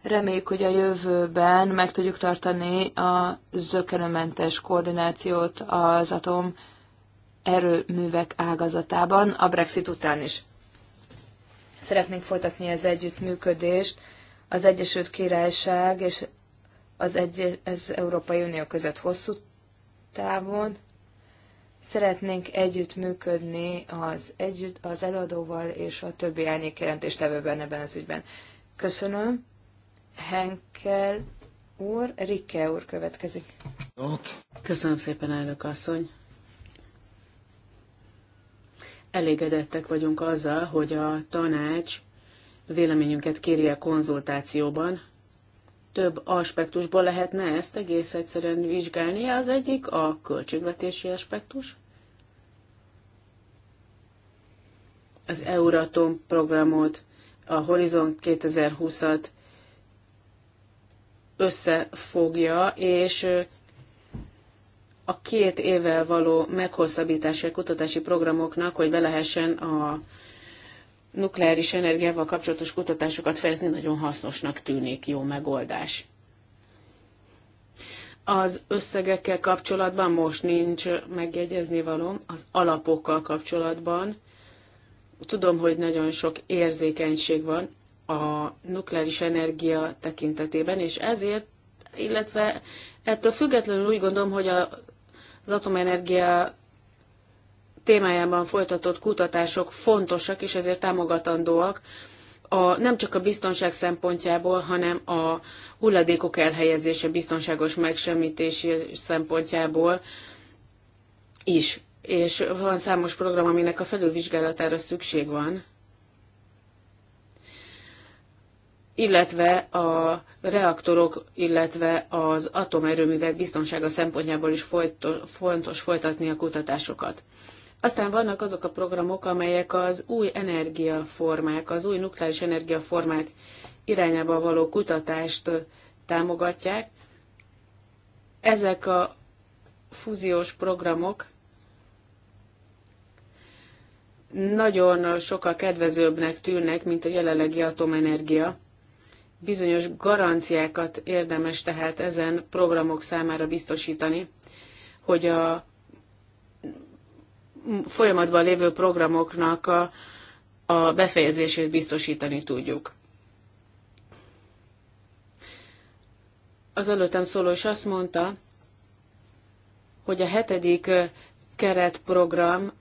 [SPEAKER 1] Reméljük, hogy a jövőben meg tudjuk tartani a zökenőmentes koordinációt az atom erőművek ágazatában, a Brexit után is. Szeretnénk folytatni az együttműködést az Egyesült Királyság és az, egy, ez Európai Unió között hosszú távon. Szeretnénk együttműködni az, együtt, az eladóval és a többi árnyék jelentéstevőben ebben az ügyben. Köszönöm. Henkel úr, Rikke úr következik.
[SPEAKER 2] Köszönöm szépen, elnök asszony. Elégedettek vagyunk azzal, hogy a tanács véleményünket kéri a konzultációban, több aspektusból lehetne ezt egész egyszerűen vizsgálni. Az egyik a költségvetési aspektus, az Euratom programot, a Horizon 2020-at összefogja, és a két évvel való meghosszabbítási kutatási programoknak, hogy belehessen a nukleáris energiával kapcsolatos kutatásokat fejezni nagyon hasznosnak tűnik, jó megoldás. Az összegekkel kapcsolatban most nincs megjegyezni való, az alapokkal kapcsolatban tudom, hogy nagyon sok érzékenység van a nukleáris energia tekintetében, és ezért, illetve ettől függetlenül úgy gondolom, hogy a, az atomenergia témájában folytatott kutatások fontosak, és ezért támogatandóak, a, nem csak a biztonság szempontjából, hanem a hulladékok elhelyezése biztonságos megsemmitési szempontjából is. És van számos program, aminek a felülvizsgálatára szükség van, illetve a reaktorok, illetve az atomerőművek biztonsága szempontjából is fontos folytatni a kutatásokat. Aztán vannak azok a programok, amelyek az új energiaformák, az új nukleáris energiaformák irányába való kutatást támogatják. Ezek a fúziós programok nagyon sokkal kedvezőbbnek tűnnek, mint a jelenlegi atomenergia. Bizonyos garanciákat érdemes tehát ezen programok számára biztosítani, hogy a folyamatban lévő programoknak a, a befejezését biztosítani tudjuk. Az előttem szóló is azt mondta, hogy a hetedik keretprogram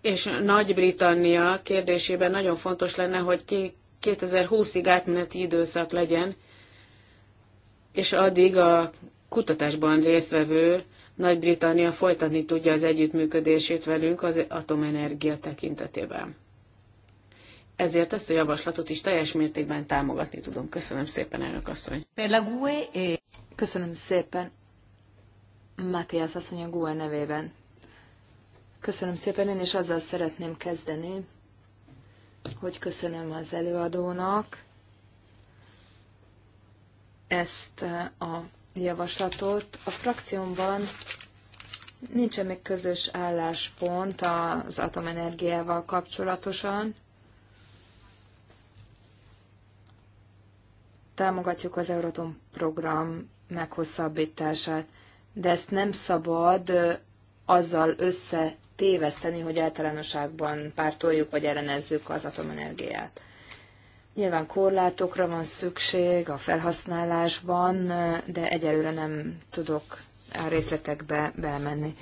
[SPEAKER 2] és Nagy-Britannia kérdésében nagyon fontos lenne, hogy 2020-ig átmeneti időszak legyen, és addig a kutatásban résztvevő Nagy-Britannia folytatni tudja az együttműködését velünk az atomenergia tekintetében. Ezért ezt a javaslatot is teljes mértékben támogatni tudom. Köszönöm szépen, elnök asszony.
[SPEAKER 1] E e- köszönöm szépen, Matthias asszony a GUE nevében. Köszönöm szépen, én is azzal szeretném kezdeni, hogy köszönöm az előadónak ezt a javaslatot. A frakciómban nincsen még közös álláspont az atomenergiával kapcsolatosan. Támogatjuk az Euratom program meghosszabbítását, de ezt nem szabad azzal összetéveszteni, hogy általánosságban pártoljuk vagy ellenezzük az atomenergiát. Nyilván korlátokra van szükség a felhasználásban, de egyelőre nem tudok a részletekbe belemenni.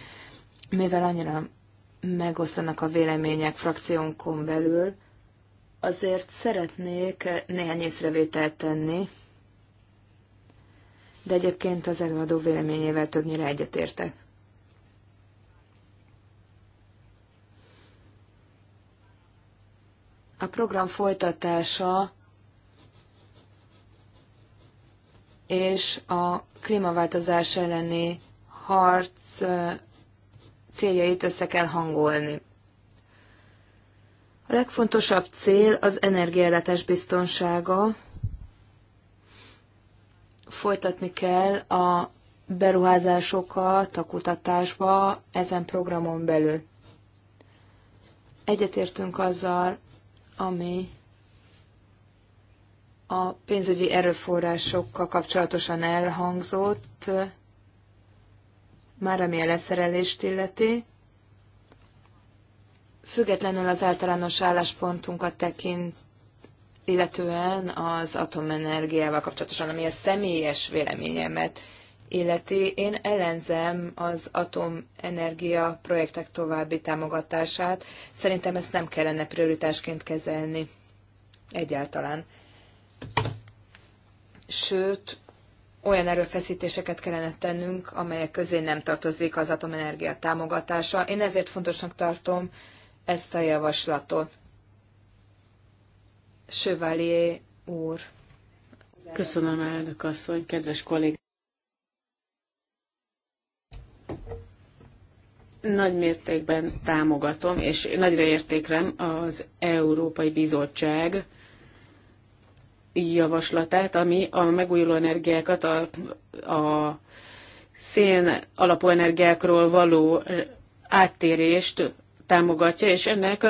[SPEAKER 1] Mivel annyira megosztanak a vélemények frakciónkon belül, azért szeretnék néhány észrevételt tenni, de egyébként az előadó véleményével többnyire egyetértek. A program folytatása és a klímaváltozás elleni harc céljait össze kell hangolni. A legfontosabb cél az energiállátás biztonsága. Folytatni kell a beruházásokat a kutatásba ezen programon belül. Egyetértünk azzal, ami a pénzügyi erőforrásokkal kapcsolatosan elhangzott, már ami a leszerelést illeti. Függetlenül az általános álláspontunkat tekint, illetően az atomenergiával kapcsolatosan, ami a személyes véleményemet illeti, én ellenzem az atomenergia projektek további támogatását. Szerintem ezt nem kellene prioritásként kezelni egyáltalán. Sőt, olyan erőfeszítéseket kellene tennünk, amelyek közé nem tartozik az atomenergia támogatása. Én ezért fontosnak tartom ezt a javaslatot. Sövalié úr. Köszönöm, elnök
[SPEAKER 2] asszony, kedves kollég. nagy mértékben támogatom, és nagyra értékrem az Európai Bizottság javaslatát, ami a megújuló energiákat, a, a szén alapú energiákról való áttérést támogatja, és ennek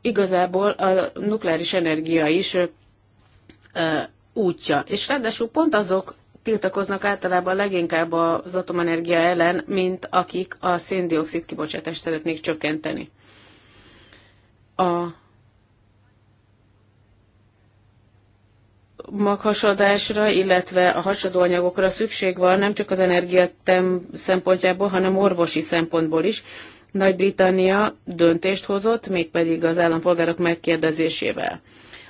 [SPEAKER 2] igazából a nukleáris energia is útja. És ráadásul pont azok tiltakoznak általában leginkább az atomenergia ellen, mint akik a széndiokszid kibocsátást szeretnék csökkenteni. A maghasadásra, illetve a hasadóanyagokra szükség van nem csak az energia szempontjából, hanem orvosi szempontból is. Nagy-Britannia döntést hozott, mégpedig az állampolgárok megkérdezésével.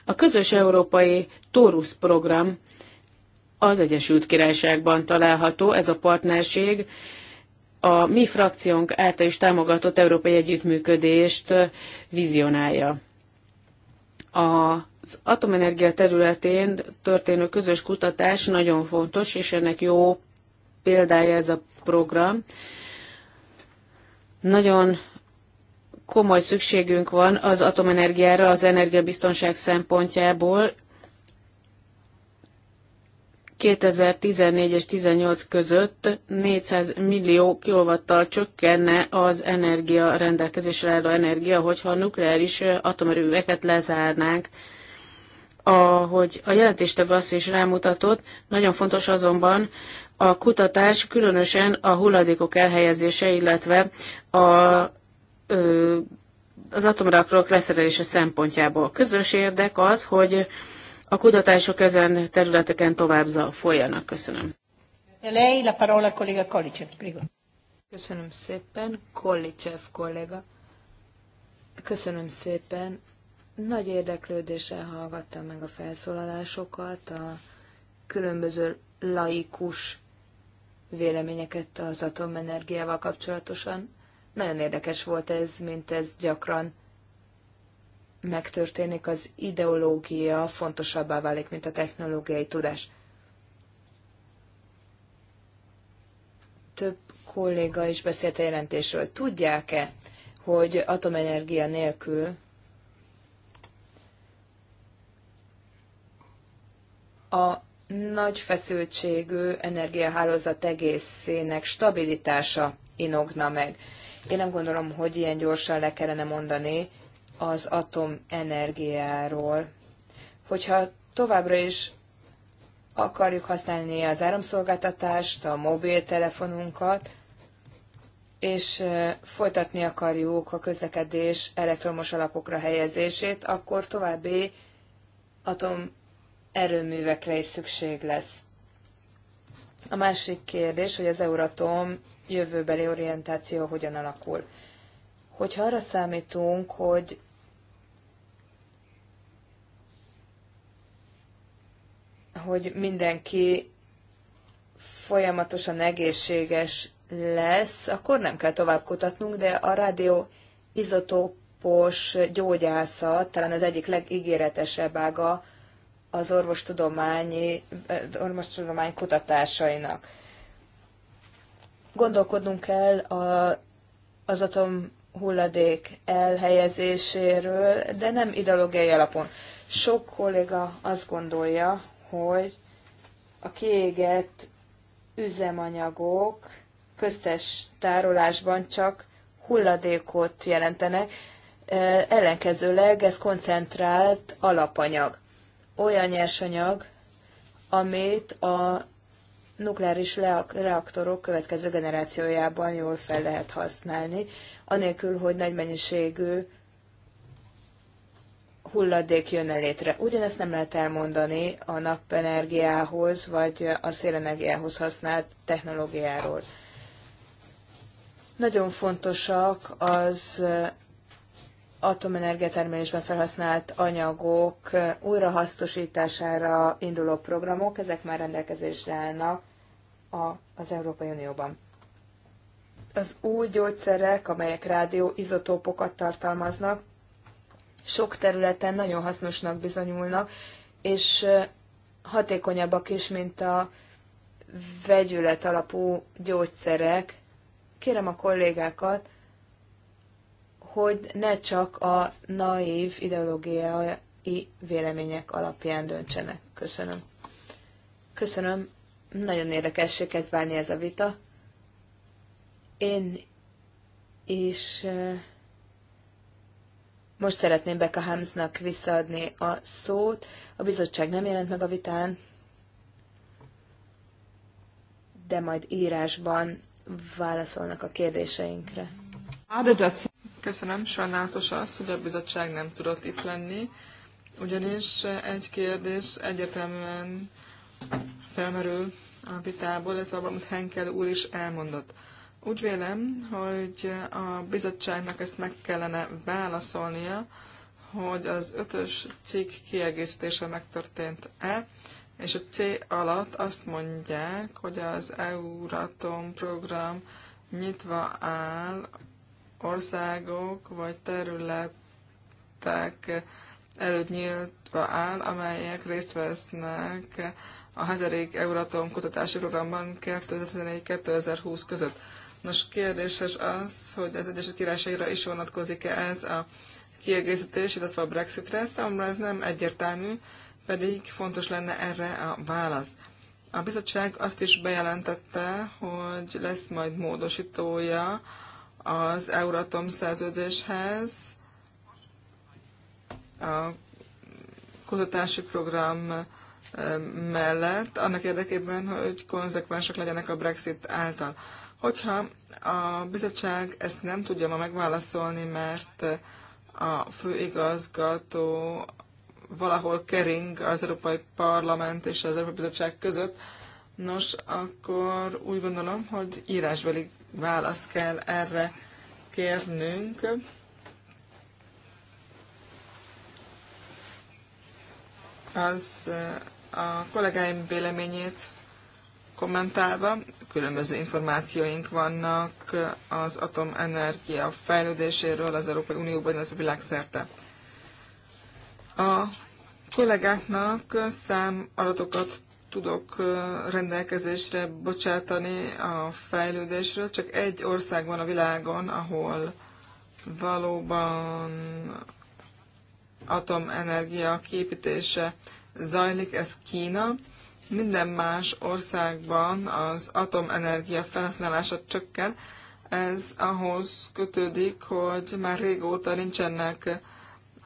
[SPEAKER 2] A közös európai TORUS program az Egyesült Királyságban található ez a partnerség. A mi frakciónk által is támogatott európai együttműködést vizionálja. Az atomenergia területén történő közös kutatás nagyon fontos, és ennek jó példája ez a program. Nagyon komoly szükségünk van az atomenergiára az energiabiztonság szempontjából, 2014 és 18 között 400 millió kilovattal csökkenne az energia rendelkezésre álló energia, hogyha a nukleáris atomerőveket lezárnánk. Ahogy a jelentéstevő azt is rámutatott, nagyon fontos azonban a kutatás, különösen a hulladékok elhelyezése, illetve a ö, az atomrakrok leszerelése szempontjából. Közös érdek az, hogy a kutatások ezen területeken tovább folyanak. Köszönöm.
[SPEAKER 1] Lei la parola kollega Kolicev, prego. Köszönöm szépen, Kolicev kollega. Köszönöm szépen. Nagy érdeklődéssel hallgattam meg a felszólalásokat, a különböző laikus véleményeket az atomenergiával kapcsolatosan. Nagyon érdekes volt ez, mint ez gyakran megtörténik, az ideológia fontosabbá válik, mint a technológiai tudás. Több kolléga is beszélt a jelentésről. Tudják-e, hogy atomenergia nélkül a nagy feszültségű energiahálózat egészének stabilitása inogna meg. Én nem gondolom, hogy ilyen gyorsan le kellene mondani, az atomenergiáról. Hogyha továbbra is akarjuk használni az áramszolgáltatást, a mobiltelefonunkat, és folytatni akarjuk a közlekedés elektromos alapokra helyezését, akkor további atomerőművekre is szükség lesz. A másik kérdés, hogy az Euratom jövőbeli orientáció hogyan alakul. Hogyha arra számítunk, hogy hogy mindenki folyamatosan egészséges lesz, akkor nem kell tovább kutatnunk, de a rádió izotópos gyógyászat talán az egyik legígéretesebb ága az orvostudományi, eh, orvostudomány kutatásainak. Gondolkodnunk kell a, az atom hulladék elhelyezéséről, de nem ideológiai alapon. Sok kolléga azt gondolja, hogy a kiégett üzemanyagok köztes tárolásban csak hulladékot jelentenek, ellenkezőleg ez koncentrált alapanyag. Olyan nyersanyag, amit a nukleáris reaktorok következő generációjában jól fel lehet használni, anélkül, hogy nagy mennyiségű hulladék jönne létre. Ugyanezt nem lehet elmondani a napenergiához vagy a szélenergiához használt technológiáról. Nagyon fontosak az atomenergia felhasznált anyagok újrahasznosítására induló programok, ezek már rendelkezésre állnak az Európai Unióban. Az új gyógyszerek, amelyek rádióizotópokat tartalmaznak, sok területen nagyon hasznosnak bizonyulnak, és hatékonyabbak is, mint a vegyület alapú gyógyszerek. Kérem a kollégákat, hogy ne csak a naív ideológiai vélemények alapján döntsenek. Köszönöm. Köszönöm. Nagyon érdekessé kezd válni ez a vita. Én is most szeretném Becca Hamsnak visszaadni a szót. A bizottság nem jelent meg a vitán, de majd írásban válaszolnak a kérdéseinkre.
[SPEAKER 3] Köszönöm, sajnálatos az, hogy a bizottság nem tudott itt lenni, ugyanis egy kérdés egyértelműen felmerül a vitából, illetve abban, amit Henkel úr is elmondott. Úgy vélem, hogy a bizottságnak ezt meg kellene válaszolnia, hogy az ötös cikk kiegészítése megtörtént-e, és a C alatt azt mondják, hogy az Euratom program nyitva áll országok vagy területek előtt nyitva áll, amelyek részt vesznek a hetedik Euratom kutatási programban 2014-2020 között. Nos, kérdéses az, hogy az Egyesült Királyságra is vonatkozik-e ez a kiegészítés, illetve a Brexitre. Számomra ez nem egyértelmű, pedig fontos lenne erre a válasz. A bizottság azt is bejelentette, hogy lesz majd módosítója az Euratom szerződéshez, a kutatási program eh, mellett, annak érdekében, hogy konzekvensek legyenek a Brexit által. Hogyha a bizottság ezt nem tudja ma megválaszolni, mert a főigazgató valahol kering az Európai Parlament és az Európai Bizottság között, nos, akkor úgy gondolom, hogy írásbeli választ kell erre kérnünk. Az a kollégáim véleményét kommentálva, különböző információink vannak az atomenergia fejlődéséről az Európai Unióban, illetve világszerte. A kollégáknak szám adatokat tudok rendelkezésre bocsátani a fejlődésről. Csak egy ország van a világon, ahol valóban atomenergia képítése zajlik, ez Kína minden más országban az atomenergia felhasználása csökken, ez ahhoz kötődik, hogy már régóta nincsenek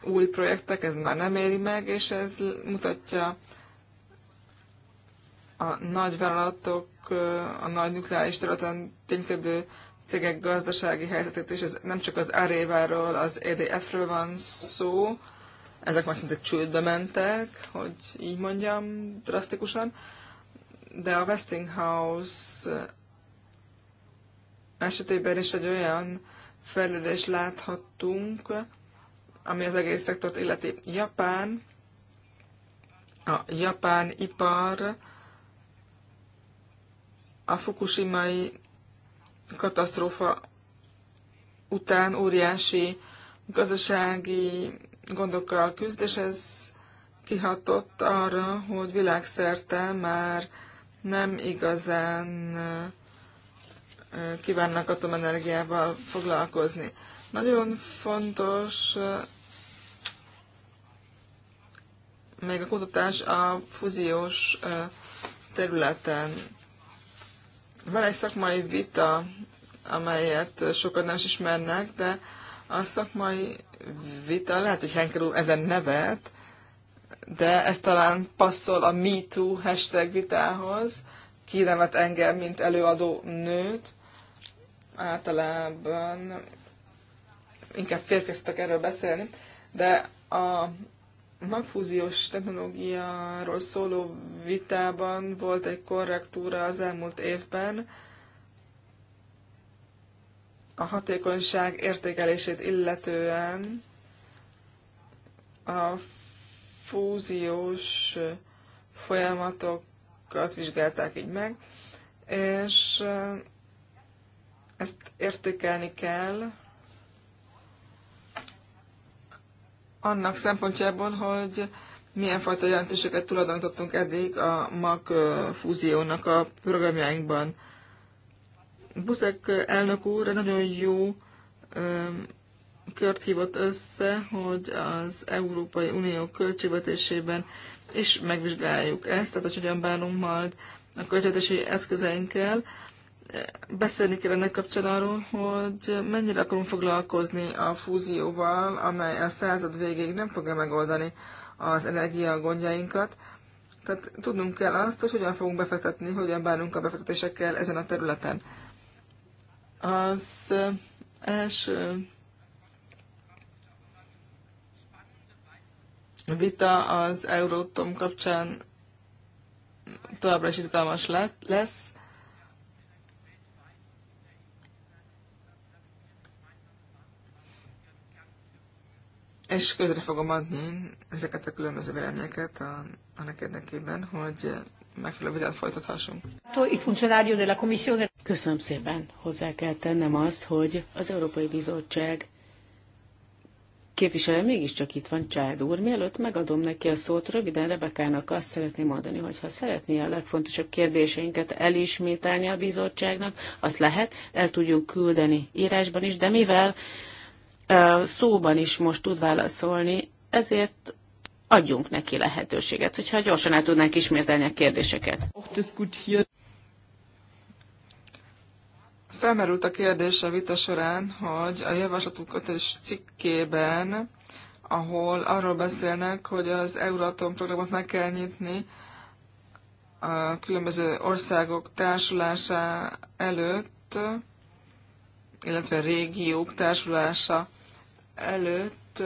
[SPEAKER 3] új projektek, ez már nem éri meg, és ez mutatja a nagy vállalatok, a nagy nukleáris területen ténykedő cégek gazdasági helyzetét, és ez nem csak az Aréváról, az EDF-ről van szó, ezek már szinte csődbe mentek, hogy így mondjam drasztikusan, de a Westinghouse esetében is egy olyan fejlődést láthattunk, ami az egész szektort illeti. Japán, a japán ipar a fukushimai katasztrófa után óriási gazdasági gondokkal küzd, és ez kihatott arra, hogy világszerte már nem igazán kívánnak atomenergiával foglalkozni. Nagyon fontos még a kutatás a fúziós területen. Van egy szakmai vita, amelyet sokan nem is ismernek, de a szakmai vita, lehet, hogy Henker úr ezen nevet, de ez talán passzol a MeToo hashtag vitához. Ki engem, mint előadó nőt. Általában inkább férfiak erről beszélni, de a magfúziós technológiáról szóló vitában volt egy korrektúra az elmúlt évben, a hatékonyság értékelését illetően a fúziós folyamatokat vizsgálták így meg, és eh, ezt értékelni kell annak szempontjából, hogy milyen fajta jelentőséget tulajdonítottunk eddig a MAG eh, fúziónak a programjainkban. Buzek elnök úr nagyon jó kört hívott össze, hogy az Európai Unió költségvetésében is megvizsgáljuk ezt, tehát hogy hogyan bánunk majd a költségvetési eszközeinkkel. Beszélni kell ennek kapcsán arról, hogy mennyire akarunk foglalkozni a fúzióval, amely a század végéig nem fogja megoldani az energia gondjainkat. Tehát tudnunk kell azt, hogy hogyan fogunk befektetni, hogyan bánunk a befektetésekkel ezen a területen. Az első vita az Eurótom kapcsán továbbra is izgalmas lesz. És közre fogom adni ezeket a különböző véleményeket annak érdekében, hogy megfelelő vizet folytathassunk.
[SPEAKER 2] Köszönöm szépen. Hozzá kell tennem azt, hogy az Európai Bizottság képviselő mégiscsak itt van Csád úr. Mielőtt megadom neki a szót, röviden Rebekának azt szeretném mondani, hogy ha szeretné a legfontosabb kérdéseinket elismételni a bizottságnak, azt lehet, el tudjuk küldeni írásban is, de mivel szóban is most tud válaszolni, ezért adjunk neki lehetőséget, hogyha gyorsan el tudnánk ismételni a kérdéseket.
[SPEAKER 3] Felmerült a kérdés a vita során, hogy a javaslatunk ötös cikkében, ahol arról beszélnek, hogy az Euratom programot meg kell nyitni a különböző országok társulása előtt, illetve régiók társulása előtt,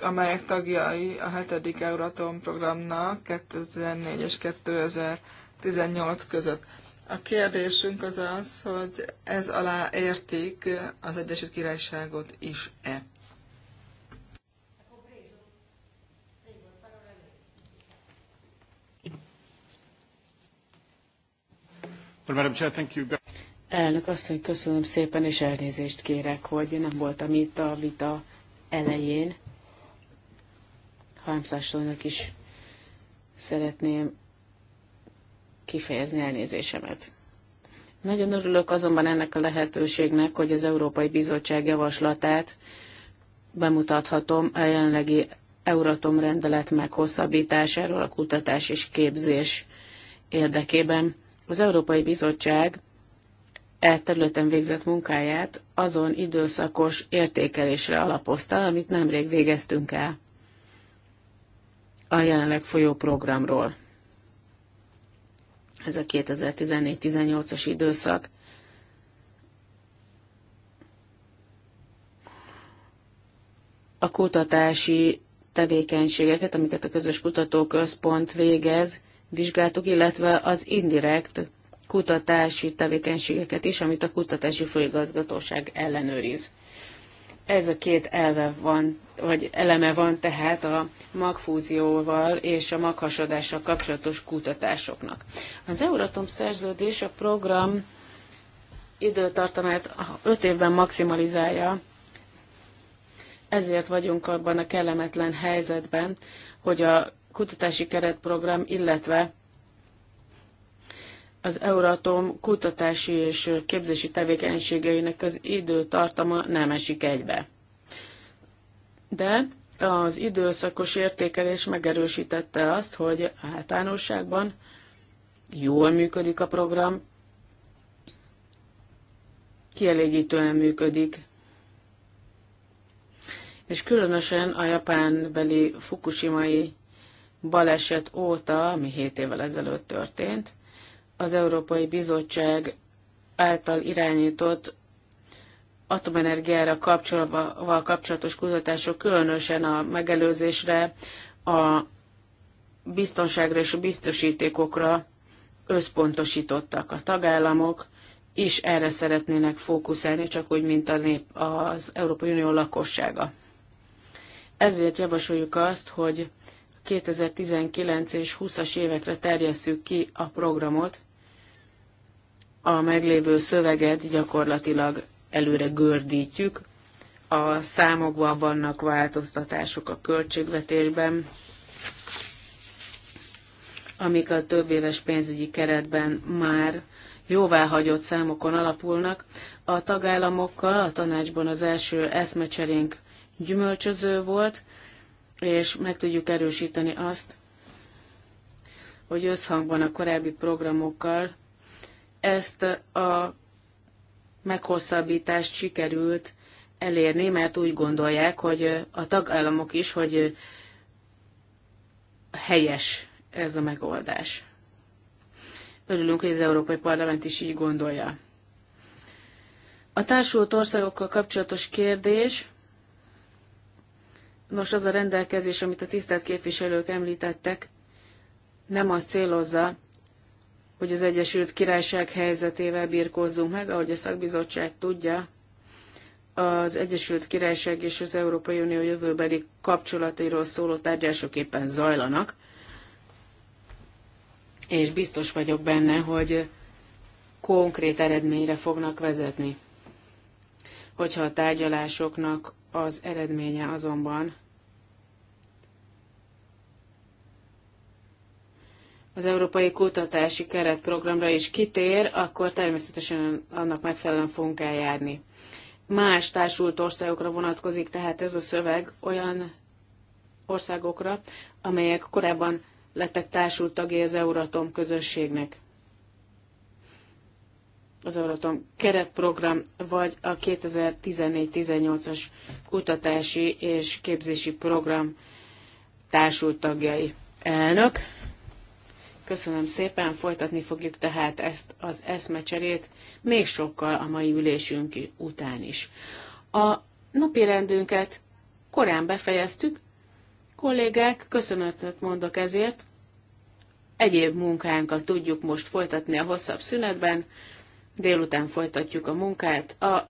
[SPEAKER 3] amelyek tagjai a hetedik Euratom programnak 2004 és 2018 között. A kérdésünk az az, hogy ez alá értik az Egyesült Királyságot is-e?
[SPEAKER 2] Elnök asszony, köszönöm szépen, és elnézést kérek, hogy nem voltam itt a vita elején. Harmszásolnak is szeretném kifejezni elnézésemet. Nagyon örülök azonban ennek a lehetőségnek, hogy az Európai Bizottság javaslatát bemutathatom a jelenlegi Euratom rendelet meghosszabbításáról a kutatás és képzés érdekében. Az Európai Bizottság e területen végzett munkáját azon időszakos értékelésre alapozta, amit nemrég végeztünk el a jelenleg folyó programról. Ez a 2014-18-as időszak. A kutatási tevékenységeket, amiket a közös kutatóközpont végez, vizsgáltuk, illetve az indirekt kutatási tevékenységeket is, amit a kutatási főigazgatóság ellenőriz. Ez a két elve van, vagy eleme van tehát a magfúzióval és a maghasadással kapcsolatos kutatásoknak. Az Euratom szerződés a program időtartamát 5 évben maximalizálja, ezért vagyunk abban a kellemetlen helyzetben, hogy a kutatási keretprogram, illetve az Euratom kutatási és képzési tevékenységeinek az időtartama nem esik egybe. De az időszakos értékelés megerősítette azt, hogy általánosságban jól működik a program, kielégítően működik, és különösen a japánbeli fukushimai baleset óta, ami 7 évvel ezelőtt történt, az Európai Bizottság által irányított atomenergiára kapcsolva kapcsolatos kutatások különösen a megelőzésre, a biztonságra és a biztosítékokra összpontosítottak. A tagállamok és erre szeretnének fókuszálni, csak úgy, mint a nép, az Európai Unió lakossága. Ezért javasoljuk azt, hogy 2019 és 20-as évekre terjesszük ki a programot, a meglévő szöveget gyakorlatilag előre gördítjük, a számokban vannak változtatások a költségvetésben, amik a több éves pénzügyi keretben már jóváhagyott számokon alapulnak. A tagállamokkal a tanácsban az első eszmecserénk gyümölcsöző volt, és meg tudjuk erősíteni azt, hogy összhangban a korábbi programokkal ezt a meghosszabbítást sikerült elérni, mert úgy gondolják, hogy a tagállamok is, hogy helyes ez a megoldás. Örülünk, hogy az Európai Parlament is így gondolja. A társult országokkal kapcsolatos kérdés. Nos, az a rendelkezés, amit a tisztelt képviselők említettek, nem azt célozza, hogy az Egyesült Királyság helyzetével birkózzunk meg, ahogy a szakbizottság tudja, az Egyesült Királyság és az Európai Unió jövőbeli kapcsolatairól szóló tárgyások éppen zajlanak, és biztos vagyok benne, hogy konkrét eredményre fognak vezetni. Hogyha a tárgyalásoknak az eredménye azonban az Európai Kutatási Keretprogramra is kitér, akkor természetesen annak megfelelően fogunk eljárni. Más társult országokra vonatkozik tehát ez a szöveg olyan országokra, amelyek korábban lettek társult tagjai az Euratom közösségnek. Az Euratom keretprogram, vagy a 2014-18-as kutatási és képzési program társult tagjai. Elnök, Köszönöm szépen, folytatni fogjuk tehát ezt az eszmecserét még sokkal a mai ülésünk után is. A napi rendünket korán befejeztük. Kollégák, köszönetet mondok ezért. Egyéb munkánkat tudjuk most folytatni a hosszabb szünetben. Délután folytatjuk a munkát. A